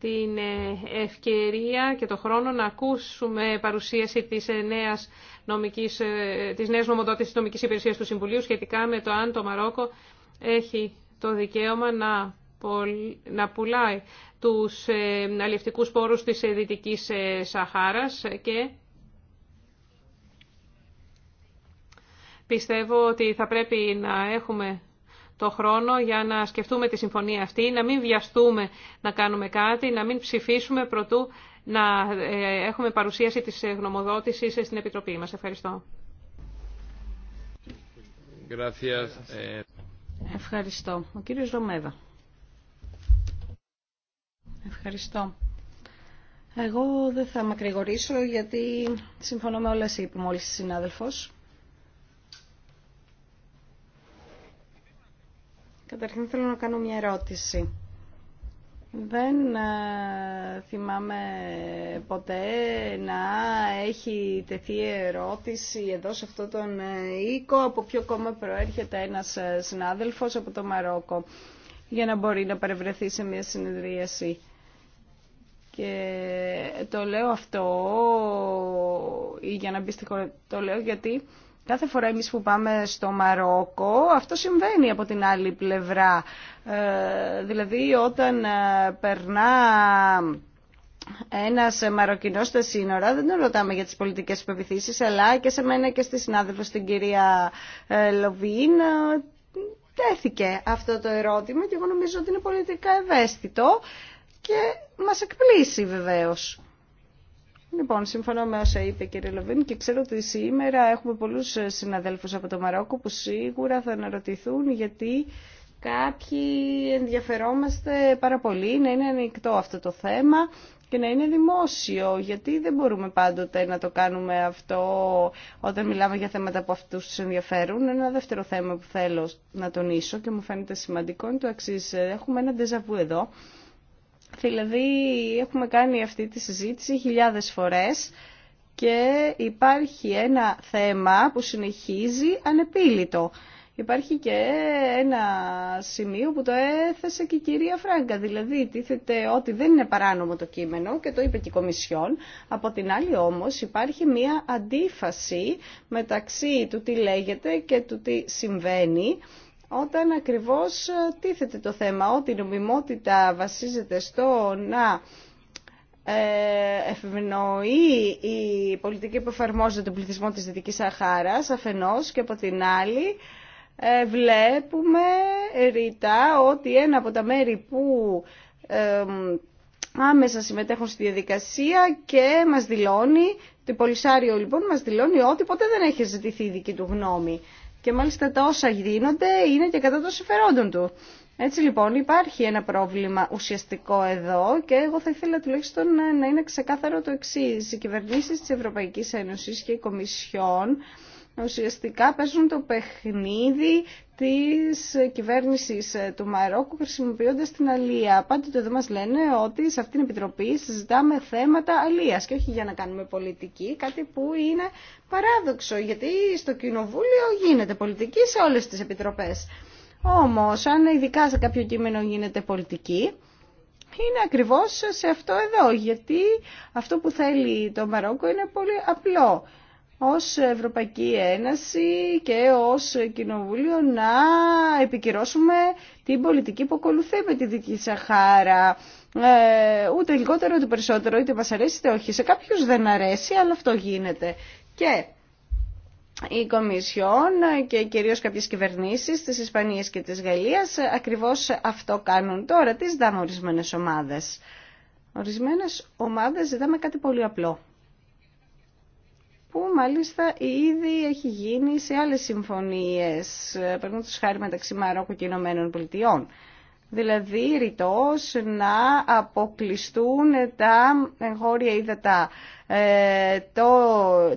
την ε, ευκαιρία και το χρόνο να ακούσουμε παρουσίαση της ε, νέας, νομικής, ε, της νέας νομοδότησης νομικής υπηρεσίας του Συμβουλίου σχετικά με το αν το Μαρόκο έχει το δικαίωμα να, να πουλάει τους αλληλευτικούς πόρους της Δυτικής Σαχάρας και πιστεύω ότι θα πρέπει να έχουμε το χρόνο για να σκεφτούμε τη συμφωνία αυτή, να μην βιαστούμε να κάνουμε κάτι, να μην ψηφίσουμε προτού να ε, έχουμε παρουσίαση της ε, γνωμοδότησης ε, στην Επιτροπή μας. Ευχαριστώ. Ευχαριστώ. Ο κύριος Ρωμέδα. Ευχαριστώ. Εγώ δεν θα μακρηγορήσω γιατί συμφωνώ με όλα εσύ που μόλις συνάδελφος. Καταρχήν θέλω να κάνω μια ερώτηση. Δεν ε, θυμάμαι ποτέ να έχει τεθεί ερώτηση εδώ σε αυτό τον ε, οίκο από ποιο κόμμα προέρχεται ένας ε, συνάδελφος από το Μαρόκο για να μπορεί να παρευρεθεί σε μια συνεδρίαση. Και το λέω αυτό η για να μπει Το λέω γιατί Κάθε φορά εμείς που πάμε στο Μαρόκο αυτό συμβαίνει από την άλλη πλευρά. Ε, δηλαδή όταν ε, περνά ένας Μαροκινός στα σύνορα, δεν τον ρωτάμε για τις πολιτικές υπευθύσεις αλλά και σε μένα και στη συνάδελφο στην κυρία ε, Λοβίν, τέθηκε αυτό το ερώτημα και εγώ νομίζω ότι είναι πολιτικά ευαίσθητο και μας εκπλήσει βεβαίως. Λοιπόν, σύμφωνα με όσα είπε η κυρία Λοβίν και ξέρω ότι σήμερα έχουμε πολλούς συναδέλφους από το Μαρόκο που σίγουρα θα αναρωτηθούν γιατί κάποιοι ενδιαφερόμαστε πάρα πολύ να είναι ανοιχτό αυτό το θέμα και να είναι δημόσιο, γιατί δεν μπορούμε πάντοτε να το κάνουμε αυτό όταν μιλάμε για θέματα που αυτούς τους ενδιαφέρουν. Ένα δεύτερο θέμα που θέλω να τονίσω και μου φαίνεται σημαντικό είναι το αξίζει Έχουμε ένα ντεζαβού εδώ Δηλαδή έχουμε κάνει αυτή τη συζήτηση χιλιάδες φορές και υπάρχει ένα θέμα που συνεχίζει ανεπίλητο. Υπάρχει και ένα σημείο που το έθεσε και η κυρία Φράγκα, δηλαδή τίθεται ότι δεν είναι παράνομο το κείμενο και το είπε και η Κομισιόν. Από την άλλη όμως υπάρχει μια αντίφαση μεταξύ του τι λέγεται και του τι συμβαίνει όταν ακριβώς ε, τίθεται το θέμα ότι η νομιμότητα βασίζεται στο να ευνοεί η πολιτική που εφαρμόζεται τον πληθυσμό της Δυτικής Σαχάρας αφενός και από την άλλη ε, βλέπουμε ρητά ότι ένα από τα μέρη που άμεσα συμμετέχουν στη διαδικασία και μας δηλώνει, το Πολυσάριο λοιπόν μας δηλώνει ότι ποτέ δεν έχει ζητηθεί η δική του γνώμη και μάλιστα τα όσα γίνονται είναι και κατά των συμφερόντων του. Έτσι λοιπόν υπάρχει ένα πρόβλημα ουσιαστικό εδώ και εγώ θα ήθελα τουλάχιστον να είναι ξεκάθαρο το εξή. Οι κυβερνήσει τη Ευρωπαϊκή Ένωση και η Κομισιόν ουσιαστικά παίζουν το παιχνίδι της κυβέρνησης του Μαρόκου χρησιμοποιώντας την αλία. Πάντοτε εδώ μας λένε ότι σε αυτήν την επιτροπή συζητάμε θέματα αλίας και όχι για να κάνουμε πολιτική, κάτι που είναι παράδοξο, γιατί στο Κοινοβούλιο γίνεται πολιτική σε όλες τις επιτροπές. Όμως, αν ειδικά σε κάποιο κείμενο γίνεται πολιτική, είναι ακριβώς σε αυτό εδώ, γιατί αυτό που θέλει το Μαρόκο είναι πολύ απλό ως Ευρωπαϊκή Ένωση και ως Κοινοβούλιο να επικυρώσουμε την πολιτική που ακολουθεί με τη Δική Σαχάρα. Ε, ούτε λιγότερο, ούτε περισσότερο, είτε μας αρέσει είτε όχι. Σε κάποιους δεν αρέσει, αλλά αυτό γίνεται. Και η Κομισιόν και κυρίως κάποιες κυβερνήσεις της Ισπανίας και της Γαλλίας ακριβώς αυτό κάνουν τώρα. Τι ζητάμε ορισμένες ομάδες. Ορισμένες ομάδες ζητάμε κάτι πολύ απλό που μάλιστα ήδη έχει γίνει σε άλλες συμφωνίες, παραδείγματος χάρη μεταξύ Μαρόκου και Ηνωμένων Πολιτειών. Δηλαδή ρητός να αποκλειστούν τα εγχώρια ύδατα ε, το,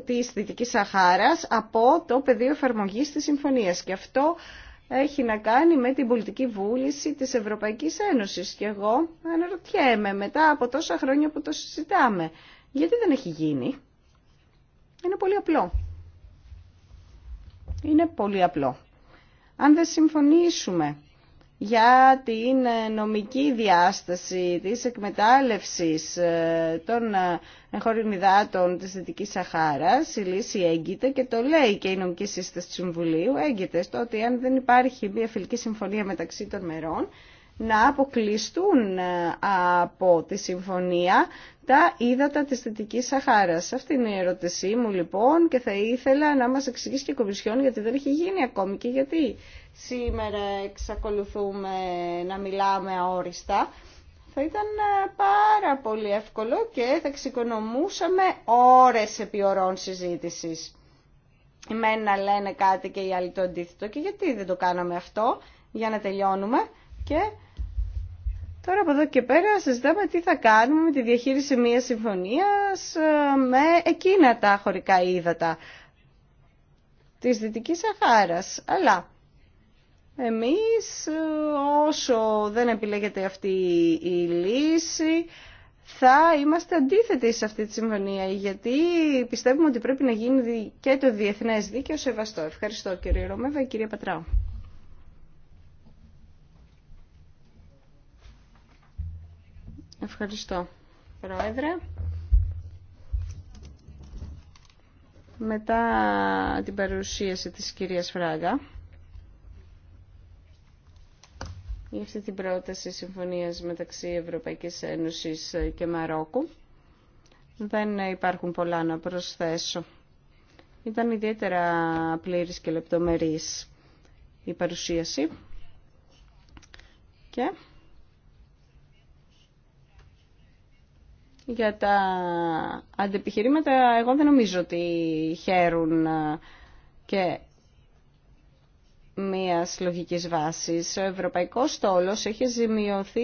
της Δυτικής Σαχάρας από το πεδίο εφαρμογής της συμφωνίας. Και αυτό έχει να κάνει με την πολιτική βούληση της Ευρωπαϊκής Ένωσης. Και εγώ αναρωτιέμαι μετά από τόσα χρόνια που το συζητάμε, γιατί δεν έχει γίνει. Είναι πολύ απλό. Είναι πολύ απλό. Αν δεν συμφωνήσουμε για την νομική διάσταση της εκμετάλλευσης ε, των ε, εγχώριων υδάτων της Δυτικής Σαχάρας, η λύση έγκυται και το λέει και η νομική σύσταση του Συμβουλίου, έγκυται στο ότι αν δεν υπάρχει μια φιλική συμφωνία μεταξύ των μερών, να αποκλειστούν ε, από τη συμφωνία τα ύδατα της θετική Σαχάρας. Αυτή είναι η ερώτησή μου λοιπόν και θα ήθελα να μας εξηγήσει και η Κομισιόν γιατί δεν έχει γίνει ακόμη και γιατί σήμερα εξακολουθούμε να μιλάμε αόριστα. Θα ήταν ε, πάρα πολύ εύκολο και θα εξοικονομούσαμε ώρες επί ωρών συζήτησης. Εμένα λένε κάτι και οι άλλοι το αντίθετο και γιατί δεν το κάναμε αυτό για να τελειώνουμε και Τώρα από εδώ και πέρα συζητάμε τι θα κάνουμε με τη διαχείριση μία συμφωνία ε, με εκείνα τα χωρικά ύδατα τη Δυτική Σαχάρας. Αλλά εμείς ε, όσο δεν επιλέγεται αυτή η λύση θα είμαστε αντίθετοι σε αυτή τη συμφωνία γιατί πιστεύουμε ότι πρέπει να γίνει και το διεθνές δίκαιο σεβαστό. Ευχαριστώ κύριε Ρωμέβα και κυρία Πατράου. Ευχαριστώ, Πρόεδρε. Μετά την παρουσίαση της κυρίας Φράγκα, για αυτή την πρόταση συμφωνίας μεταξύ Ευρωπαϊκής Ένωσης και Μαρόκου, δεν υπάρχουν πολλά να προσθέσω. Ήταν ιδιαίτερα πλήρης και λεπτομερής η παρουσίαση. Και Για τα αντεπιχειρήματα εγώ δεν νομίζω ότι χαίρουν ε, και μια λογική βάση. Ο ευρωπαϊκό στόλο έχει ζημιωθεί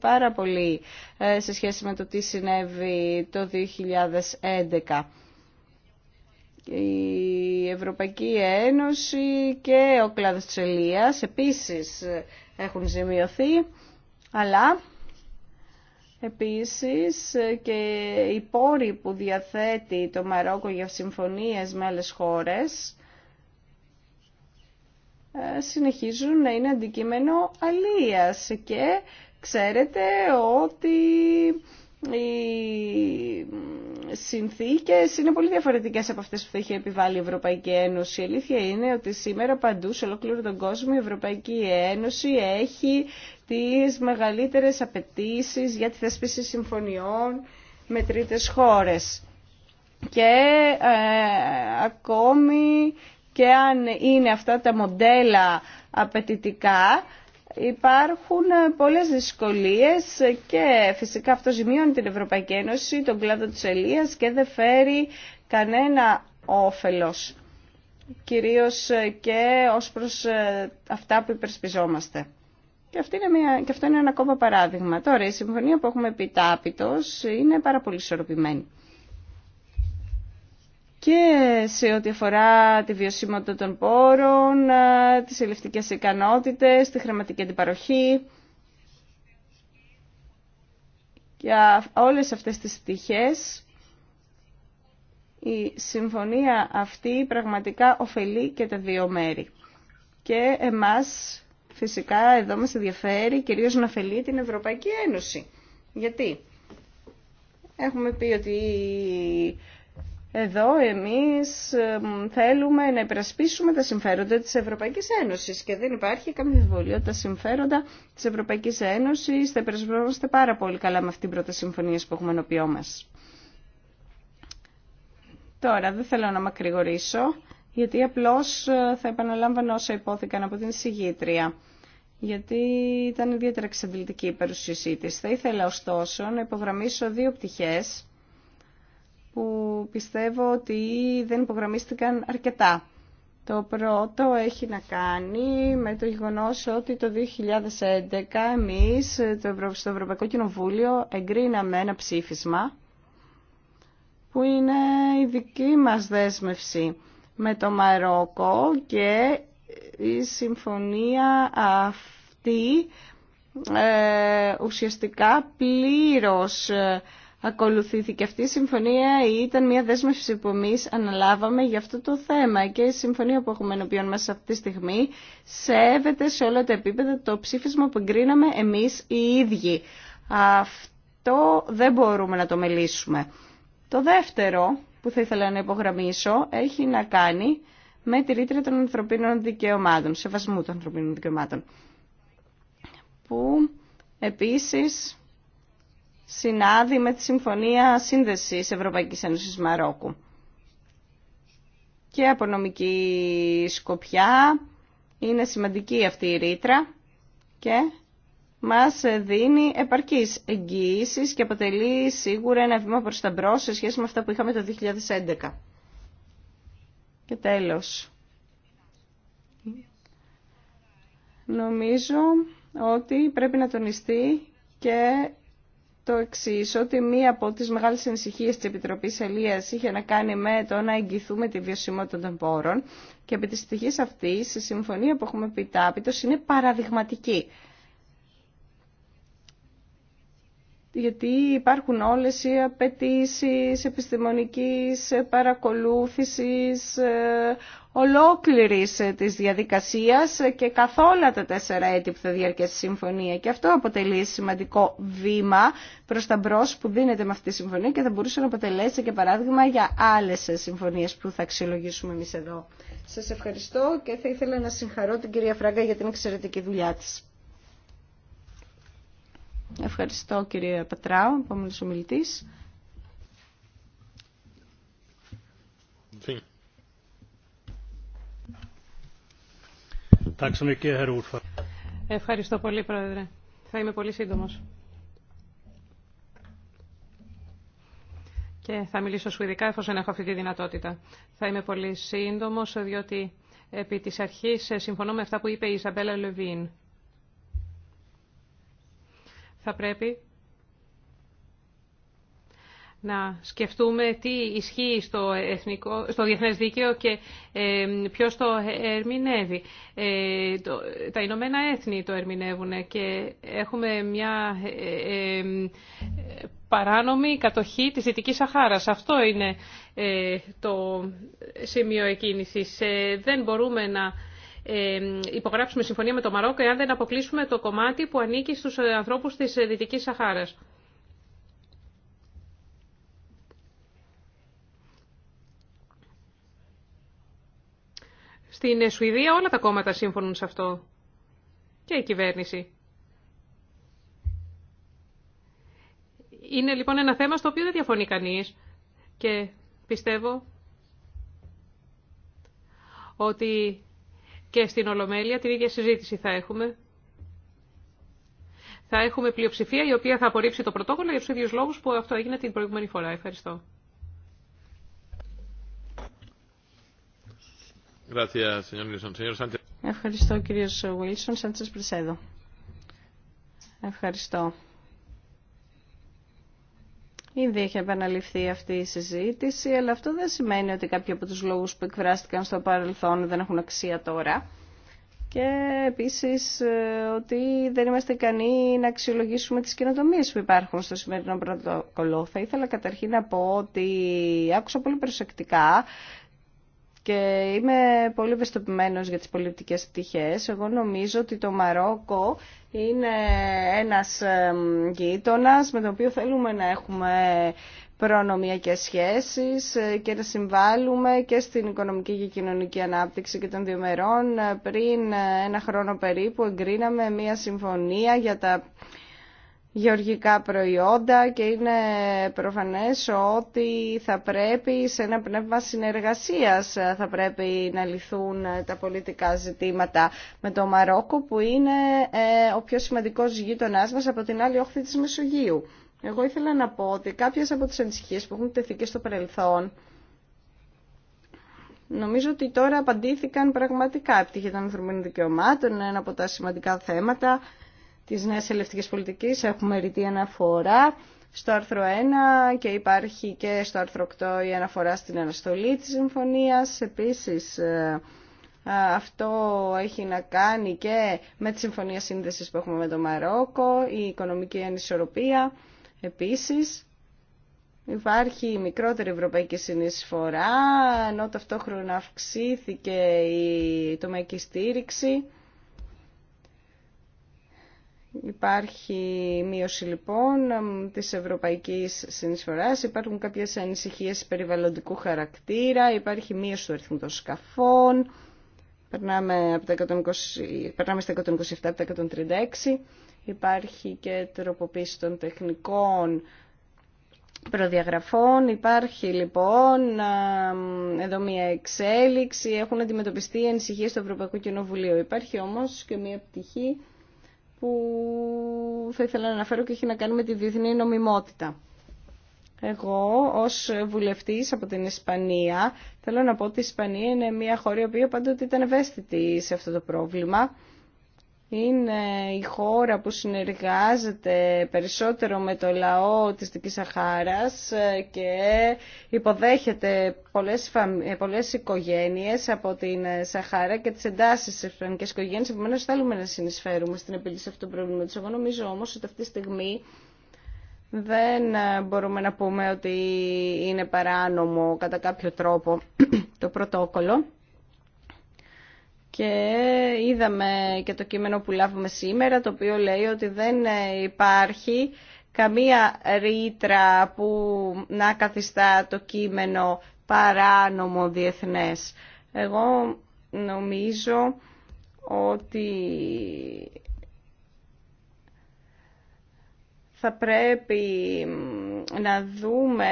πάρα πολύ ε, σε σχέση με το τι συνέβη το 2011. Η Ευρωπαϊκή Ένωση και ο κλάδος της επίσης έχουν ζημιωθεί, αλλά Επίσης ε, και οι πόροι που διαθέτει το Μαρόκο για συμφωνίες με άλλες χώρες ε, συνεχίζουν να είναι αντικείμενο αλίας και ξέρετε ότι οι συνθήκες είναι πολύ διαφορετικές από αυτές που θα έχει επιβάλει η Ευρωπαϊκή Ένωση. Η αλήθεια είναι ότι σήμερα παντού σε ολόκληρο τον κόσμο η Ευρωπαϊκή Ένωση έχει τις μεγαλύτερες απαιτήσεις για τη θέσπιση συμφωνιών με τρίτες χώρες. Και ε, ακόμη και αν είναι αυτά τα μοντέλα απαιτητικά, υπάρχουν πολλές δυσκολίες και φυσικά αυτό ζημιώνει την Ευρωπαϊκή Ένωση, τον κλάδο της Ελίας και δεν φέρει κανένα όφελος, κυρίως και ως προς ε, αυτά που υπερσπιζόμαστε. Και, και αυτό είναι ένα ακόμα παράδειγμα. Τώρα, η συμφωνία που έχουμε τάπητος είναι πάρα πολύ ισορροπημένη. Και σε ό,τι αφορά τη βιωσιμότητα των πόρων, τις ελευτικές ικανότητες, τη χρηματική αντιπαροχή. και όλες αυτές τις πτυχές, η συμφωνία αυτή πραγματικά ωφελεί και τα δύο μέρη. Και εμάς Φυσικά εδώ μας ενδιαφέρει κυρίως να αφαιρεί την Ευρωπαϊκή Ένωση. Γιατί έχουμε πει ότι εδώ εμείς ε, θέλουμε να υπερασπίσουμε τα συμφέροντα της Ευρωπαϊκής Ένωσης και δεν υπάρχει καμία ότι τα συμφέροντα της Ευρωπαϊκής Ένωσης θα υπερασπιζόμαστε πάρα πολύ καλά με αυτήν την πρώτη συμφωνία που έχουμε ενωπιό μας. Τώρα δεν θέλω να μακρηγορήσω γιατί απλώς ε, θα επαναλάμβανα όσα υπόθηκαν από την συγγήτρια γιατί ήταν ιδιαίτερα εξαντλητική η παρουσίασή τη. Θα ήθελα ωστόσο να υπογραμμίσω δύο πτυχές που πιστεύω ότι δεν υπογραμμίστηκαν αρκετά. Το πρώτο έχει να κάνει με το γεγονός ότι το 2011 εμείς ε, στο Ευρωπαϊκό Κοινοβούλιο εγκρίναμε ένα ψήφισμα που είναι η δική μας δέσμευση με το Μαρόκο και η συμφωνία αυτή ε, ουσιαστικά πλήρως ε, ακολουθήθηκε. Αυτή η συμφωνία ήταν μια δέσμευση που εμεί αναλάβαμε για αυτό το θέμα και η συμφωνία που έχουμε ενωπιών μας αυτή τη στιγμή σέβεται σε όλα τα επίπεδα το ψήφισμα που εγκρίναμε εμείς οι ίδιοι. Αυτό δεν μπορούμε να το μελήσουμε. Το δεύτερο που θα ήθελα να υπογραμμίσω έχει να κάνει με τη ρήτρα των ανθρωπίνων δικαιωμάτων, σεβασμού των ανθρωπίνων δικαιωμάτων, που επίσης συνάδει με τη Συμφωνία Σύνδεσης Ευρωπαϊκής Ένωσης Μαρόκου. Και από νομική σκοπιά είναι σημαντική αυτή η ρήτρα και μας δίνει επαρκείς εγγύησης και αποτελεί σίγουρα ένα βήμα προς τα μπρος σε σχέση με αυτά που είχαμε το 2011. Και τέλος. Νομίζω ότι πρέπει να τονιστεί και το εξή, ότι μία από τις μεγάλες ανησυχίε της Επιτροπής Ελίας είχε να κάνει με το να εγγυθούμε τη βιωσιμότητα των πόρων και επί της πτυχής αυτής η συμφωνία που έχουμε πει τάπητος είναι παραδειγματική γιατί υπάρχουν όλες οι απαιτήσει επιστημονικής παρακολούθησης ε, ολόκληρης ε, της διαδικασίας και καθόλου τα τέσσερα έτη που θα διαρκέσει η συμφωνία. Και αυτό αποτελεί σημαντικό βήμα προς τα μπρος που δίνεται με αυτή τη συμφωνία και θα μπορούσε να αποτελέσει και παράδειγμα για άλλες συμφωνίες που θα αξιολογήσουμε εμείς εδώ. Σας ευχαριστώ και θα ήθελα να συγχαρώ την κυρία Φράγκα για την εξαιρετική δουλειά της. Ευχαριστώ κύριε Πατράου, επόμενος ομιλητή. Ευχαριστώ πολύ, Πρόεδρε. Θα είμαι πολύ σύντομος. Και θα μιλήσω ειδικά εφόσον έχω αυτή τη δυνατότητα. Θα είμαι πολύ σύντομος, διότι επί της αρχής ε, συμφωνώ με αυτά που είπε η Ισαμπέλα Λεβίν θα πρέπει να σκεφτούμε τι ισχύει στο, εθνικό, στο διεθνές δίκαιο και ε, ποιος το ερμηνεύει. Ε, τα Ηνωμένα Έθνη το ερμηνεύουν και έχουμε μια ε, ε, παράνομη κατοχή της Δυτικής Σαχάρας. Αυτό είναι το σημείο εκκίνησης. Δεν μπορούμε να υπογράψουμε συμφωνία με το Μαρόκο εάν δεν αποκλείσουμε το κομμάτι που ανήκει στους ε, ανθρώπους της ε, Δυτικής Σαχάρας. Στην ε, Σουηδία όλα τα κόμματα σύμφωνουν σε αυτό. Και η κυβέρνηση. Είναι λοιπόν ένα θέμα στο οποίο δεν διαφωνεί κανείς. Και πιστεύω ότι και στην Ολομέλεια την ίδια συζήτηση θα έχουμε. Θα έχουμε πλειοψηφία η οποία θα απορρίψει το πρωτόκολλο για του ίδιου λόγου που αυτό έγινε την προηγούμενη φορά. Ευχαριστώ. Ευχαριστώ κύριος Βίλσον. σαν Πρισέδο. Ευχαριστώ. Ήδη έχει επαναληφθεί αυτή η συζήτηση, αλλά αυτό δεν σημαίνει ότι κάποιοι από τους λόγους που εκφράστηκαν στο παρελθόν δεν έχουν αξία τώρα. Και επίσης ε, ότι δεν είμαστε ικανοί να αξιολογήσουμε τις καινοτομίε που υπάρχουν στο σημερινό πρωτοκολλό. Θα ήθελα καταρχήν να πω ότι άκουσα πολύ προσεκτικά και είμαι πολύ ευαισθητοποιημένος για τις πολιτικές πτυχές. Εγώ νομίζω ότι το Μαρόκο είναι ένας γείτονα με τον οποίο θέλουμε να έχουμε προνομιακές σχέσεις ε, και να συμβάλλουμε και στην οικονομική και κοινωνική ανάπτυξη και των δύο μερών. Ε, πριν ε, ένα χρόνο περίπου εγκρίναμε μια συμφωνία για τα γεωργικά προϊόντα και είναι προφανές ότι θα πρέπει σε ένα πνεύμα συνεργασίας θα πρέπει να λυθούν τα πολιτικά ζητήματα με το Μαρόκο που είναι ε, ο πιο σημαντικός γείτονάς μας από την άλλη όχθη της Μεσογείου. Εγώ ήθελα να πω ότι κάποιες από τις ανησυχίες που έχουν τεθεί και στο παρελθόν Νομίζω ότι τώρα απαντήθηκαν πραγματικά. Επιτυχία των ανθρωπίνων δικαιωμάτων, ένα από τα σημαντικά θέματα της νέας ελευτικής πολιτικής έχουμε ρητή αναφορά στο άρθρο 1 και υπάρχει και στο άρθρο 8 η αναφορά στην αναστολή της συμφωνίας. Επίσης ε, ε, αυτό έχει να κάνει και με τη συμφωνία σύνδεσης που έχουμε με το Μαρόκο, η οικονομική ανισορροπία. Επίσης υπάρχει μικρότερη ευρωπαϊκή συνεισφορά, ενώ ταυτόχρονα αυξήθηκε η τομεκή στήριξη Υπάρχει μείωση λοιπόν της ευρωπαϊκής συνεισφοράς, υπάρχουν κάποιες ανησυχίες περιβαλλοντικού χαρακτήρα, υπάρχει μείωση του αριθμού των σκαφών, περνάμε, από τα 120, περνάμε στα 127 από τα 136, υπάρχει και τροποποίηση των τεχνικών προδιαγραφών. Υπάρχει λοιπόν εδώ μια εξέλιξη, έχουν αντιμετωπιστεί ανησυχίες του Ευρωπαϊκό Κοινοβουλίου. Υπάρχει όμως και μια πτυχή που θα ήθελα να αναφέρω και έχει να κάνει με τη διεθνή νομιμότητα. Εγώ ως βουλευτής από την Ισπανία θέλω να πω ότι η Ισπανία είναι μια χώρα η οποία πάντοτε ήταν ευαίσθητη σε αυτό το πρόβλημα είναι η χώρα που συνεργάζεται περισσότερο με το λαό της Δικής Σαχάρας ε, και υποδέχεται πολλές, φαμ... Ε, πολλές οικογένειες από την ε, Σαχάρα και τις εντάσεις της ευρωανικές οικογένειες. Επομένως θέλουμε να συνεισφέρουμε στην επίλυση αυτού του προβλήματος. Εγώ νομίζω όμως ότι αυτή τη στιγμή δεν μπορούμε να πούμε ότι είναι παράνομο κατά κάποιο τρόπο το πρωτόκολλο. Και είδαμε και το κείμενο που λάβουμε σήμερα, το οποίο λέει ότι δεν υπάρχει καμία ρήτρα που να καθιστά το κείμενο παράνομο διεθνές. Εγώ νομίζω ότι θα πρέπει να δούμε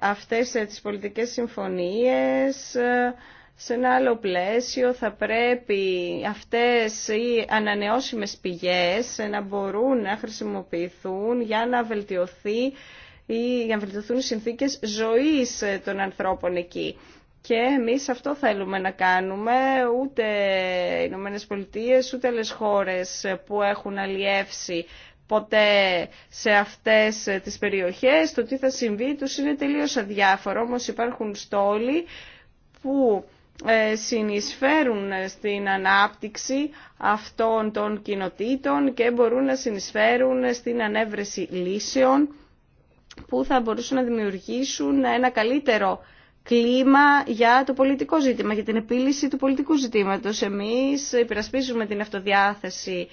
αυτές τις πολιτικές συμφωνίες σε ένα άλλο πλαίσιο θα πρέπει αυτές οι ανανεώσιμες πηγές να μπορούν να χρησιμοποιηθούν για να βελτιωθεί ή για να βελτιωθούν οι συνθήκες ζωής των ανθρώπων εκεί. Και εμείς αυτό θέλουμε να κάνουμε, ούτε οι Ηνωμένε Πολιτείε, ούτε άλλες χώρες που έχουν αλλιεύσει ποτέ σε αυτές τις περιοχές, το τι θα συμβεί τους είναι τελείως αδιάφορο, όμως υπάρχουν στόλοι που ε, συνεισφέρουν στην ανάπτυξη αυτών των κοινοτήτων και μπορούν να συνεισφέρουν στην ανέβρεση λύσεων που θα μπορούσαν να δημιουργήσουν ένα καλύτερο κλίμα για το πολιτικό ζήτημα, για την επίλυση του πολιτικού ζητήματος. Εμείς υπερασπίζουμε την αυτοδιάθεση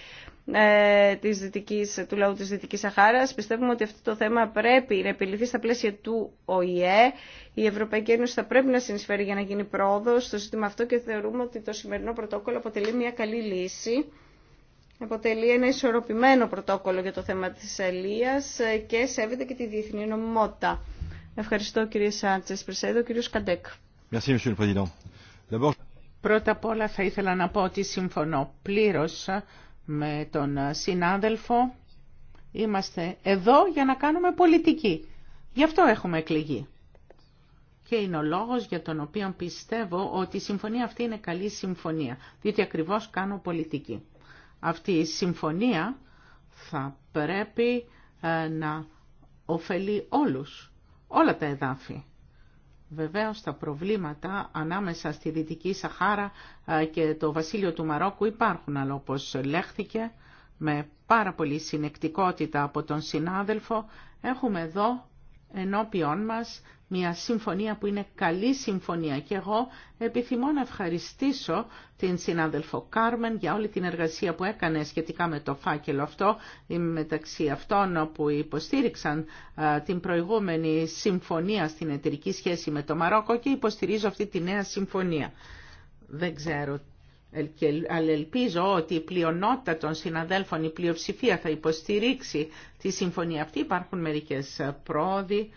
ε, της δυτικής, του λαού της Δυτικής Σαχάρας. Πιστεύουμε ότι αυτό το θέμα πρέπει να επιληθεί στα πλαίσια του ΟΗΕ. Η Ευρωπαϊκή Ένωση θα πρέπει να συνεισφέρει για να γίνει πρόοδο στο ζήτημα αυτό και θεωρούμε ότι το σημερινό πρωτόκολλο αποτελεί μια καλή λύση. Αποτελεί ένα ισορροπημένο πρωτόκολλο για το θέμα της Ελίας και σέβεται και τη διεθνή νομιμότητα. Ευχαριστώ κύριε Σάντσες Πρεσέδο, κύριο Καντέκ. Πρώτα απ' όλα θα ήθελα να πω ότι συμφωνώ πλήρως με τον συνάδελφο. Είμαστε εδώ για να κάνουμε πολιτική. Γι' αυτό έχουμε εκλεγεί. Και είναι ο λόγος για τον οποίο πιστεύω ότι η συμφωνία αυτή είναι καλή συμφωνία, διότι ακριβώς κάνω πολιτική. Αυτή η συμφωνία θα πρέπει ε, να ωφελεί όλους, όλα τα εδάφη. Βεβαίως τα προβλήματα ανάμεσα στη Δυτική Σαχάρα ε, και το βασίλειο του Μαρόκου υπάρχουν, αλλά όπως λέχθηκε με πάρα πολύ συνεκτικότητα από τον συνάδελφο, έχουμε εδώ ενώπιόν μας μια συμφωνία που είναι καλή συμφωνία και εγώ επιθυμώ να ευχαριστήσω την συνάδελφο Κάρμεν για όλη την εργασία που έκανε σχετικά με το φάκελο αυτό μεταξύ αυτών που υποστήριξαν την προηγούμενη συμφωνία στην εταιρική σχέση με το Μαρόκο και υποστηρίζω αυτή τη νέα συμφωνία. Δεν ξέρω αλλά ελπίζω ότι η πλειονότητα των συναδέλφων, η πλειοψηφία θα υποστηρίξει τη συμφωνία αυτή. Υπάρχουν μερικές πρόοδοι,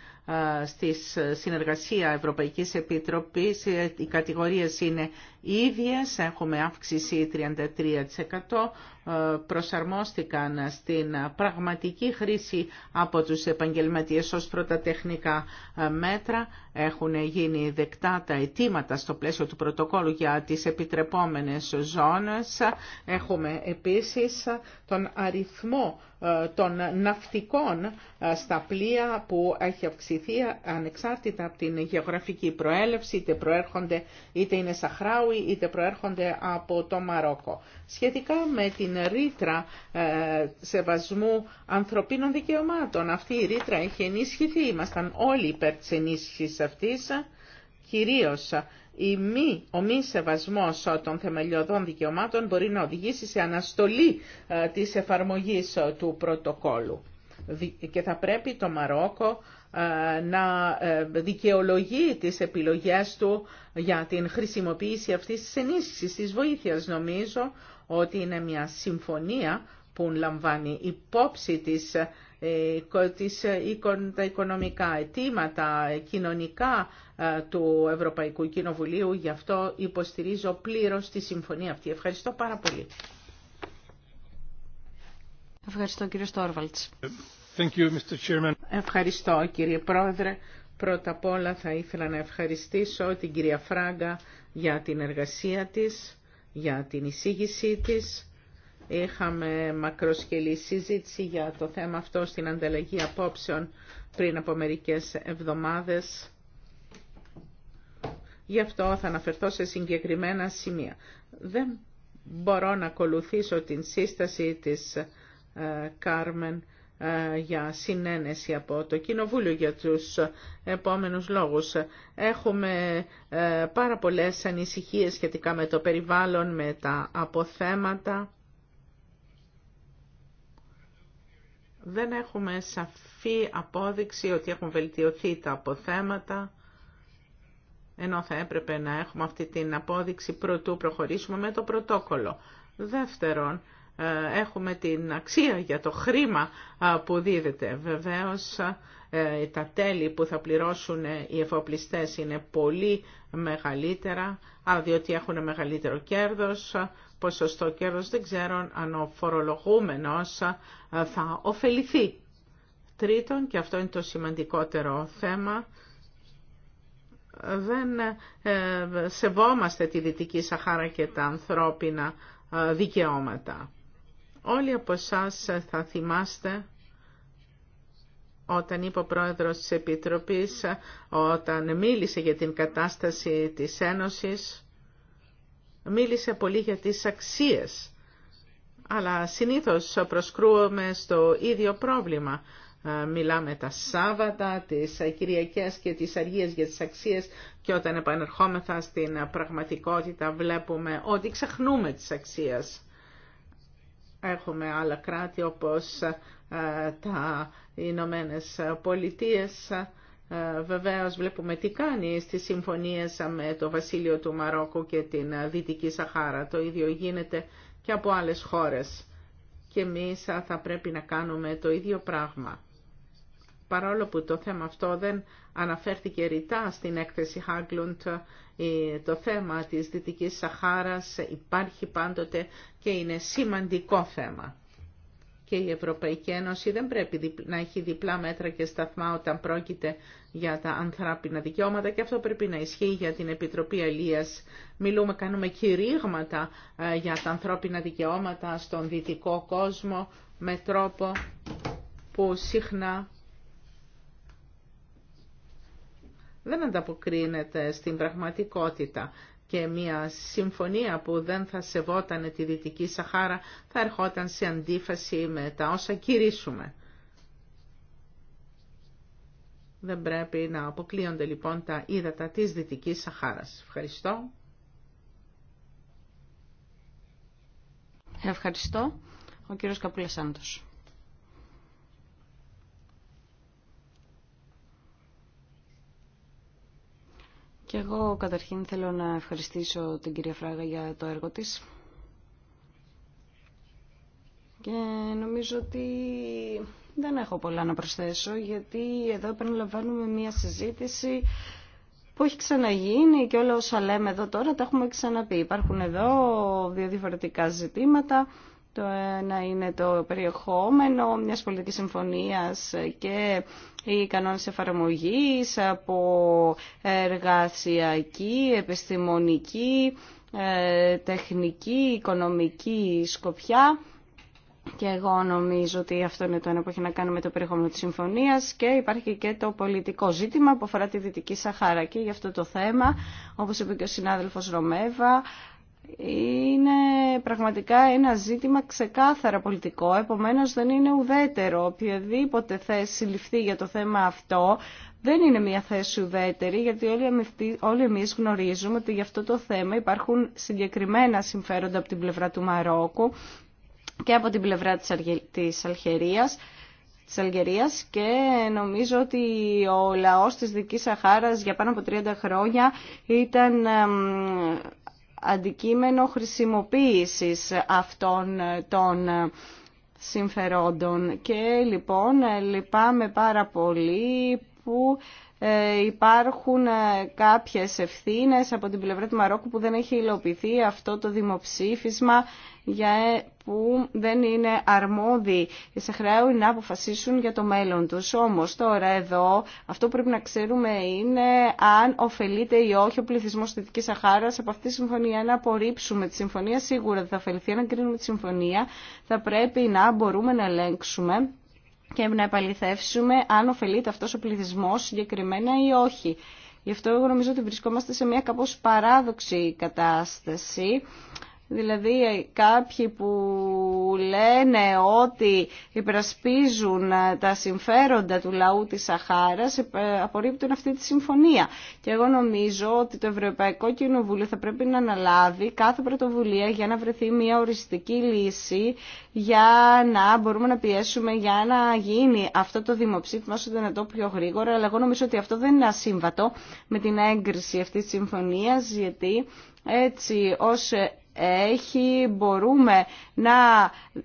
στη ε, συνεργασία Ευρωπαϊκής Επιτροπής. Ε, οι κατηγορίες είναι ίδιες, έχουμε αύξηση 33%, ε, προσαρμόστηκαν στην πραγματική χρήση από τους επαγγελματίες ως πρωτατεχνικά μέτρα. Έχουν γίνει δεκτά τα αιτήματα στο πλαίσιο του πρωτοκόλου για τις επιτρεπόμενες ζώνες. Έχουμε επίσης τον αριθμό ε, των ναυτικών ε, στα πλοία που έχει αυξηθεί ε, ανεξάρτητα από την γεωγραφική προέλευση, είτε προέρχονται είτε είναι Σαχράουι είτε προέρχονται από το Μαρόκο. Σχετικά με την ρήτρα σεβασμού ανθρωπίνων δικαιωμάτων, αυτή η ρήτρα έχει ενισχυθεί, ήμασταν όλοι υπέρ της ενίσχυσης αυτής, κυρίως η μη, ο μη σεβασμός των θεμελιωδών δικαιωμάτων μπορεί να οδηγήσει σε αναστολή ε, της εφαρμογής ε, του πρωτοκόλου. Και θα πρέπει το Μαρόκο ε, να δικαιολογεί τις επιλογές του για την χρησιμοποίηση αυτής της ενίσχυσης, της βοήθειας. Νομίζω ότι είναι μια συμφωνία που λαμβάνει υπόψη της. Ε, ε, τα οικονομικά αιτήματα ε, κοινωνικά του Ευρωπαϊκού Κοινοβουλίου. Γι' αυτό υποστηρίζω πλήρως τη συμφωνία αυτή. Ευχαριστώ πάρα πολύ. Ευχαριστώ κύριε Στόρβαλτς. Ευχαριστώ κύριε Πρόεδρε. Πρώτα απ' όλα θα ήθελα να ευχαριστήσω την κυρία Φράγκα για την εργασία της, για την εισήγησή της Είχαμε μακροσκελή συζήτηση για το θέμα αυτό στην ανταλλαγή απόψεων πριν από μερικές εβδομάδες. Γι' αυτό θα αναφερθώ σε συγκεκριμένα σημεία. Δεν μπορώ να ακολουθήσω την σύσταση της ε, Κάρμεν ε, για συνένεση από το Κοινοβούλιο για τους επόμενους λόγους. Έχουμε ε, πάρα πολλές ανησυχίες σχετικά με το περιβάλλον, με τα αποθέματα δεν έχουμε σαφή απόδειξη ότι έχουν βελτιωθεί τα αποθέματα, ενώ θα έπρεπε να έχουμε αυτή την απόδειξη πρωτού προχωρήσουμε με το πρωτόκολλο. Δεύτερον, ε, έχουμε την αξία για το χρήμα ε, που δίδεται. Βεβαίως, ε, τα τέλη που θα πληρώσουν οι εφοπλιστές είναι πολύ μεγαλύτερα, διότι έχουν μεγαλύτερο κέρδος, ποσοστό κέρδος. Δεν ξέρω αν ο φορολογούμενος ε, θα ωφεληθεί. Τρίτον, και αυτό είναι το σημαντικότερο θέμα, δεν ε, σεβόμαστε τη Δυτική Σαχάρα και τα ανθρώπινα ε, δικαιώματα. Όλοι από εσά θα θυμάστε όταν είπε ο πρόεδρος της Επιτροπής, όταν μίλησε για την κατάσταση της Ένωσης, μίλησε πολύ για τις αξίες, αλλά συνήθως προσκρούμε στο ίδιο πρόβλημα. Ε, μιλάμε τα Σάββατα, τις Κυριακές και τις Αργίες για τις αξίες και όταν επανερχόμεθα στην πραγματικότητα βλέπουμε ότι ξεχνούμε τις αξίες. Έχουμε άλλα κράτη όπως ε, τα Ηνωμένε Πολιτείες ε, Βεβαίω βλέπουμε τι κάνει στις συμφωνίες με το βασίλειο του Μαρόκου και την ε, Δυτική Σαχάρα. Το ίδιο γίνεται και από άλλες χώρες. Και εμείς ε, θα πρέπει να κάνουμε το ίδιο πράγμα. Παρόλο που το θέμα αυτό δεν αναφέρθηκε ρητά στην έκθεση Χάγκλουντ, το θέμα της Δυτικής Σαχάρας υπάρχει πάντοτε και είναι σημαντικό θέμα και η Ευρωπαϊκή Ένωση δεν πρέπει να έχει διπλά μέτρα και σταθμά όταν πρόκειται για τα ανθρώπινα δικαιώματα και αυτό πρέπει να ισχύει για την Επιτροπή Ελίας. Μιλούμε, κάνουμε κηρύγματα ε, για τα ανθρώπινα δικαιώματα στον δυτικό κόσμο με τρόπο που συχνά δεν ανταποκρίνεται στην πραγματικότητα και μια συμφωνία που δεν θα σεβόταν τη Δυτική Σαχάρα θα ερχόταν σε αντίφαση με τα όσα κηρύσουμε. Δεν πρέπει να αποκλείονται λοιπόν τα ύδατα της Δυτικής Σαχάρας. Ευχαριστώ. Ευχαριστώ. Ο κύριος Καπουλασάντος. Και εγώ καταρχήν θέλω να ευχαριστήσω την κυρία Φράγα για το έργο της. Και νομίζω ότι δεν έχω πολλά να προσθέσω, γιατί εδώ επαναλαμβάνουμε μια συζήτηση που έχει ξαναγίνει και όλα όσα λέμε εδώ τώρα τα έχουμε ξαναπεί. Υπάρχουν εδώ δύο διαφορετικά ζητήματα το ένα είναι το περιεχόμενο μιας πολιτικής συμφωνίας και οι κανόνες εφαρμογής από εργασιακή, επιστημονική, ε, τεχνική, οικονομική σκοπιά. Και εγώ νομίζω ότι αυτό είναι το ένα που έχει να κάνει με το περιεχόμενο της συμφωνίας και υπάρχει και το πολιτικό ζήτημα που αφορά τη Δυτική Σαχάρα. Και για αυτό το θέμα, όπως είπε και ο συνάδελφος Ρωμέβα, είναι πραγματικά ένα ζήτημα ξεκάθαρα πολιτικό, επομένως δεν είναι ουδέτερο. Οποιαδήποτε θέση ληφθεί για το θέμα αυτό δεν είναι μια θέση ουδέτερη, γιατί όλοι, όλοι εμείς γνωρίζουμε ότι για αυτό το θέμα υπάρχουν συγκεκριμένα συμφέροντα από την πλευρά του Μαρόκου και από την πλευρά της, Αργε... της της Αλγερίας και νομίζω ότι ο λαός της Δικής Σαχάρας για πάνω από 30 χρόνια ήταν αντικείμενο χρησιμοποίησης αυτών ε, των ε, συμφερόντων. Και λοιπόν ε, λυπάμαι πάρα πολύ που ε, υπάρχουν ε, κάποιες ευθύνες από την πλευρά του Μαρόκου που δεν έχει υλοποιηθεί αυτό το δημοψήφισμα για ε, που δεν είναι αρμόδιοι σε χρέο να αποφασίσουν για το μέλλον τους. Όμως τώρα εδώ αυτό που πρέπει να ξέρουμε είναι αν ωφελείται ή όχι ο πληθυσμός της Δυτικής Σαχάρας από αυτή τη συμφωνία. να απορρίψουμε τη συμφωνία σίγουρα δεν θα ωφεληθεί. Αν κρίνουμε τη συμφωνία θα πρέπει να μπορούμε να ελέγξουμε και να επαληθεύσουμε αν ωφελείται αυτός ο πληθυσμός συγκεκριμένα ή όχι. Γι' αυτό εγώ νομίζω ότι βρισκόμαστε σε μια κάπως παράδοξη κατάσταση Δηλαδή κάποιοι που λένε ότι υπερασπίζουν ε, τα συμφέροντα του λαού της Σαχάρας ε, απορρίπτουν αυτή τη συμφωνία. Και εγώ νομίζω ότι το Ευρωπαϊκό Κοινοβούλιο θα πρέπει να αναλάβει κάθε πρωτοβουλία για να βρεθεί μια οριστική λύση για να μπορούμε να πιέσουμε για να γίνει αυτό το δημοψήφισμα όσο δυνατό πιο γρήγορα. Αλλά εγώ νομίζω ότι αυτό δεν είναι ασύμβατο με την έγκριση αυτής της συμφωνίας γιατί έτσι ως έχει μπορούμε να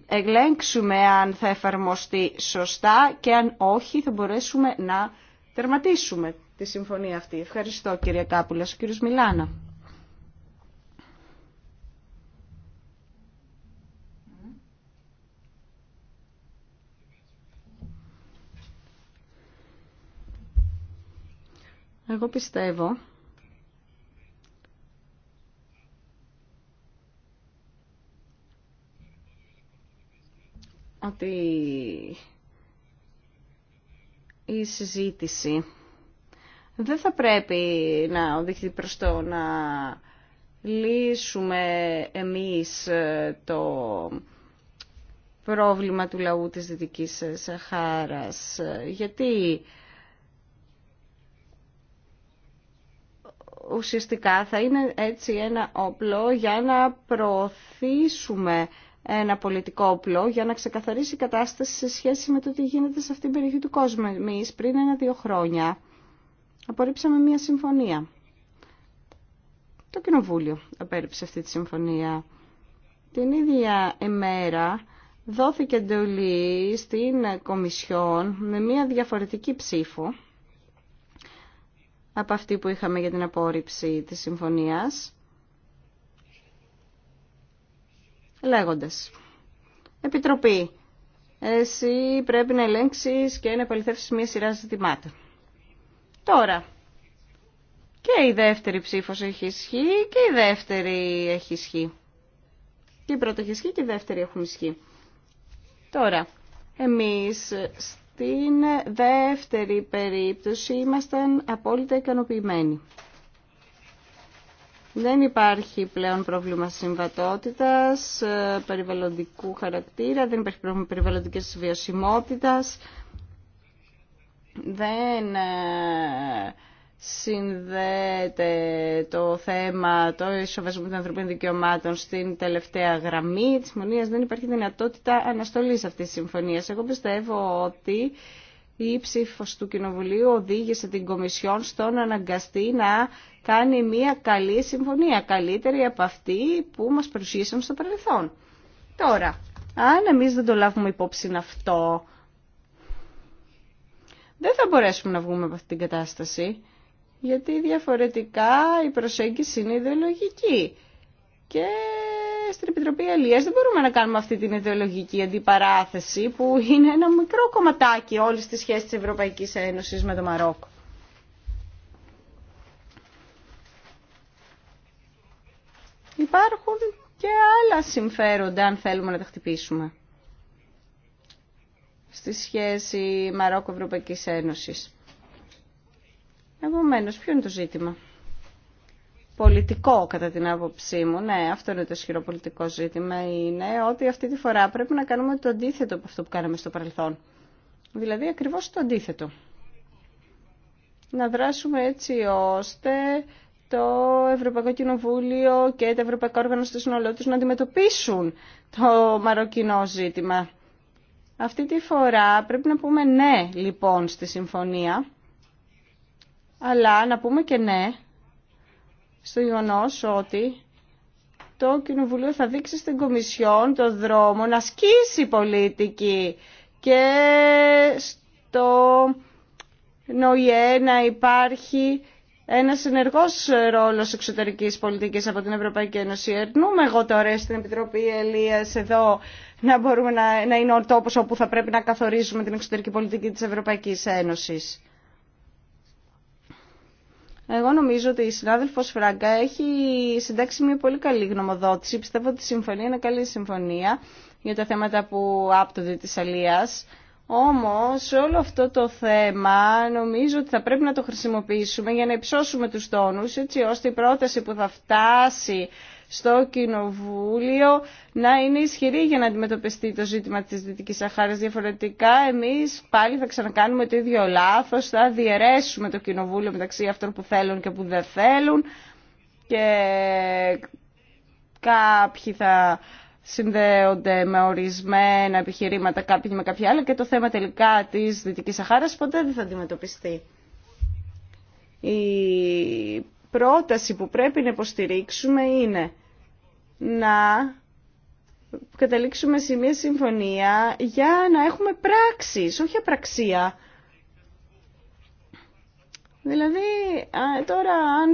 ελέγξουμε αν θα εφαρμοστεί σωστά και αν όχι θα μπορέσουμε να τερματίσουμε τη συμφωνία αυτή. Ευχαριστώ κύριε Κάπουλα, Ο κύριος Μιλάνα. Εγώ πιστεύω ότι η συζήτηση δεν θα πρέπει να οδηγηθεί προς το να λύσουμε εμείς ε, το πρόβλημα του λαού της Δυτικής ε, Σαχάρας. Γιατί ουσιαστικά θα είναι έτσι ένα όπλο για να προωθήσουμε ένα πολιτικό όπλο για να ξεκαθαρίσει η κατάσταση σε σχέση με το τι γίνεται σε αυτήν την περιοχή του κόσμου. Εμεί πριν ένα-δύο χρόνια απορρίψαμε μια συμφωνία. Το Κοινοβούλιο απέρριψε αυτή τη συμφωνία. Την ίδια ημέρα δόθηκε εντολή στην Κομισιόν με μια διαφορετική ψήφο από αυτή που είχαμε για την απόρριψη της συμφωνίας λέγοντας «Επιτροπή, εσύ πρέπει να ελέγξεις και να επαληθεύσεις μία σειρά ζητημάτων». Τώρα, και η δεύτερη ψήφος έχει ισχύ και η δεύτερη έχει ισχύ. Και η πρώτη έχει ισχύ και η δεύτερη έχουν ισχύ. Τώρα, εμείς στην δεύτερη περίπτωση ήμασταν απόλυτα ικανοποιημένοι. Δεν υπάρχει πλέον πρόβλημα συμβατότητας, ε, περιβαλλοντικού χαρακτήρα, δεν υπάρχει πρόβλημα περιβαλλοντικής βιωσιμότητας, δεν ε, συνδέεται το θέμα το ισοβασμό των ανθρωπίνων δικαιωμάτων στην τελευταία γραμμή της συμφωνία. Δεν υπάρχει δυνατότητα αναστολής αυτής της συμφωνίας. Εγώ πιστεύω ότι η ψήφο του Κοινοβουλίου οδήγησε την Κομισιόν στο αναγκαστή να κάνει μια καλή συμφωνία, καλύτερη από αυτή που μας παρουσίασαν στο παρελθόν. Τώρα, αν εμείς δεν το λάβουμε υπόψη αυτό, δεν θα μπορέσουμε να βγούμε από αυτή την κατάσταση, γιατί διαφορετικά η προσέγγιση είναι ιδεολογική. Και στην Επιτροπή Αλίας δεν μπορούμε να κάνουμε αυτή την ιδεολογική αντιπαράθεση που είναι ένα μικρό κομματάκι όλη τη σχέση της Ευρωπαϊκής Ένωσης με το Μαρόκο. Υπάρχουν και άλλα συμφέροντα αν θέλουμε να τα χτυπήσουμε στη σχέση Μαρόκο-Ευρωπαϊκής Ένωσης. Επομένως, ποιο είναι το ζήτημα πολιτικό κατά την άποψή μου. Ναι, αυτό είναι το ισχυρό πολιτικό ζήτημα. Είναι ότι αυτή τη φορά πρέπει να κάνουμε το αντίθετο από αυτό που κάναμε στο παρελθόν. Δηλαδή ακριβώς το αντίθετο. Να δράσουμε έτσι ώστε το Ευρωπαϊκό Κοινοβούλιο και τα Ευρωπαϊκά Όργανα στο σύνολό του να αντιμετωπίσουν το μαροκινό ζήτημα. Αυτή τη φορά πρέπει να πούμε ναι λοιπόν στη συμφωνία, αλλά να πούμε και ναι στο γεγονό ότι το Κοινοβουλίο θα δείξει στην Κομισιόν το δρόμο να σκίσει πολιτική και στο ΝΟΙΕ να υπάρχει ένα ενεργό ρόλο εξωτερική πολιτική από την Ευρωπαϊκή Ένωση. Ερνούμε εγώ τώρα στην Επιτροπή Ελία εδώ να μπορούμε να, να είναι ο τόπο όπου θα πρέπει να καθορίζουμε την εξωτερική πολιτική τη Ευρωπαϊκή Ένωση. Εγώ νομίζω ότι η συνάδελφος Φράγκα έχει συντάξει μια πολύ καλή γνωμοδότηση. Πιστεύω ότι η συμφωνία είναι καλή συμφωνία για τα θέματα που άπτονται τη Αλίας. Όμως όλο αυτό το θέμα νομίζω ότι θα πρέπει να το χρησιμοποιήσουμε για να υψώσουμε τους τόνους έτσι ώστε η πρόταση που θα φτάσει στο Κοινοβούλιο να είναι ισχυρή για να αντιμετωπιστεί το ζήτημα της Δυτικής Σαχάρας. Διαφορετικά εμείς πάλι θα ξανακάνουμε το ίδιο λάθος, θα διαιρέσουμε το Κοινοβούλιο μεταξύ αυτών που θέλουν και που δεν θέλουν και κάποιοι θα συνδέονται με ορισμένα επιχειρήματα κάποιοι με κάποια άλλα και το θέμα τελικά της Δυτικής Σαχάρας ποτέ δεν θα αντιμετωπιστεί. Η πρόταση που πρέπει να υποστηρίξουμε είναι να καταλήξουμε σε μια συμφωνία για να έχουμε πράξεις, όχι απραξία. Δηλαδή, τώρα αν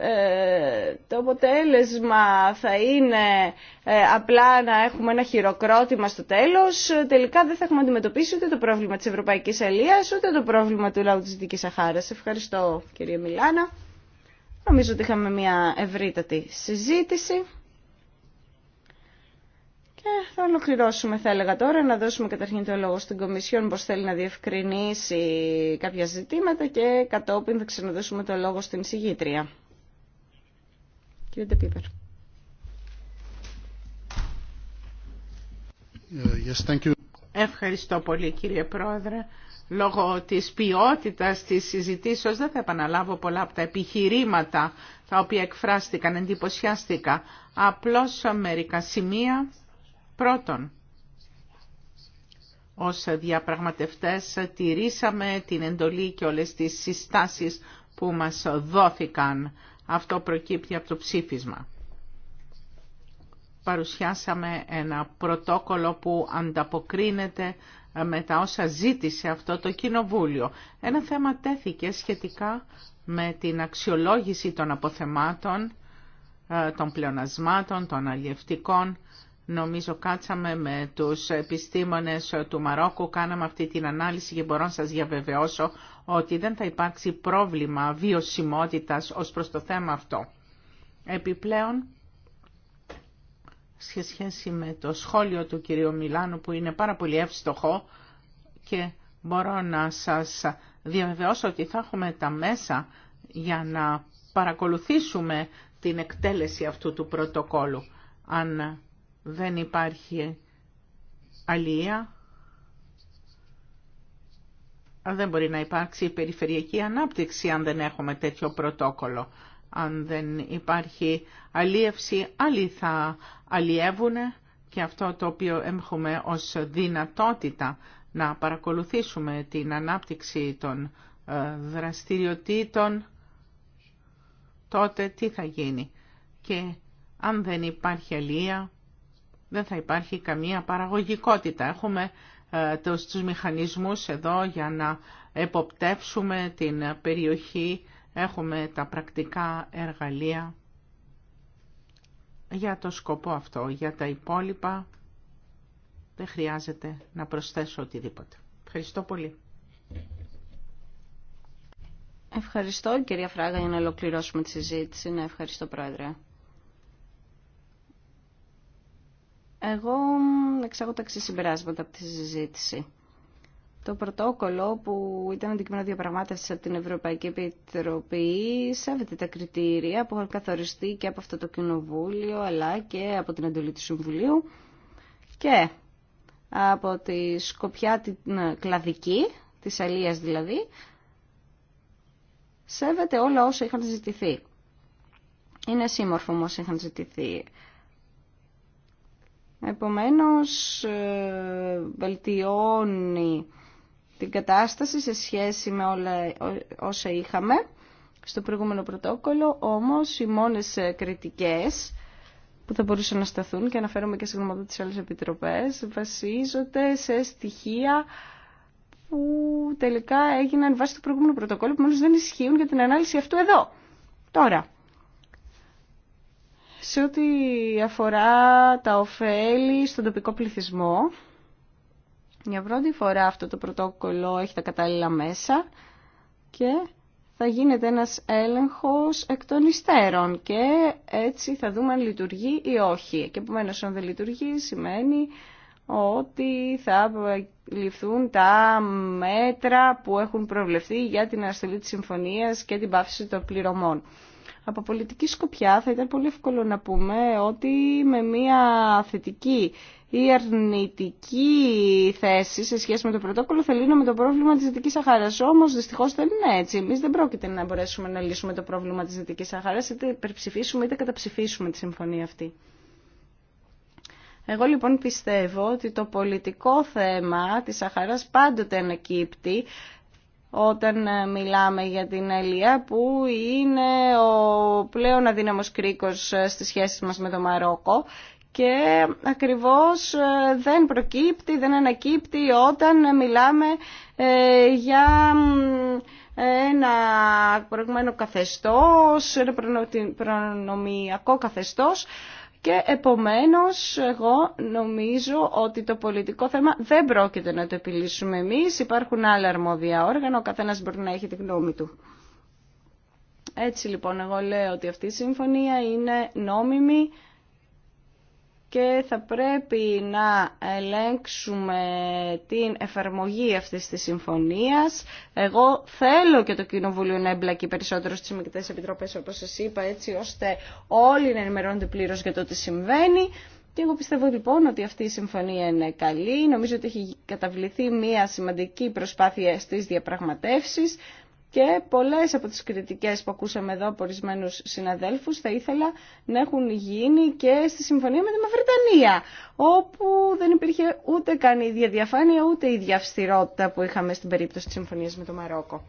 ε, το αποτέλεσμα θα είναι ε, απλά να έχουμε ένα χειροκρότημα στο τέλος, τελικά δεν θα έχουμε αντιμετωπίσει ούτε το πρόβλημα της Ευρωπαϊκής Αλίας, ούτε το πρόβλημα του λαού της Δυτικής Σαχάρας. Ευχαριστώ κυρία Μιλάνα. Νομίζω ότι είχαμε μια ευρύτατη συζήτηση. Και θα ολοκληρώσουμε, θα έλεγα τώρα, να δώσουμε καταρχήν το λόγο στην Κομισιόν πως θέλει να διευκρινίσει κάποια ζητήματα και κατόπιν θα ξαναδώσουμε το λόγο στην συγγήτρια. Κύριε Ντεπίπερ. Ε, Ευχαριστώ πολύ κύριε Πρόεδρε. Λόγω της ποιότητας της συζητήσεως δεν θα επαναλάβω πολλά από τα επιχειρήματα τα οποία εκφράστηκαν, εντυπωσιάστηκα. Απλώς μερικά σημεία. Πρώτον, ως διαπραγματευτές τηρήσαμε την εντολή και όλες τις συστάσεις που μας δόθηκαν. Αυτό προκύπτει από το ψήφισμα. Παρουσιάσαμε ένα πρωτόκολλο που ανταποκρίνεται ε, με τα όσα ζήτησε αυτό το Κοινοβούλιο. Ένα θέμα τέθηκε σχετικά με την αξιολόγηση των αποθεμάτων, ε, των πλεονασμάτων, των αλλιευτικών Νομίζω κάτσαμε με τους επιστήμονες του Μαρόκου, κάναμε αυτή την ανάλυση και μπορώ να σας διαβεβαιώσω ότι δεν θα υπάρξει πρόβλημα βιωσιμότητας ως προς το θέμα αυτό. Επιπλέον, σε σχέση με το σχόλιο του κυρίου Μιλάνου που είναι πάρα πολύ εύστοχο και μπορώ να σας διαβεβαιώσω ότι θα έχουμε τα μέσα για να παρακολουθήσουμε την εκτέλεση αυτού του πρωτοκόλου. Αν δεν υπάρχει αλία, δεν μπορεί να υπάρξει περιφερειακή ανάπτυξη αν δεν έχουμε τέτοιο πρωτόκολλο. Αν δεν υπάρχει αλίευση, άλλοι θα αλιεύουν και αυτό το οποίο έχουμε ως δυνατότητα να παρακολουθήσουμε την ανάπτυξη των ε, δραστηριοτήτων, τότε τι θα γίνει. Και αν δεν υπάρχει αλία, δεν θα υπάρχει καμία παραγωγικότητα. Έχουμε ε, τους μηχανισμούς εδώ για να εποπτεύσουμε την περιοχή. Έχουμε τα πρακτικά εργαλεία για το σκοπό αυτό. Για τα υπόλοιπα δεν χρειάζεται να προσθέσω οτιδήποτε. Ευχαριστώ πολύ. Ευχαριστώ κυρία Φράγα για να ολοκληρώσουμε τη συζήτηση. Ναι, ευχαριστώ πρόεδρε. Εγώ εξάγω τα εξή συμπεράσματα από τη συζήτηση. Το πρωτόκολλο που ήταν αντικείμενο διαπραγμάτευση από την Ευρωπαϊκή Επιτροπή σέβεται τα κριτήρια που έχουν καθοριστεί και από αυτό το Κοινοβούλιο αλλά και από την εντολή του Συμβουλίου και από τη σκοπιά την κλαδική, της αλίας δηλαδή, σέβεται όλα όσα είχαν ζητηθεί. Είναι σύμμορφο όμως είχαν ζητηθεί. Επομένως, ε, βελτιώνει την κατάσταση σε σχέση με όλα όσα είχαμε στο προηγούμενο πρωτόκολλο, όμως οι μόνες ε, κριτικές που θα μπορούσαν να σταθούν και αναφέρομαι και σε γνώματα της άλλες επιτροπές, βασίζονται σε στοιχεία που τελικά έγιναν βάσει του προηγούμενου πρωτοκόλλου, που μόλις δεν ισχύουν για την ανάλυση αυτού εδώ. Τώρα, σε ό,τι αφορά τα ωφέλη στον τοπικό πληθυσμό, για πρώτη φορά αυτό το πρωτόκολλο έχει τα κατάλληλα μέσα και θα γίνεται ένας έλεγχος εκ των υστέρων και έτσι θα δούμε αν λειτουργεί ή όχι. Και επομένω αν δεν λειτουργεί σημαίνει ότι θα ληφθούν τα μέτρα που έχουν προβλεφθεί για την αναστολή της συμφωνίας και την πάυση των πληρωμών. Από πολιτική σκοπιά θα ήταν πολύ εύκολο να πούμε ότι με μια θετική ή αρνητική θέση σε σχέση με το πρωτόκολλο θα λύνουμε το πρόβλημα της Δυτικής Σαχάρας. Όμως δυστυχώς δεν είναι έτσι. Εμείς δεν πρόκειται να μπορέσουμε να λύσουμε το πρόβλημα της Δυτικής Σαχάρας είτε υπερψηφίσουμε είτε καταψηφίσουμε τη συμφωνία αυτή. Εγώ λοιπόν πιστεύω ότι το πολιτικό θέμα της Σαχαράς πάντοτε ανακύπτει όταν ε, μιλάμε για την Αλία που είναι ο πλέον αδύναμος κρίκος ε, στις σχέσεις μας με το Μαρόκο και ακριβώς ε, δεν προκύπτει, δεν ανακύπτει όταν μιλάμε για ένα προηγουμένο καθεστώς, ένα προνομιακό καθεστώς και επομένως εγώ νομίζω ότι το πολιτικό θέμα δεν πρόκειται να το επιλύσουμε εμείς. Υπάρχουν άλλα αρμόδια όργανα, ο καθένας μπορεί να έχει τη γνώμη του. Έτσι λοιπόν εγώ λέω ότι αυτή η συμφωνία είναι νόμιμη, και θα πρέπει να ελέγξουμε την εφαρμογή αυτής της συμφωνίας. Εγώ θέλω και το Κοινοβούλιο να εμπλακεί περισσότερο στις Μικτές Επιτροπές, όπως σας είπα, έτσι ώστε όλοι να ενημερώνονται πλήρως για το τι συμβαίνει. Και εγώ πιστεύω λοιπόν ότι αυτή η συμφωνία είναι καλή. Νομίζω ότι έχει καταβληθεί μια σημαντική προσπάθεια στις διαπραγματεύσεις και πολλές από τις κριτικές που ακούσαμε εδώ από ορισμένου συναδέλφους θα ήθελα να έχουν γίνει και στη συμφωνία με τη Μαυριτανία, όπου δεν υπήρχε ούτε καν η ίδια διαφάνεια, ούτε η ίδια αυστηρότητα που είχαμε στην περίπτωση της συμφωνίας με το Μαρόκο.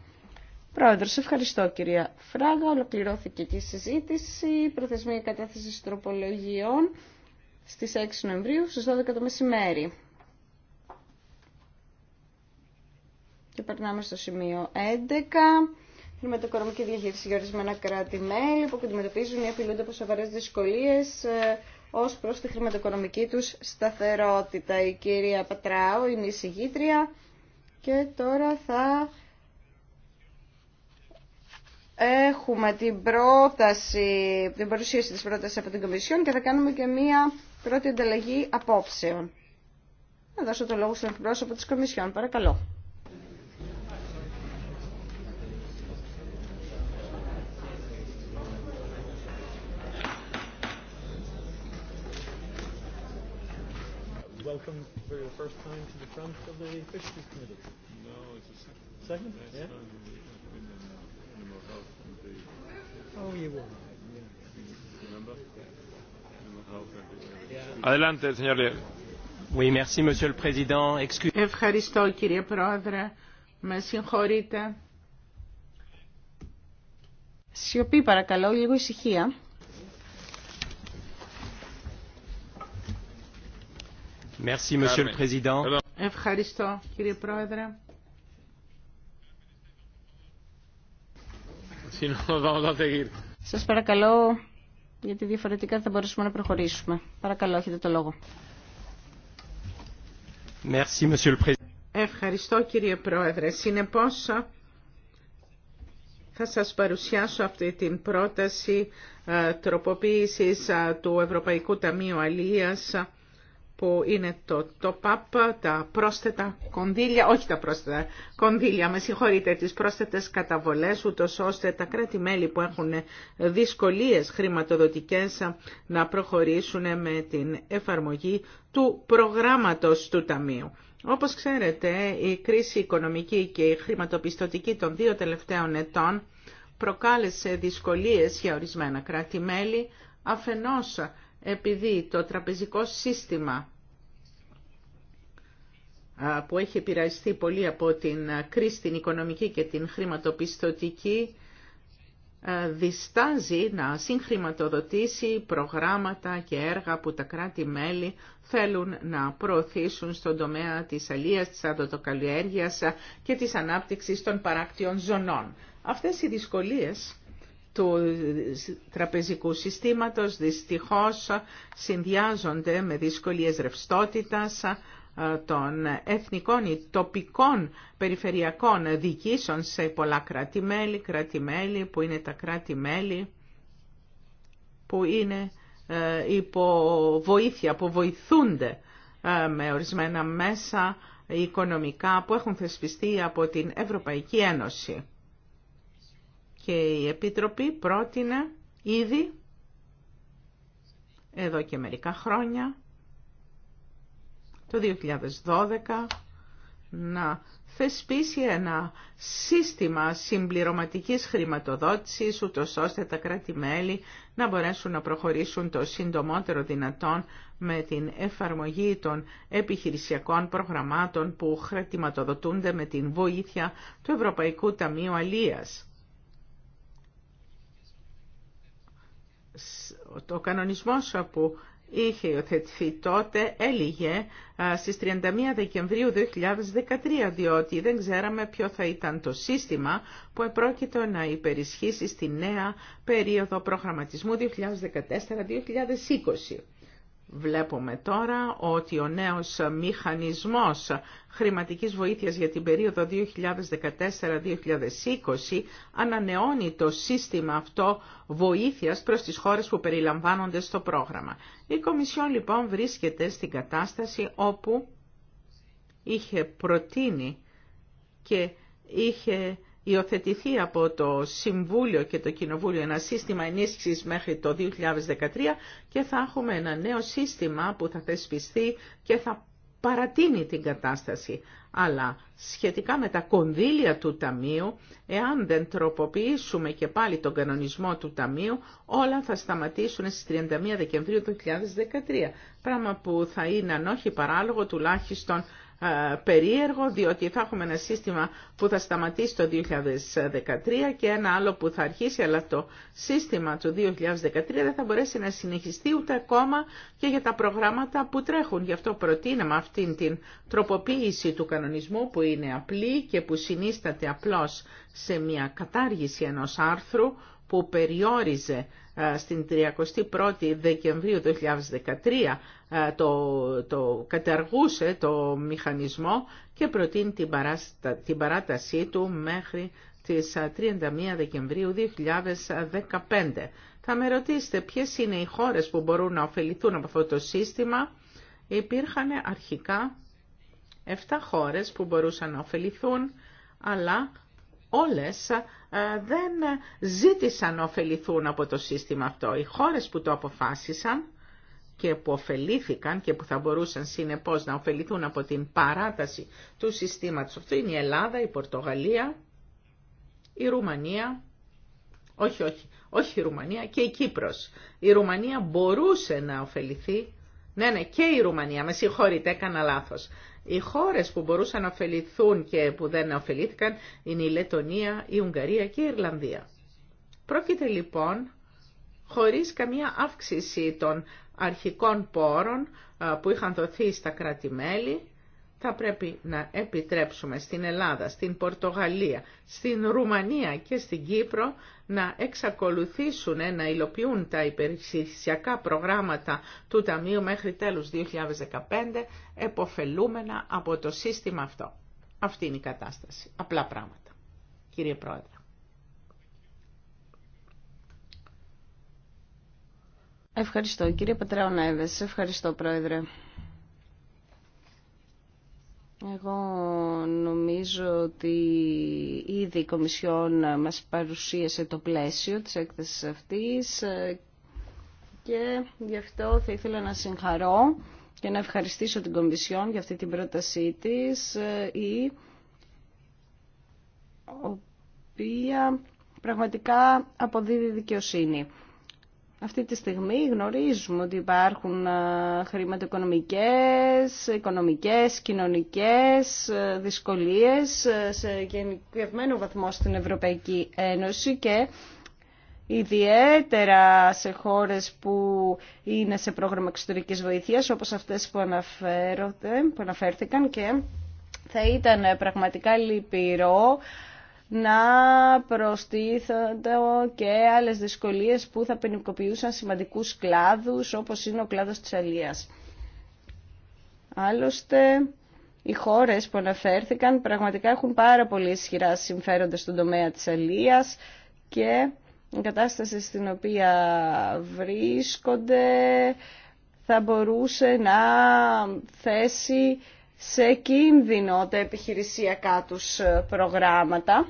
Πρόεδρο, ευχαριστώ κυρία Φράγα. Ολοκληρώθηκε και η συζήτηση. Προθεσμία κατάθεση τροπολογιών στις 6 Νοεμβρίου στις 12 το μεσημέρι. Και περνάμε στο σημείο 11. Χρηματοοικονομική διαχείριση για ορισμένα κράτη-μέλη που αντιμετωπίζουν ή απειλούνται από σοβαρέ δυσκολίε ε, ω προ τη χρηματοοικονομική του σταθερότητα. Η κυρία Πατράου είναι η συγγήτρια και τώρα θα έχουμε την πρόταση, την παρουσίαση της πρότασης από την Κομισιόν και θα κάνουμε και μία πρώτη ανταλλαγή απόψεων. Θα δώσω το λόγο στον εκπρόσωπο της Κομισιόν. Παρακαλώ. welcome for your first time to the front of the Fisheries Committee? No, it's the second. Second? yeah. Oh, you were. Remember? Adelante, señor Oui, merci, monsieur le président. Excuse... Ευχαριστώ, κύριε Πρόεδρε. Με συγχωρείτε. Σιωπή, παρακαλώ, λίγο ησυχία. Ευχαριστώ, κύριε Πρόεδρε. Σας παρακαλώ, γιατί διαφορετικά θα μπορούσαμε να προχωρήσουμε. Παρακαλώ, έχετε το λόγο. Ευχαριστώ, κύριε Πρόεδρε. Συνεπώς, θα σας παρουσιάσω αυτή την πρόταση ε, τροποποίησης ε, του Ευρωπαϊκού Ταμείου Αλίας που είναι το top-up, τα πρόσθετα κονδύλια, όχι τα πρόσθετα κονδύλια, με συγχωρείτε, τις πρόσθετες καταβολές, ούτω ώστε τα κράτη-μέλη που έχουν δυσκολίες χρηματοδοτικές να προχωρήσουν με την εφαρμογή του προγράμματος του Ταμείου. Όπως ξέρετε, η κρίση οικονομική και η χρηματοπιστωτική των δύο τελευταίων ετών προκάλεσε δυσκολίες για ορισμένα κράτη-μέλη, αφενός επειδή το τραπεζικό σύστημα που έχει επηρεαστεί πολύ από την κρίση, την οικονομική και την χρηματοπιστωτική, διστάζει να συγχρηματοδοτήσει προγράμματα και έργα που τα κράτη-μέλη θέλουν να προωθήσουν στον τομέα της αλίας, της αντοτοκαλλιέργειας και της ανάπτυξης των παράκτιων ζωνών. Αυτές οι δυσκολίες του τραπεζικού συστήματος δυστυχώς συνδυάζονται με δυσκολίες ρευστότητα ε, των εθνικών ή τοπικών περιφερειακών διοικήσεων σε πολλά κράτη-μέλη, κράτη-μέλη που είναι τα κράτη-μέλη που είναι ε, υπό βοήθεια, που βοηθούνται ε, με ορισμένα μέσα οικονομικά που έχουν θεσπιστεί από την Ευρωπαϊκή Ένωση και η Επίτροπη πρότεινε ήδη εδώ και μερικά χρόνια το 2012 να θεσπίσει ένα σύστημα συμπληρωματικής χρηματοδότησης, ούτως ώστε τα κράτη-μέλη να μπορέσουν να προχωρήσουν το συντομότερο δυνατόν με την εφαρμογή των επιχειρησιακών προγραμμάτων που χρηματοδοτούνται με την βοήθεια του Ευρωπαϊκού Ταμείου Αλίας. ο κανονισμός που είχε υιοθετηθεί τότε έλυγε στις 31 Δεκεμβρίου 2013, διότι δεν ξέραμε ποιο θα ήταν το σύστημα που επρόκειτο να υπερισχύσει στη νέα περίοδο προγραμματισμού 2014-2020. Βλέπουμε τώρα ότι ο νέος μηχανισμός χρηματικής βοήθειας για την περίοδο 2014-2020 ανανεώνει το σύστημα αυτό βοήθειας προς τις χώρες που περιλαμβάνονται στο πρόγραμμα. Η Κομισιόν λοιπόν βρίσκεται στην κατάσταση όπου είχε προτείνει και είχε υιοθετηθεί από το Συμβούλιο και το Κοινοβούλιο ένα σύστημα ενίσχυσης μέχρι το 2013 και θα έχουμε ένα νέο σύστημα που θα θεσπιστεί και θα παρατείνει την κατάσταση. Αλλά σχετικά με τα κονδύλια του Ταμείου, εάν δεν τροποποιήσουμε και πάλι τον κανονισμό του Ταμείου, όλα θα σταματήσουν στις 31 Δεκεμβρίου του 2013, πράγμα που θα είναι αν όχι παράλογο τουλάχιστον ε, περίεργο διότι θα έχουμε ένα σύστημα που θα σταματήσει το 2013 και ένα άλλο που θα αρχίσει αλλά το σύστημα του 2013 δεν θα μπορέσει να συνεχιστεί ούτε ακόμα και για τα προγράμματα που τρέχουν. Γι' αυτό προτείναμε αυτήν την τροποποίηση του κανονισμού που είναι απλή και που συνίσταται απλώς σε μια κατάργηση ενός άρθρου που περιόριζε στην 31η Δεκεμβρίου 2013 το, το καταργούσε το μηχανισμό και προτείνει την, παράστα, την παράτασή του μέχρι τις 31 Δεκεμβρίου 2015. Θα με ρωτήσετε ποιες είναι οι χώρες που μπορούν να ωφεληθούν από αυτό το σύστημα. Υπήρχαν αρχικά 7 χώρες που μπορούσαν να ωφεληθούν, αλλά όλες ε, δεν ζήτησαν να ωφεληθούν από το σύστημα αυτό. Οι χώρες που το αποφάσισαν και που ωφελήθηκαν και που θα μπορούσαν συνεπώς να ωφεληθούν από την παράταση του συστήματος αυτού είναι η Ελλάδα, η Πορτογαλία, η Ρουμανία, όχι, όχι, όχι η Ρουμανία και η Κύπρος. Η Ρουμανία μπορούσε να ωφεληθεί, ναι, ναι, και η Ρουμανία, με συγχωρείτε, έκανα λάθος. Οι χώρες που μπορούσαν να ωφεληθούν και που δεν ωφελήθηκαν είναι η Λετωνία, η Ουγγαρία και η Ιρλανδία. Πρόκειται λοιπόν χωρίς καμία αύξηση των αρχικών πόρων που είχαν δοθεί στα κράτη-μέλη θα πρέπει να επιτρέψουμε στην Ελλάδα, στην Πορτογαλία, στην Ρουμανία και στην Κύπρο να εξακολουθήσουν να υλοποιούν τα υπηρεσιακά προγράμματα του Ταμείου μέχρι τέλους 2015, εποφελούμενα από το σύστημα αυτό. Αυτή είναι η κατάσταση. Απλά πράγματα. Κύριε Πρόεδρε. Ευχαριστώ κύριε Πατράου Νέβες. Ευχαριστώ Πρόεδρε. Εγώ νομίζω ότι ήδη η Κομισιόν μας παρουσίασε το πλαίσιο της έκθεσης αυτής και γι' αυτό θα ήθελα να συγχαρώ και να ευχαριστήσω την Κομισιόν για αυτή την πρότασή της η οποία πραγματικά αποδίδει δικαιοσύνη. Αυτή τη στιγμή γνωρίζουμε ότι υπάρχουν χρηματοοικονομικές, οικονομικές, κοινωνικές δυσκολίες σε γενικευμένο βαθμό στην Ευρωπαϊκή Ένωση και ιδιαίτερα σε χώρες που είναι σε πρόγραμμα εξωτερικής βοήθειας όπως αυτές που, που αναφέρθηκαν και θα ήταν πραγματικά λυπηρό να προστίθονται και άλλες δυσκολίες που θα ποινικοποιούσαν σημαντικούς κλάδους όπως είναι ο κλάδος της αλίας. Άλλωστε, οι χώρες που αναφέρθηκαν πραγματικά έχουν πάρα πολύ ισχυρά συμφέροντα στον τομέα της αλίας και η κατάσταση στην οποία βρίσκονται θα μπορούσε να θέσει σε κίνδυνο τα επιχειρησιακά τους προγράμματα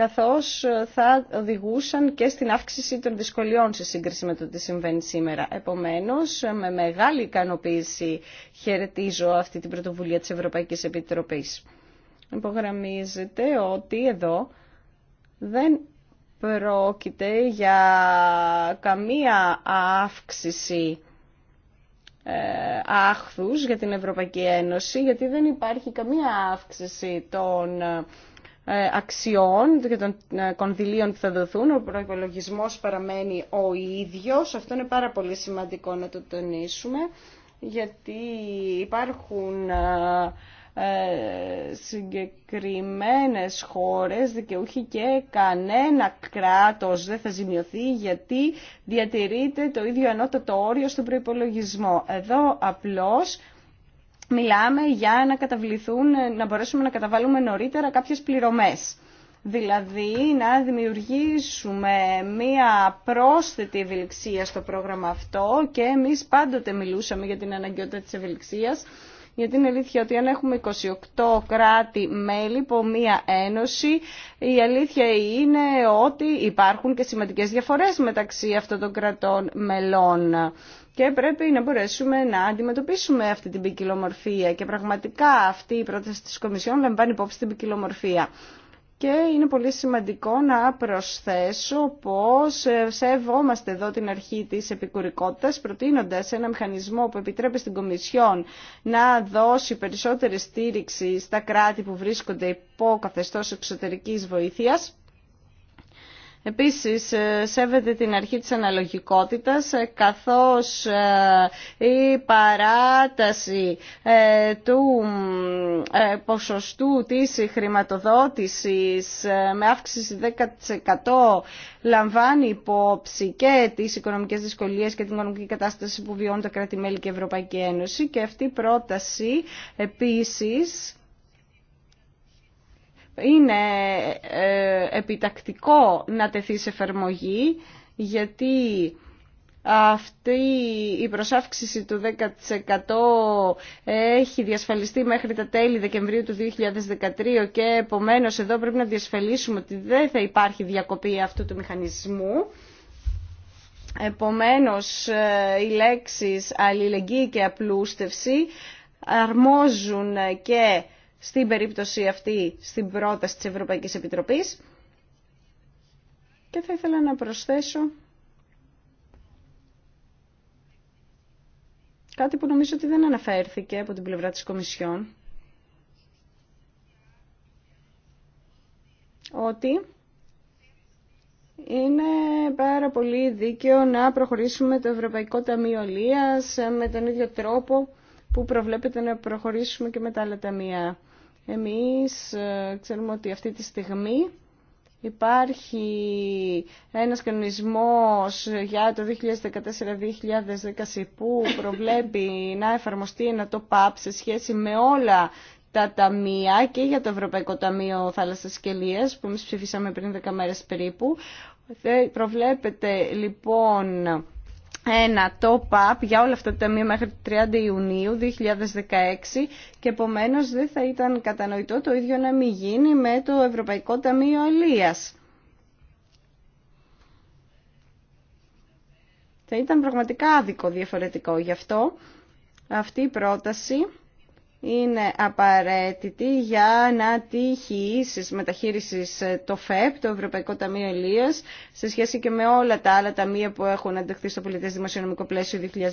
καθώς ε, θα οδηγούσαν και στην αύξηση των δυσκολιών σε σύγκριση με το τι συμβαίνει σήμερα. Επομένως, ε, με μεγάλη ικανοποίηση χαιρετίζω αυτή την πρωτοβουλία της Ευρωπαϊκής Επιτροπής. Υπογραμμίζεται ότι εδώ δεν πρόκειται για καμία αύξηση ε, άχθους για την Ευρωπαϊκή Ένωση, γιατί δεν υπάρχει καμία αύξηση των ε, αξιών και των ε, κονδυλίων που θα δοθούν. Ο προπολογισμό παραμένει ο ίδιος. Αυτό είναι πάρα πολύ σημαντικό να το τονίσουμε, γιατί υπάρχουν ε, συγκεκριμένες χώρες δικαιούχοι και κανένα κράτος δεν θα ζημιωθεί γιατί διατηρείται το ίδιο ανώτατο όριο στον προϋπολογισμό. Εδώ απλώς μιλάμε για να καταβληθούν, να μπορέσουμε να καταβάλουμε νωρίτερα κάποιες πληρωμές. Δηλαδή να δημιουργήσουμε μία πρόσθετη ευελιξία στο πρόγραμμα αυτό και εμείς πάντοτε μιλούσαμε για την αναγκαιότητα της ευελιξίας γιατί είναι αλήθεια ότι αν έχουμε 28 κράτη-μέλη από μία ένωση, η αλήθεια είναι ότι υπάρχουν και σημαντικές διαφορές μεταξύ αυτών των κρατών μελών. Και πρέπει να μπορέσουμε να αντιμετωπίσουμε αυτή την ποικιλομορφία. Και πραγματικά αυτή η πρόταση της Κομισιόν λαμβάνει υπόψη την ποικιλομορφία. Και είναι πολύ σημαντικό να προσθέσω πως ε, σεβόμαστε εδώ την αρχή της επικουρικότητας προτείνοντας ένα μηχανισμό που επιτρέπει στην Κομισιόν να δώσει περισσότερη στήριξη στα κράτη που βρίσκονται υπό καθεστώς εξωτερικής βοήθειας Επίσης, ε, σέβεται την αρχή της αναλογικότητας, ε, καθώς ε, η παράταση του ποσοστού της χρηματοδότησης με αύξηση 10% λαμβάνει υπόψη και τις οικονομικές δυσκολίες και την οικονομική κατάσταση που βιώνουν τα κράτη-μέλη και η Ευρωπαϊκή Ένωση και αυτή η πρόταση επίσης είναι ε, επιτακτικό να τεθεί σε εφαρμογή γιατί αυτή η προσάυξηση του 10% έχει διασφαλιστεί μέχρι τα τέλη Δεκεμβρίου του 2013 και επομένως εδώ πρέπει να διασφαλίσουμε ότι δεν θα υπάρχει διακοπή αυτού του μηχανισμού. Επομένως, ε, οι λέξεις αλληλεγγύη και απλούστευση αρμόζουν και στην περίπτωση αυτή στην πρόταση της Ευρωπαϊκής Επιτροπής. Και θα ήθελα να προσθέσω κάτι που νομίζω ότι δεν αναφέρθηκε από την πλευρά της Κομισιόν. Ότι είναι πάρα πολύ δίκαιο να προχωρήσουμε το Ευρωπαϊκό Ταμείο Λίας με τον ίδιο τρόπο που προβλέπεται να προχωρήσουμε και με τα άλλα ταμεία. Εμείς ε, ξέρουμε ότι αυτή τη στιγμή Υπάρχει ένας κανονισμός για το 2014-2010 που προβλέπει να εφαρμοστεί ένα top-up σε σχέση με όλα τα ταμεία και για το Ευρωπαϊκό Ταμείο Θάλασσας και που εμείς ψηφίσαμε πριν 10 μέρες περίπου. Προβλέπεται λοιπόν ένα top-up για όλα αυτά τα ταμεία μέχρι 30 Ιουνίου 2016 και επομένως δεν θα ήταν κατανοητό το ίδιο να μην γίνει με το Ευρωπαϊκό Ταμείο Αλίας. Θα ήταν πραγματικά άδικο διαφορετικό γι' αυτό αυτή η πρόταση είναι απαραίτητη για να τύχει ίσης μεταχείρισης το ΦΕΠ, το Ευρωπαϊκό Ταμείο Ελίας, σε σχέση και με όλα τα άλλα ταμεία που έχουν αντεχθεί στο πολιτές δημοσιονομικό πλαίσιο 2014-2020.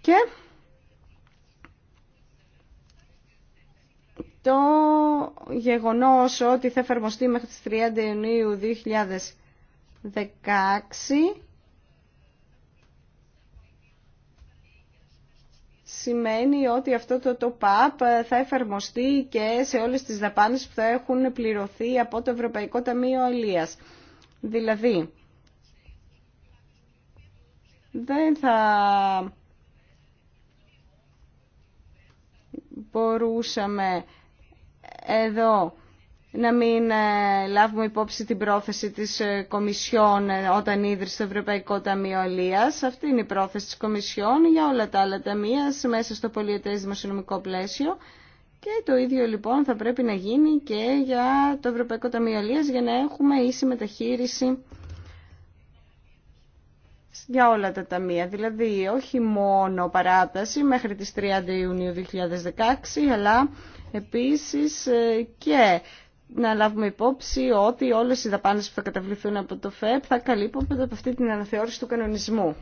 Και το γεγονός ότι θα εφαρμοστεί μέχρι τις 30 Ιουνίου 2016 σημαίνει ότι αυτό το top θα εφαρμοστεί και σε όλες τις δαπάνες που θα έχουν πληρωθεί από το Ευρωπαϊκό Ταμείο Αλίας. Δηλαδή, δεν θα μπορούσαμε εδώ να μην ε, λάβουμε υπόψη την πρόθεση της ε, Κομισιόν ε, όταν ίδρυσε το Ευρωπαϊκό Ταμείο Αλίας. Αυτή είναι η πρόθεση της Κομισιόν για όλα τα άλλα ταμεία μέσα στο πολιετές δημοσιονομικό πλαίσιο. Και το ίδιο λοιπόν θα πρέπει να γίνει και για το Ευρωπαϊκό Ταμείο Αλίας για να έχουμε ίση μεταχείριση για όλα τα ταμεία. Δηλαδή όχι μόνο παράταση μέχρι τις 30 Ιουνίου 2016, αλλά επίσης και να λάβουμε υπόψη ότι όλες οι δαπάνες που θα καταβληθούν από το ΦΕΠ θα καλύπτονται από αυτή την αναθεώρηση του κανονισμού.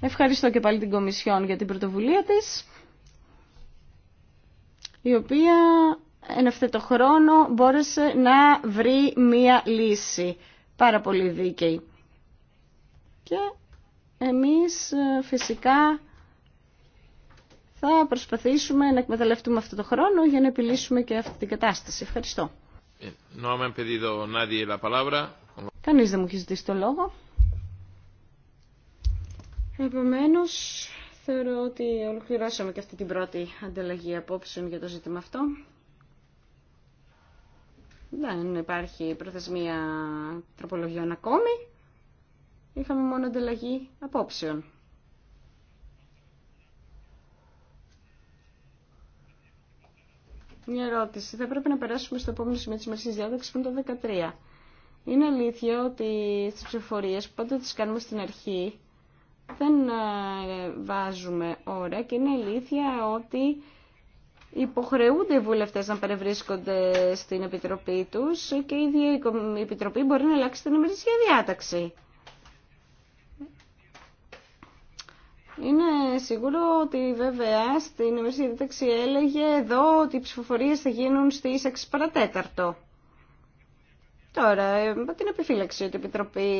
Ευχαριστώ και πάλι την Κομισιόν για την πρωτοβουλία της, η οποία εν αυτό το χρόνο μπόρεσε να βρει μία λύση πάρα πολύ δίκαιη. Και εμείς ε, φυσικά θα προσπαθήσουμε να εκμεταλλευτούμε αυτό το χρόνο για να επιλύσουμε και αυτή την κατάσταση. Ευχαριστώ. Ε, Κανείς δεν μου έχει ζητήσει το λόγο. Επομένως, θεωρώ ότι ολοκληρώσαμε και αυτή την πρώτη ανταλλαγή απόψεων για το ζήτημα αυτό. Δεν υπάρχει προθεσμία τροπολογιών ακόμη. Είχαμε μόνο ανταλλαγή απόψεων. Μια ερώτηση. Θα πρέπει να περάσουμε στο επόμενο σημείο τη μερικής διάταξη που είναι το 13. Είναι αλήθεια ότι στις ψηφοφορίες που πάντα τις κάνουμε στην αρχή δεν ε, βάζουμε ώρα και είναι αλήθεια ότι υποχρεούνται οι βουλευτέ να παρευρίσκονται στην Επιτροπή τους και η ίδια η Επιτροπή μπορεί να αλλάξει την ημερησία διάταξη. Είναι σίγουρο ότι βέβαια στην ημερήσια δίταξη έλεγε εδώ ότι οι ψηφοφορίες θα γίνουν στις 6 παρατέταρτο. Τώρα, ε, με την επιφύλαξη ότι η Επιτροπή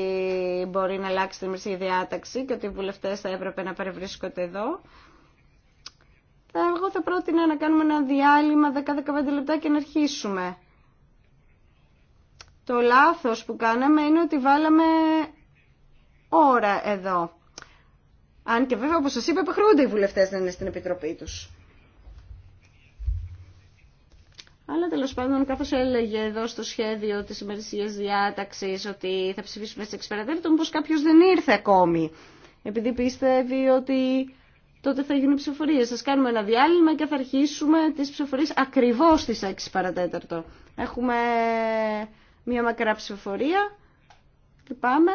μπορεί να αλλάξει την ημερήσια διάταξη και ότι οι βουλευτές θα έπρεπε να παρευρίσκονται εδώ, εγώ θα πρότεινα να κάνουμε ένα διάλειμμα 10-15 λεπτά και να αρχίσουμε. Το λάθος που κάναμε είναι ότι βάλαμε ώρα εδώ. Αν και βέβαια, όπως σας είπα, υποχρεούνται οι βουλευτές να είναι στην Επιτροπή τους. Αλλά τέλος πάντων κάπως έλεγε εδώ στο σχέδιο της ημερησίας διάταξης ότι θα ψηφίσουμε στις 6 παρατέταρτο, πως κάποιος δεν ήρθε ακόμη. Επειδή πιστεύει ότι τότε θα γίνουν ψηφοφορίες. Σας κάνουμε ένα διάλειμμα και θα αρχίσουμε τις ψηφοφορίες ακριβώς στις 6 παρατέταρτο. Έχουμε μια μακρά ψηφοφορία και πάμε.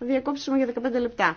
Θα διακόψουμε για 15 λεπτά.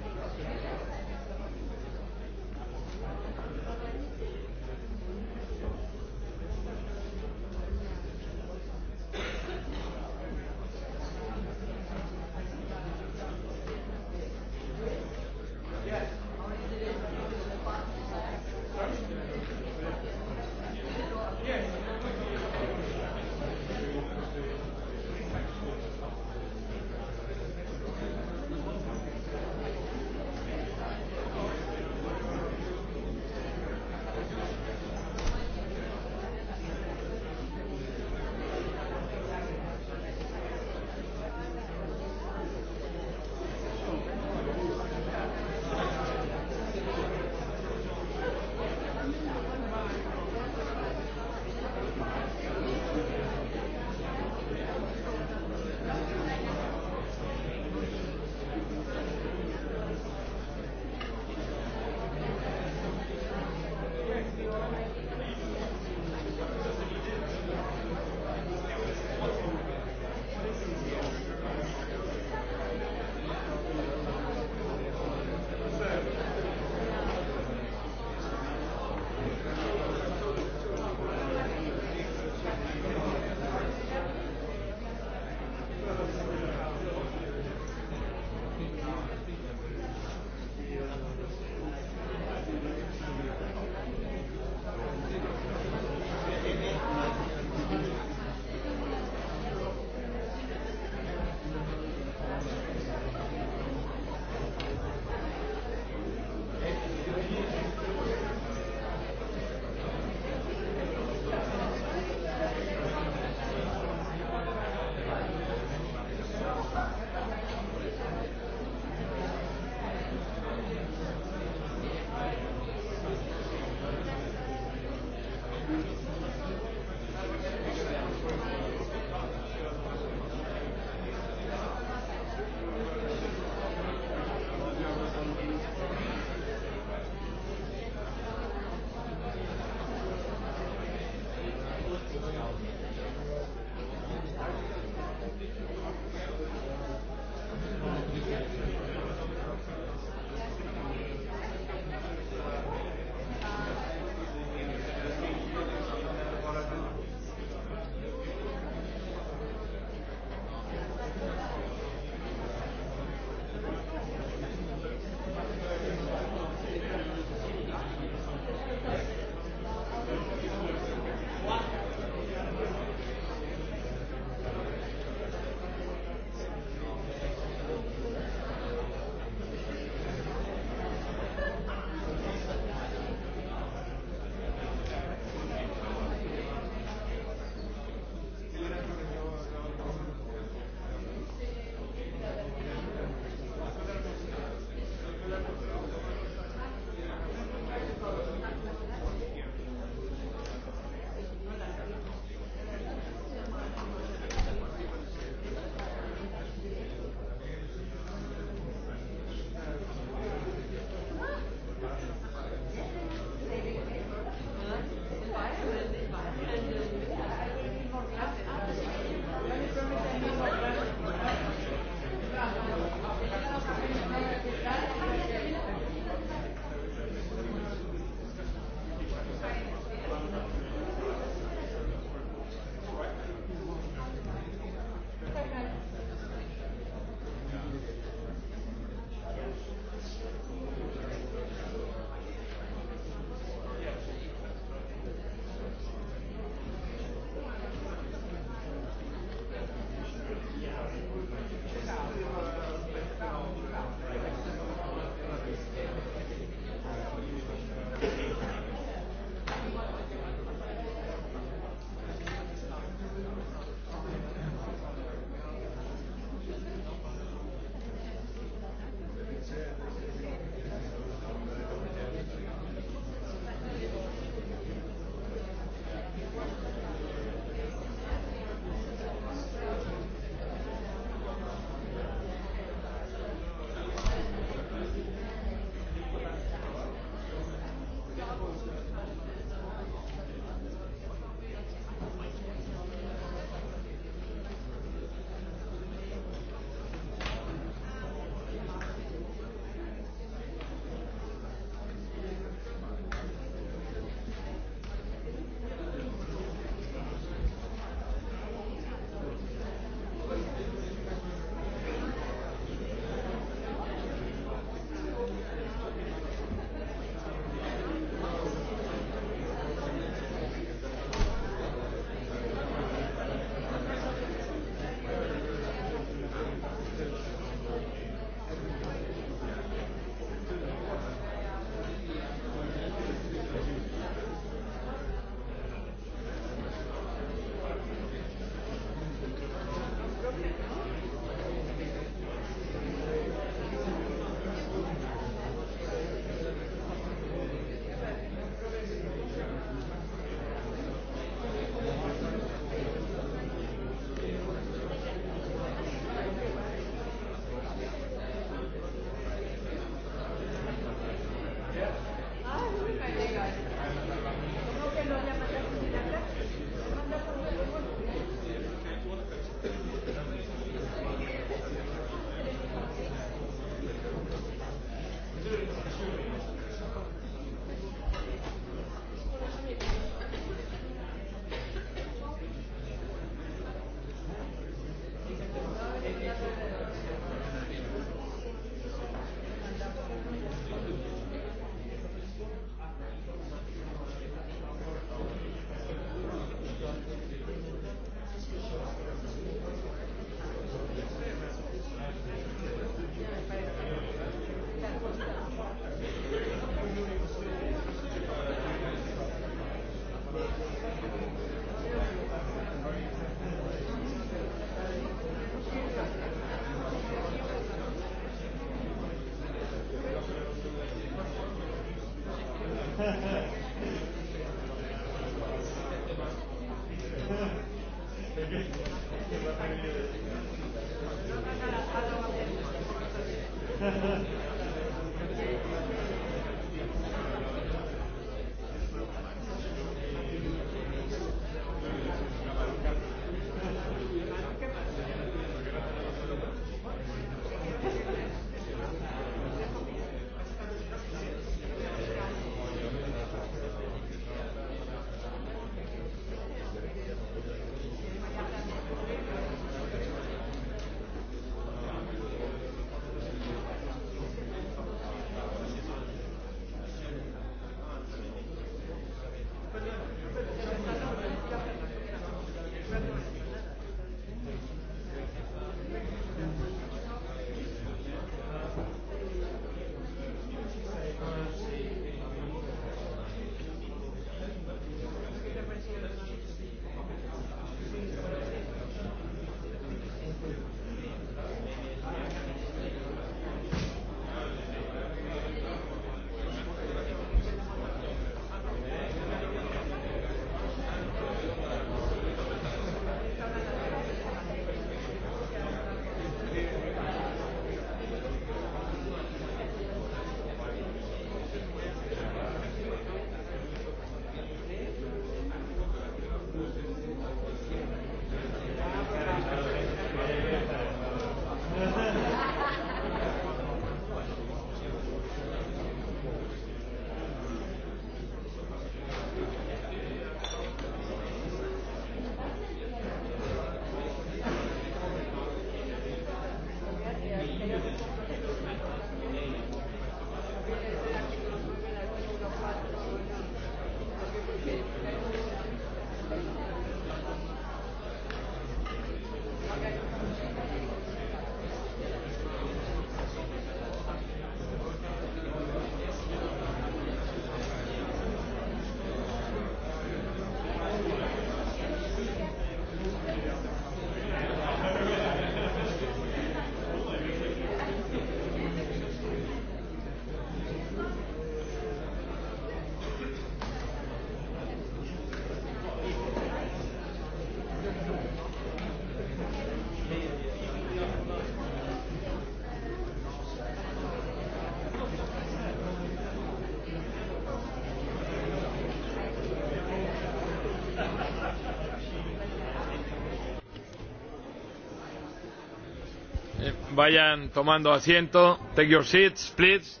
Vayan tomando asiento. Take your seats, please.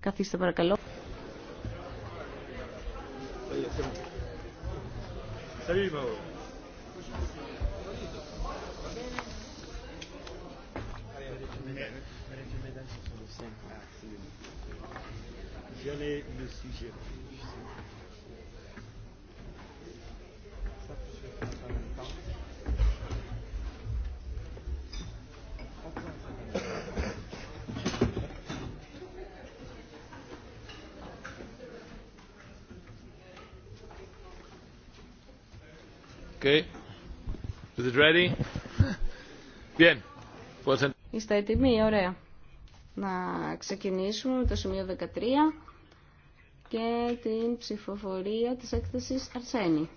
Καθίστε παρακαλώ. Je Είστε έτοιμοι, ωραία. Να ξεκινήσουμε με το σημείο 13 και την ψηφοφορία της έκθεσης Αρσένη.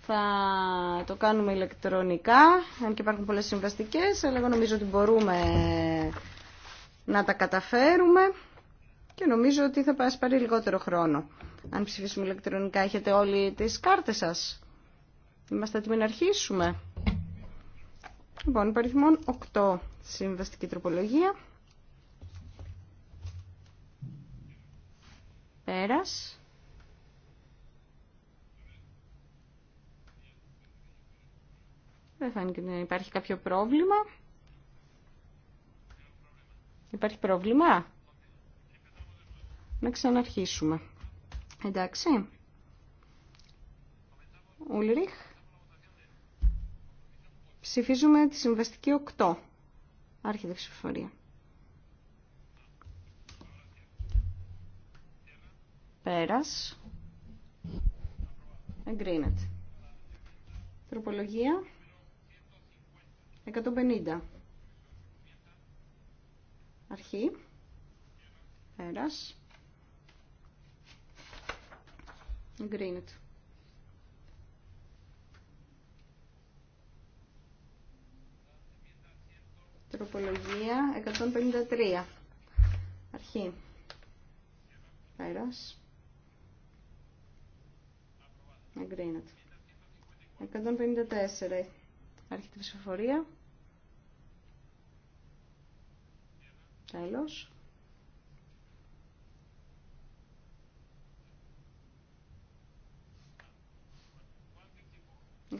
Θα το κάνουμε ηλεκτρονικά, αν και υπάρχουν πολλές συμβαστικές, αλλά εγώ νομίζω ότι μπορούμε να τα καταφέρουμε και νομίζω ότι θα πάρει λιγότερο χρόνο. Αν ψηφίσουμε ηλεκτρονικά, έχετε όλοι τι κάρτε σα. Είμαστε έτοιμοι να αρχίσουμε. Λοιπόν, υπαριθμόν 8 συμβαστική τροπολογία. Πέρας. Δεν φάνηκε να υπάρχει κάποιο πρόβλημα. Υπάρχει πρόβλημα. Να ξαναρχίσουμε. Εντάξει. Ουλριχ. Ψηφίζουμε τη συμβαστική 8. Άρχεται ψηφοφορία. Πέρας. Εγκρίνεται. Τροπολογία. 150. Αρχή. Πέρας. Εγκρίνεται. Τροπολογία 153. Αρχή. Πέρας. Εγκρίνεται. 154. Άρχεται τη ψηφοφορία. Τέλος.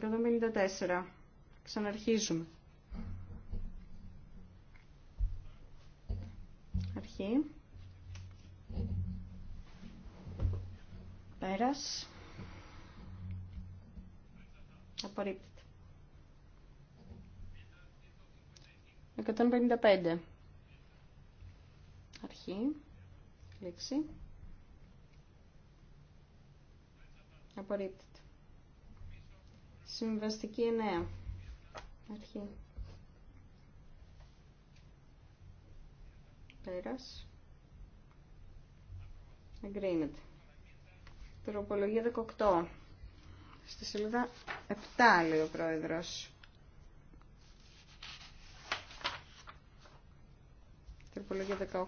154. Ξαναρχίζουμε. Αρχή. Πέρας. Απορρίπτεται. 155. Αρχή. Λέξη. Απορρίπτεται. Συμβαστική 9. Αρχή. Πέρας. Εγκρίνεται. Τροπολογία 18. Στη σελίδα 7 λέει ο πρόεδρος. Τροπολογία 18.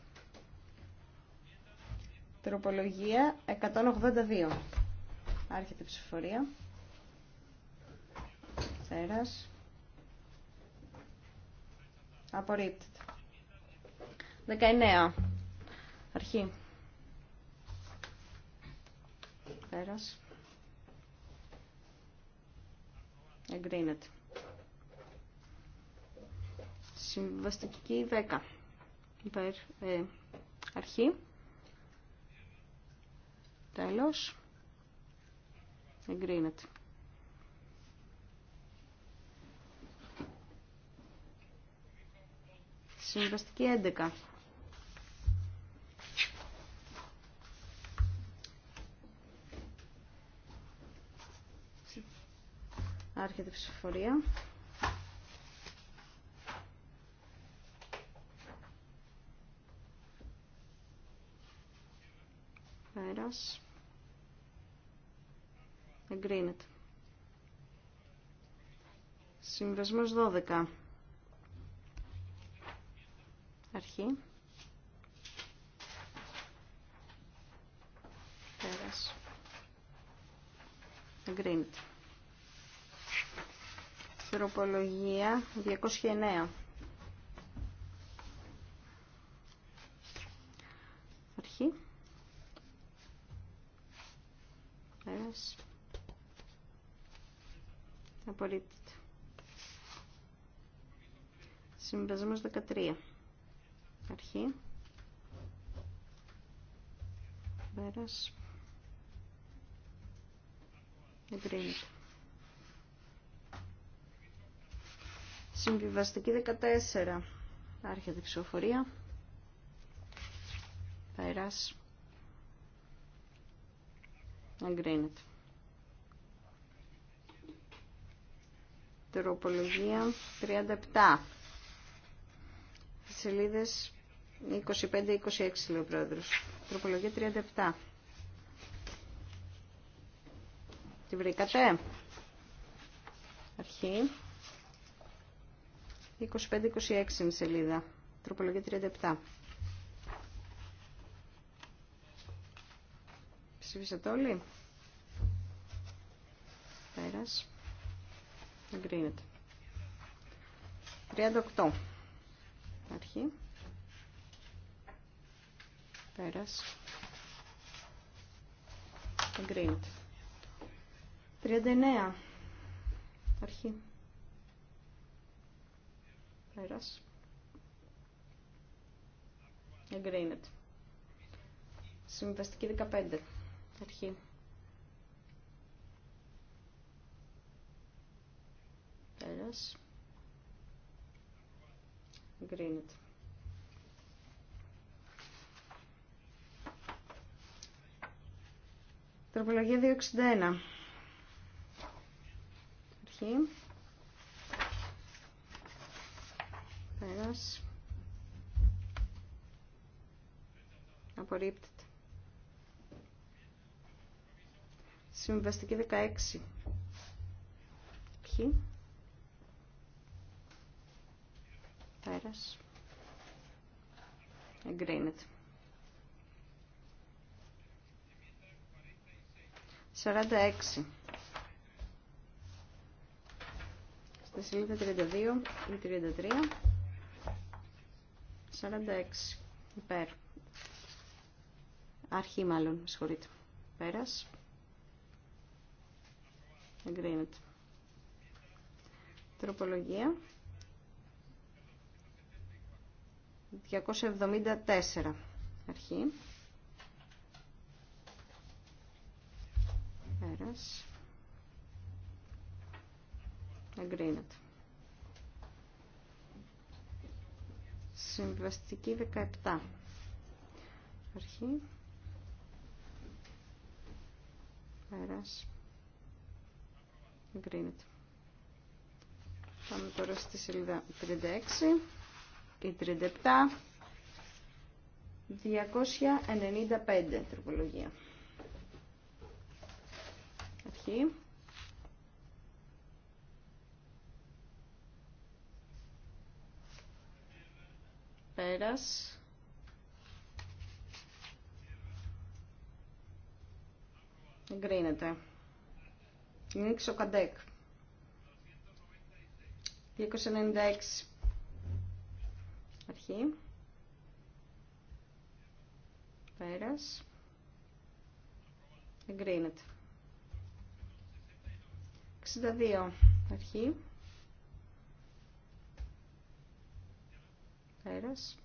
Τροπολογία 182. Άρχεται η ψηφορία. Πέρας. Απορρίπτεται. 19. Αρχή. Πέρας. Εγκρίνεται. Συμβαστική 10. Ε, αρχή. Τέλος. Εγκρίνεται. Συμβαστική 11. Άρχεται η ψηφοφορία. Πέρας. Εγκρίνεται. Συμβασμός 12. Αρχή. Πέρας. Εγκρίνεται. Θεροπολογία 209. Αρχή. Πέρας. Απορρίπτεται. Συμβασμός 13. Αρχή. Πέρας. Εγκρίνεται. Συμβιβαστική 14. Άρχεται η ψηφοφορία. Πέρας. Εγκρίνεται. Τροπολογία 37. Σελίδες 25-26 λέει ο πρόεδρος. Τροπολογία 37. Τη βρήκατε. Αρχή. 25-26 σελίδα. Τροπολογία 37. Ψήφισατε όλοι. Πέρας. Εγκρίνεται. 38. Αρχή. Πέρας. Εγκρίνεται. 39. Αρχή. Πέρας. Εγκρίνεται. Συμβαστική 15 αρχή. Πέρας. Εγκρίνεται. Τροπολογία 261. Αρχή. Πέρας. Απορρίπτει. Συμβαστική 16. Ποιοι. Πέρας. Εγκρίνεται. 46. Στα σελίδα 32 ή 33. 46. Υπέρ. Αρχή μάλλον, με συγχωρείτε. Πέρας. Εγκρίνεται. Τροπολογία. 274. Αρχή. Πέρας. Εγκρίνεται. Συμβαστική 17. Αρχή. Πέρας. Εγκρίνεται. Πάμε τώρα στη σελίδα 36 και 37. 295 τροπολογία. Αρχή. Πέρας. Εγκρίνεται. Νίξο Καντέκ. 296. Αρχή. Πέρας. Εγκρίνεται. 62. Αρχή. Πέρας.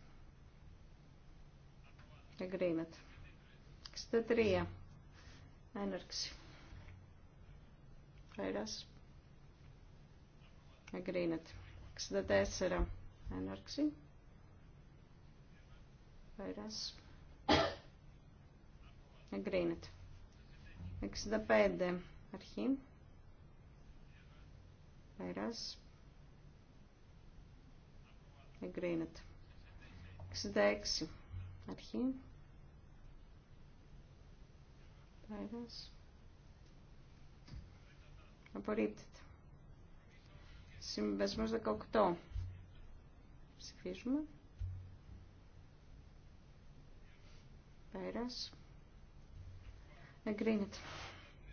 Εγκρίνεται. 63. Έναρξη. Πέρας. Εγκρίνεται. 64. Έναρξη. Πέρας. Εγκρίνεται. 65. Αρχή. Πέρας. Εγκρίνεται. 66. Αρχή. Απορρίπτεται. Συμβασμό 18. Ψηφίζουμε. Πέρας. Εγκρίνεται.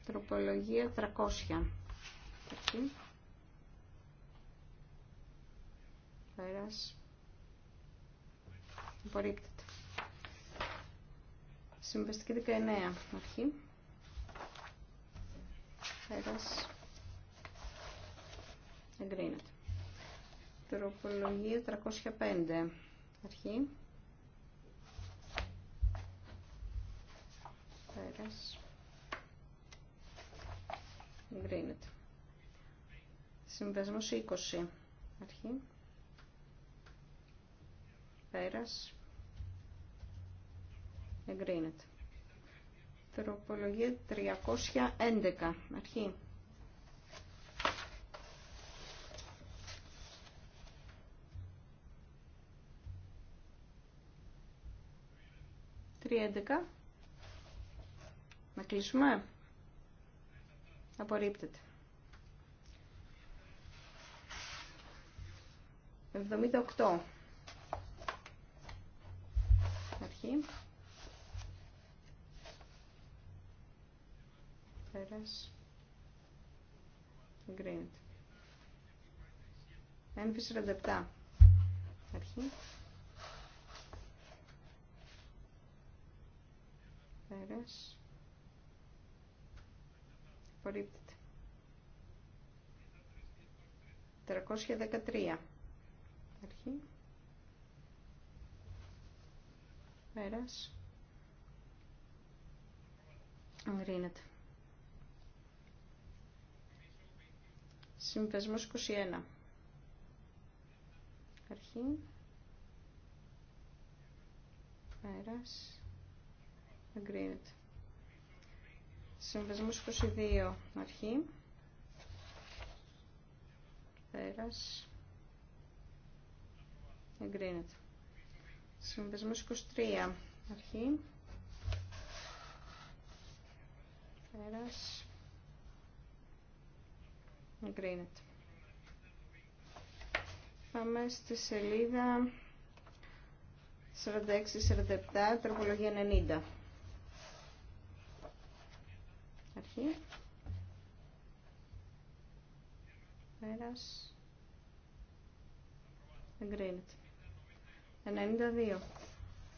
Τροπολογία 300. Εκεί. Πέρας. Απορρίπτεται. Συμβαστική 19. Αρχή. Πέρας. Εγκρίνεται. Τροπολογία 305. Αρχή. Πέρας. Εγκρίνεται. Συμβασμός 20. Αρχή. Πέρας. Εγκρίνεται. Τροπολογία 311. Αρχή. επί 11. Να κλείσουμε. Απορρίπτεται. 78. Αρχή. Πέρας. Εγκρίνεται. Ένφυση 47. Αρχή. Πέρας. Απορρίπτεται. 313. Αρχή. Πέρας. Αγκρίνεται. Συμβεσμός 21. Αρχή. Πέρας. Εγκρίνεται. Συμβασμός 22. Αρχή. Πέρας. Εγκρίνεται. Συμβασμός 23. Αρχή. Πέρας. Εγκρίνεται. Πάμε στη σελίδα 46-47, τροπολογία 90. Αρχή. Πέρας. Εγκρίνεται. 92.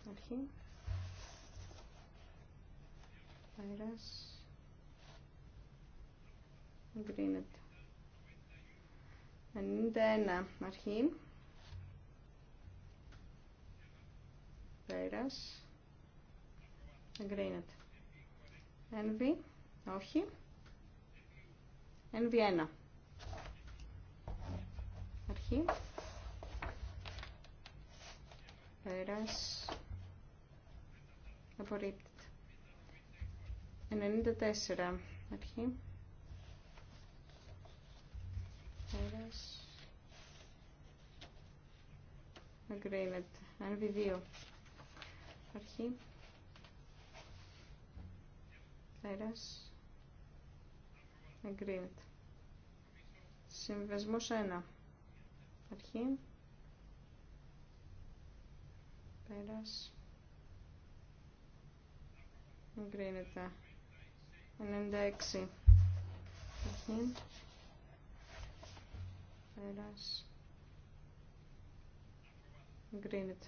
Αρχή. Πέρας. Εγκρίνεται. 91. Αρχή. Πέρας. Εγκρίνεται. Envy. Όχι. NV1. Αρχή. Πέρας. Απορρίπτεται. 94. Αρχή. Εν Εγκρίνεται. δύο. Αρχή. Πέρας. Εγκρίνεται. Συμβεσμός 1. Αρχή. Πέρας. Εγκρίνεται. 96. Αρχή. Πέρας. Εγκρίνεται.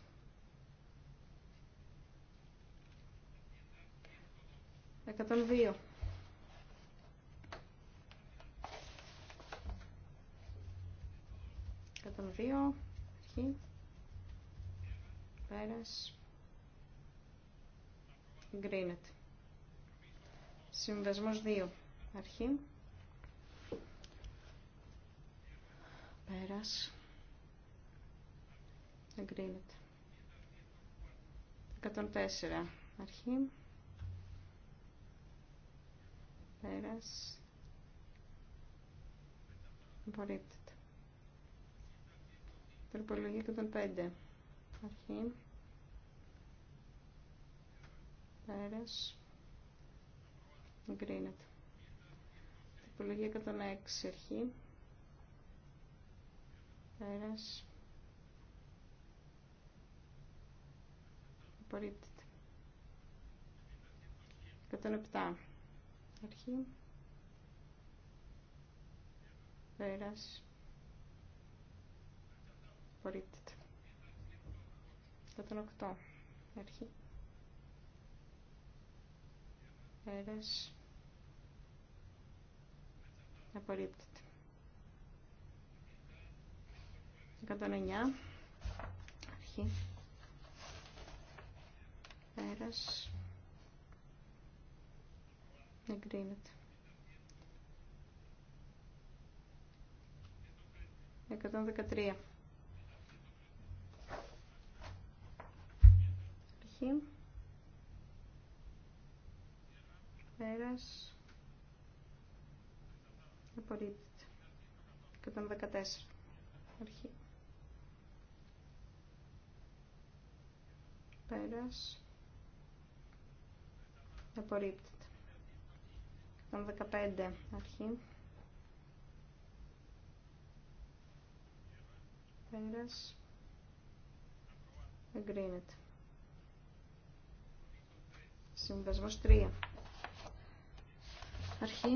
Εκατόν δύο. 102. Αρχή. Πέρας. Εγκρίνεται. Συμβασμός 2. Αρχή. Πέρας. Εγκρίνεται. 104. Αρχή. Πέρας. Μπορείτε. Τροπολογία 105. Αρχή. Πέρας. Εγκρίνεται. Τερπολογία 106. Αρχή. Πέρας. Απορρίπτεται. 107. Αρχή. Πέρας τον οκτώ. Αρχή. Πέρας. Απορρίπτεται. 109. Αρχή. Πέρας. Εγκρίνεται. 113. έχει Πέρας. Απορρίπτεται. 114. Αρχή. Πέρας. Απορρίπτεται. 115. Αρχή. Πέρας. Εγκρίνεται. Συμβασμός 3. Αρχή.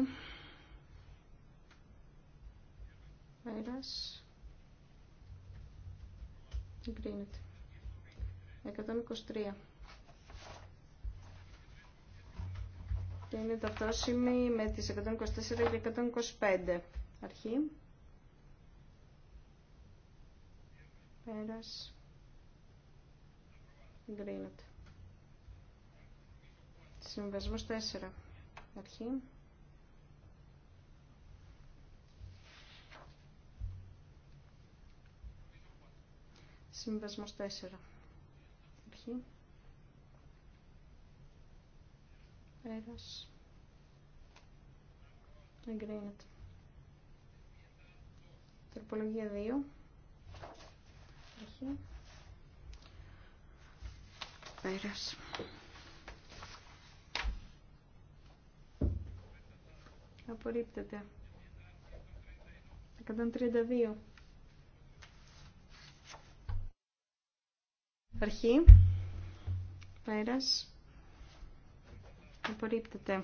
Πέρας. Εγκρίνεται. 123. Και είναι ταυτόσιμη με τις 124 και 125. Αρχή. Πέρας. Εγκρίνεται. Συμβασμός 4. Αρχή. Συμβασμός 4. Αρχή. Πέρας. Εγκρίνεται. Τροπολογία 2. Αρχή. Πέρας. Απορρίπτεται. 132. Αρχή. Πέρας. Απορρίπτεται.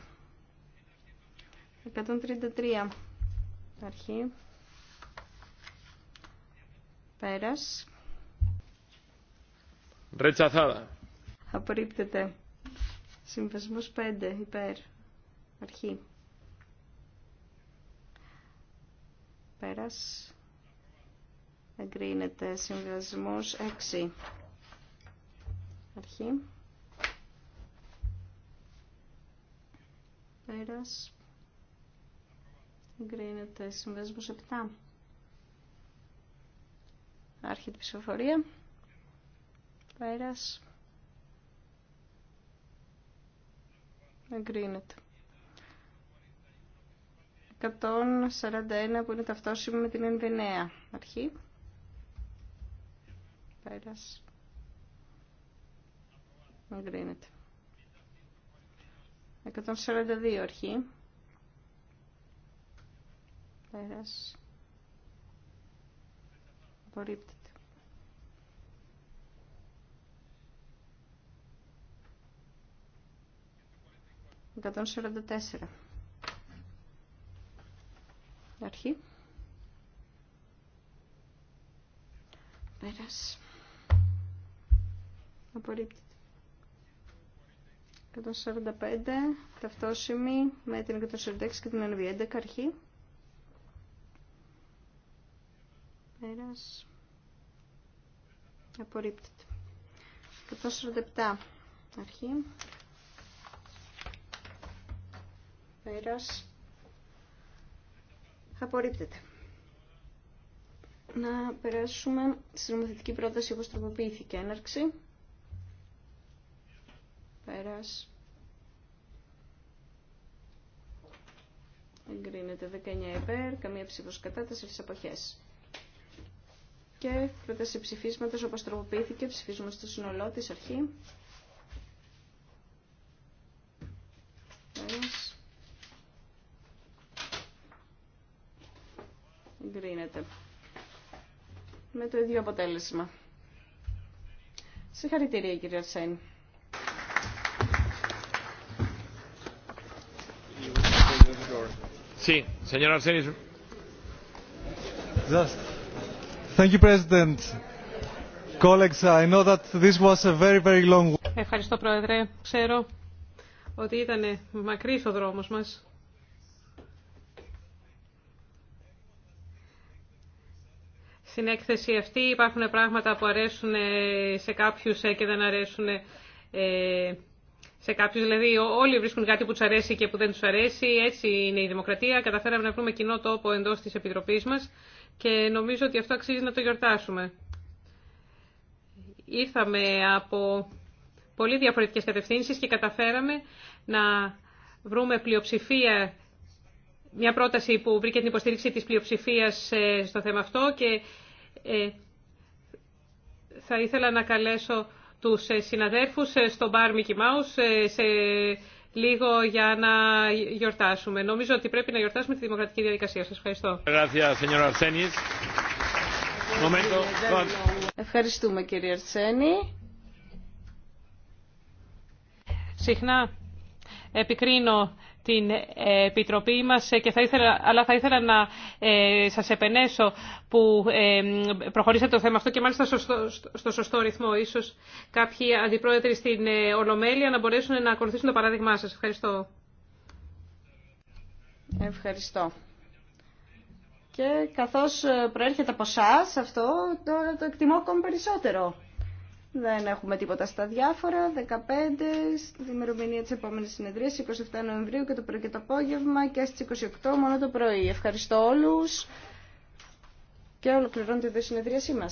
133. Αρχή. Πέρας. Ρετσαθάδα. Απορρίπτεται. Συμβασμός 5. Υπέρ. Αρχή. Πέρας. Εγκρίνεται. Συμβιβασμός 6. Αρχή. Πέρας. Εγκρίνεται. Συμβιβασμός 7. Άρχη την ψηφοφορία. Πέρας. Εγκρίνεται. 141 που είναι ταυτόσιμο με την nv Αρχή. Πέρας. Εγκρίνεται. 142 αρχή. Πέρας. Απορρίπτεται. 144. Αρχή. Πέρας. Απορρίπτεται. 145, ταυτόσημη με την 146 και την nv αρχή. Πέρας. Απορρίπτεται. 147 αρχή. Πέρας. Απορρίπτεται. Να περάσουμε στη νομοθετική πρόταση όπως τροποποιήθηκε. Έναρξη. Πέρας. Εγκρίνεται 19 υπέρ, καμία ψήφος κατά, 4 αποχές. Και πρόταση ψηφίσματος όπως τροποποιήθηκε, ψηφίζουμε στο συνολό της αρχή. Γκρίνεται. Με το ίδιο αποτέλεσμα. Συγχαρητήρια κύριε Αρσένη. Sí, señor Arsenis. Just. Thank you, President. Colleagues, I know that this was a very, very long. Ευχαριστώ, Πρόεδρε. Ξέρω ότι ήταν μακρύς ο δρόμος μας. Στην έκθεση αυτή υπάρχουν πράγματα που αρέσουν ε, σε κάποιους ε, και δεν αρέσουν ε, σε κάποιους. Δηλαδή όλοι βρίσκουν κάτι που τους αρέσει και που δεν τους αρέσει. Έτσι είναι η δημοκρατία. Καταφέραμε να βρούμε κοινό τόπο εντός της Επιτροπής μας και νομίζω ότι αυτό αξίζει να το γιορτάσουμε. Ήρθαμε από πολύ διαφορετικές κατευθύνσει και καταφέραμε να βρούμε πλειοψηφία μια πρόταση που βρήκε την υποστήριξη της πλειοψηφίας στο θέμα αυτό και ε, θα ήθελα να καλέσω τους ε, συναδέρφους ε, στο μπαρ Mickey Mouse σε λίγο για να γιορτάσουμε. Νομίζω ότι πρέπει να γιορτάσουμε τη δημοκρατική διαδικασία. Σας ευχαριστώ. Ευχαριστούμε κύριε Αρσένη. Συχνά επικρίνω την Επιτροπή μας και θα ήθελα, αλλά θα ήθελα να ε, σας επενέσω που ε, προχωρήσατε το θέμα αυτό και μάλιστα στο, στο σωστό ρυθμό. Ίσως κάποιοι αντιπρόεδροι στην ε, Ολομέλεια να μπορέσουν να ακολουθήσουν το παράδειγμά σας. Ευχαριστώ. Ευχαριστώ. Και καθώς προέρχεται από εσά αυτό, το, το εκτιμώ ακόμη περισσότερο. Δεν έχουμε τίποτα στα διάφορα. 15 στην ημερομηνία τη επόμενη συνεδρία, 27 Νοεμβρίου και το πρωί και το απόγευμα και στι 28 μόνο το πρωί. Ευχαριστώ όλου και ολοκληρώνεται η συνεδρίασή μα.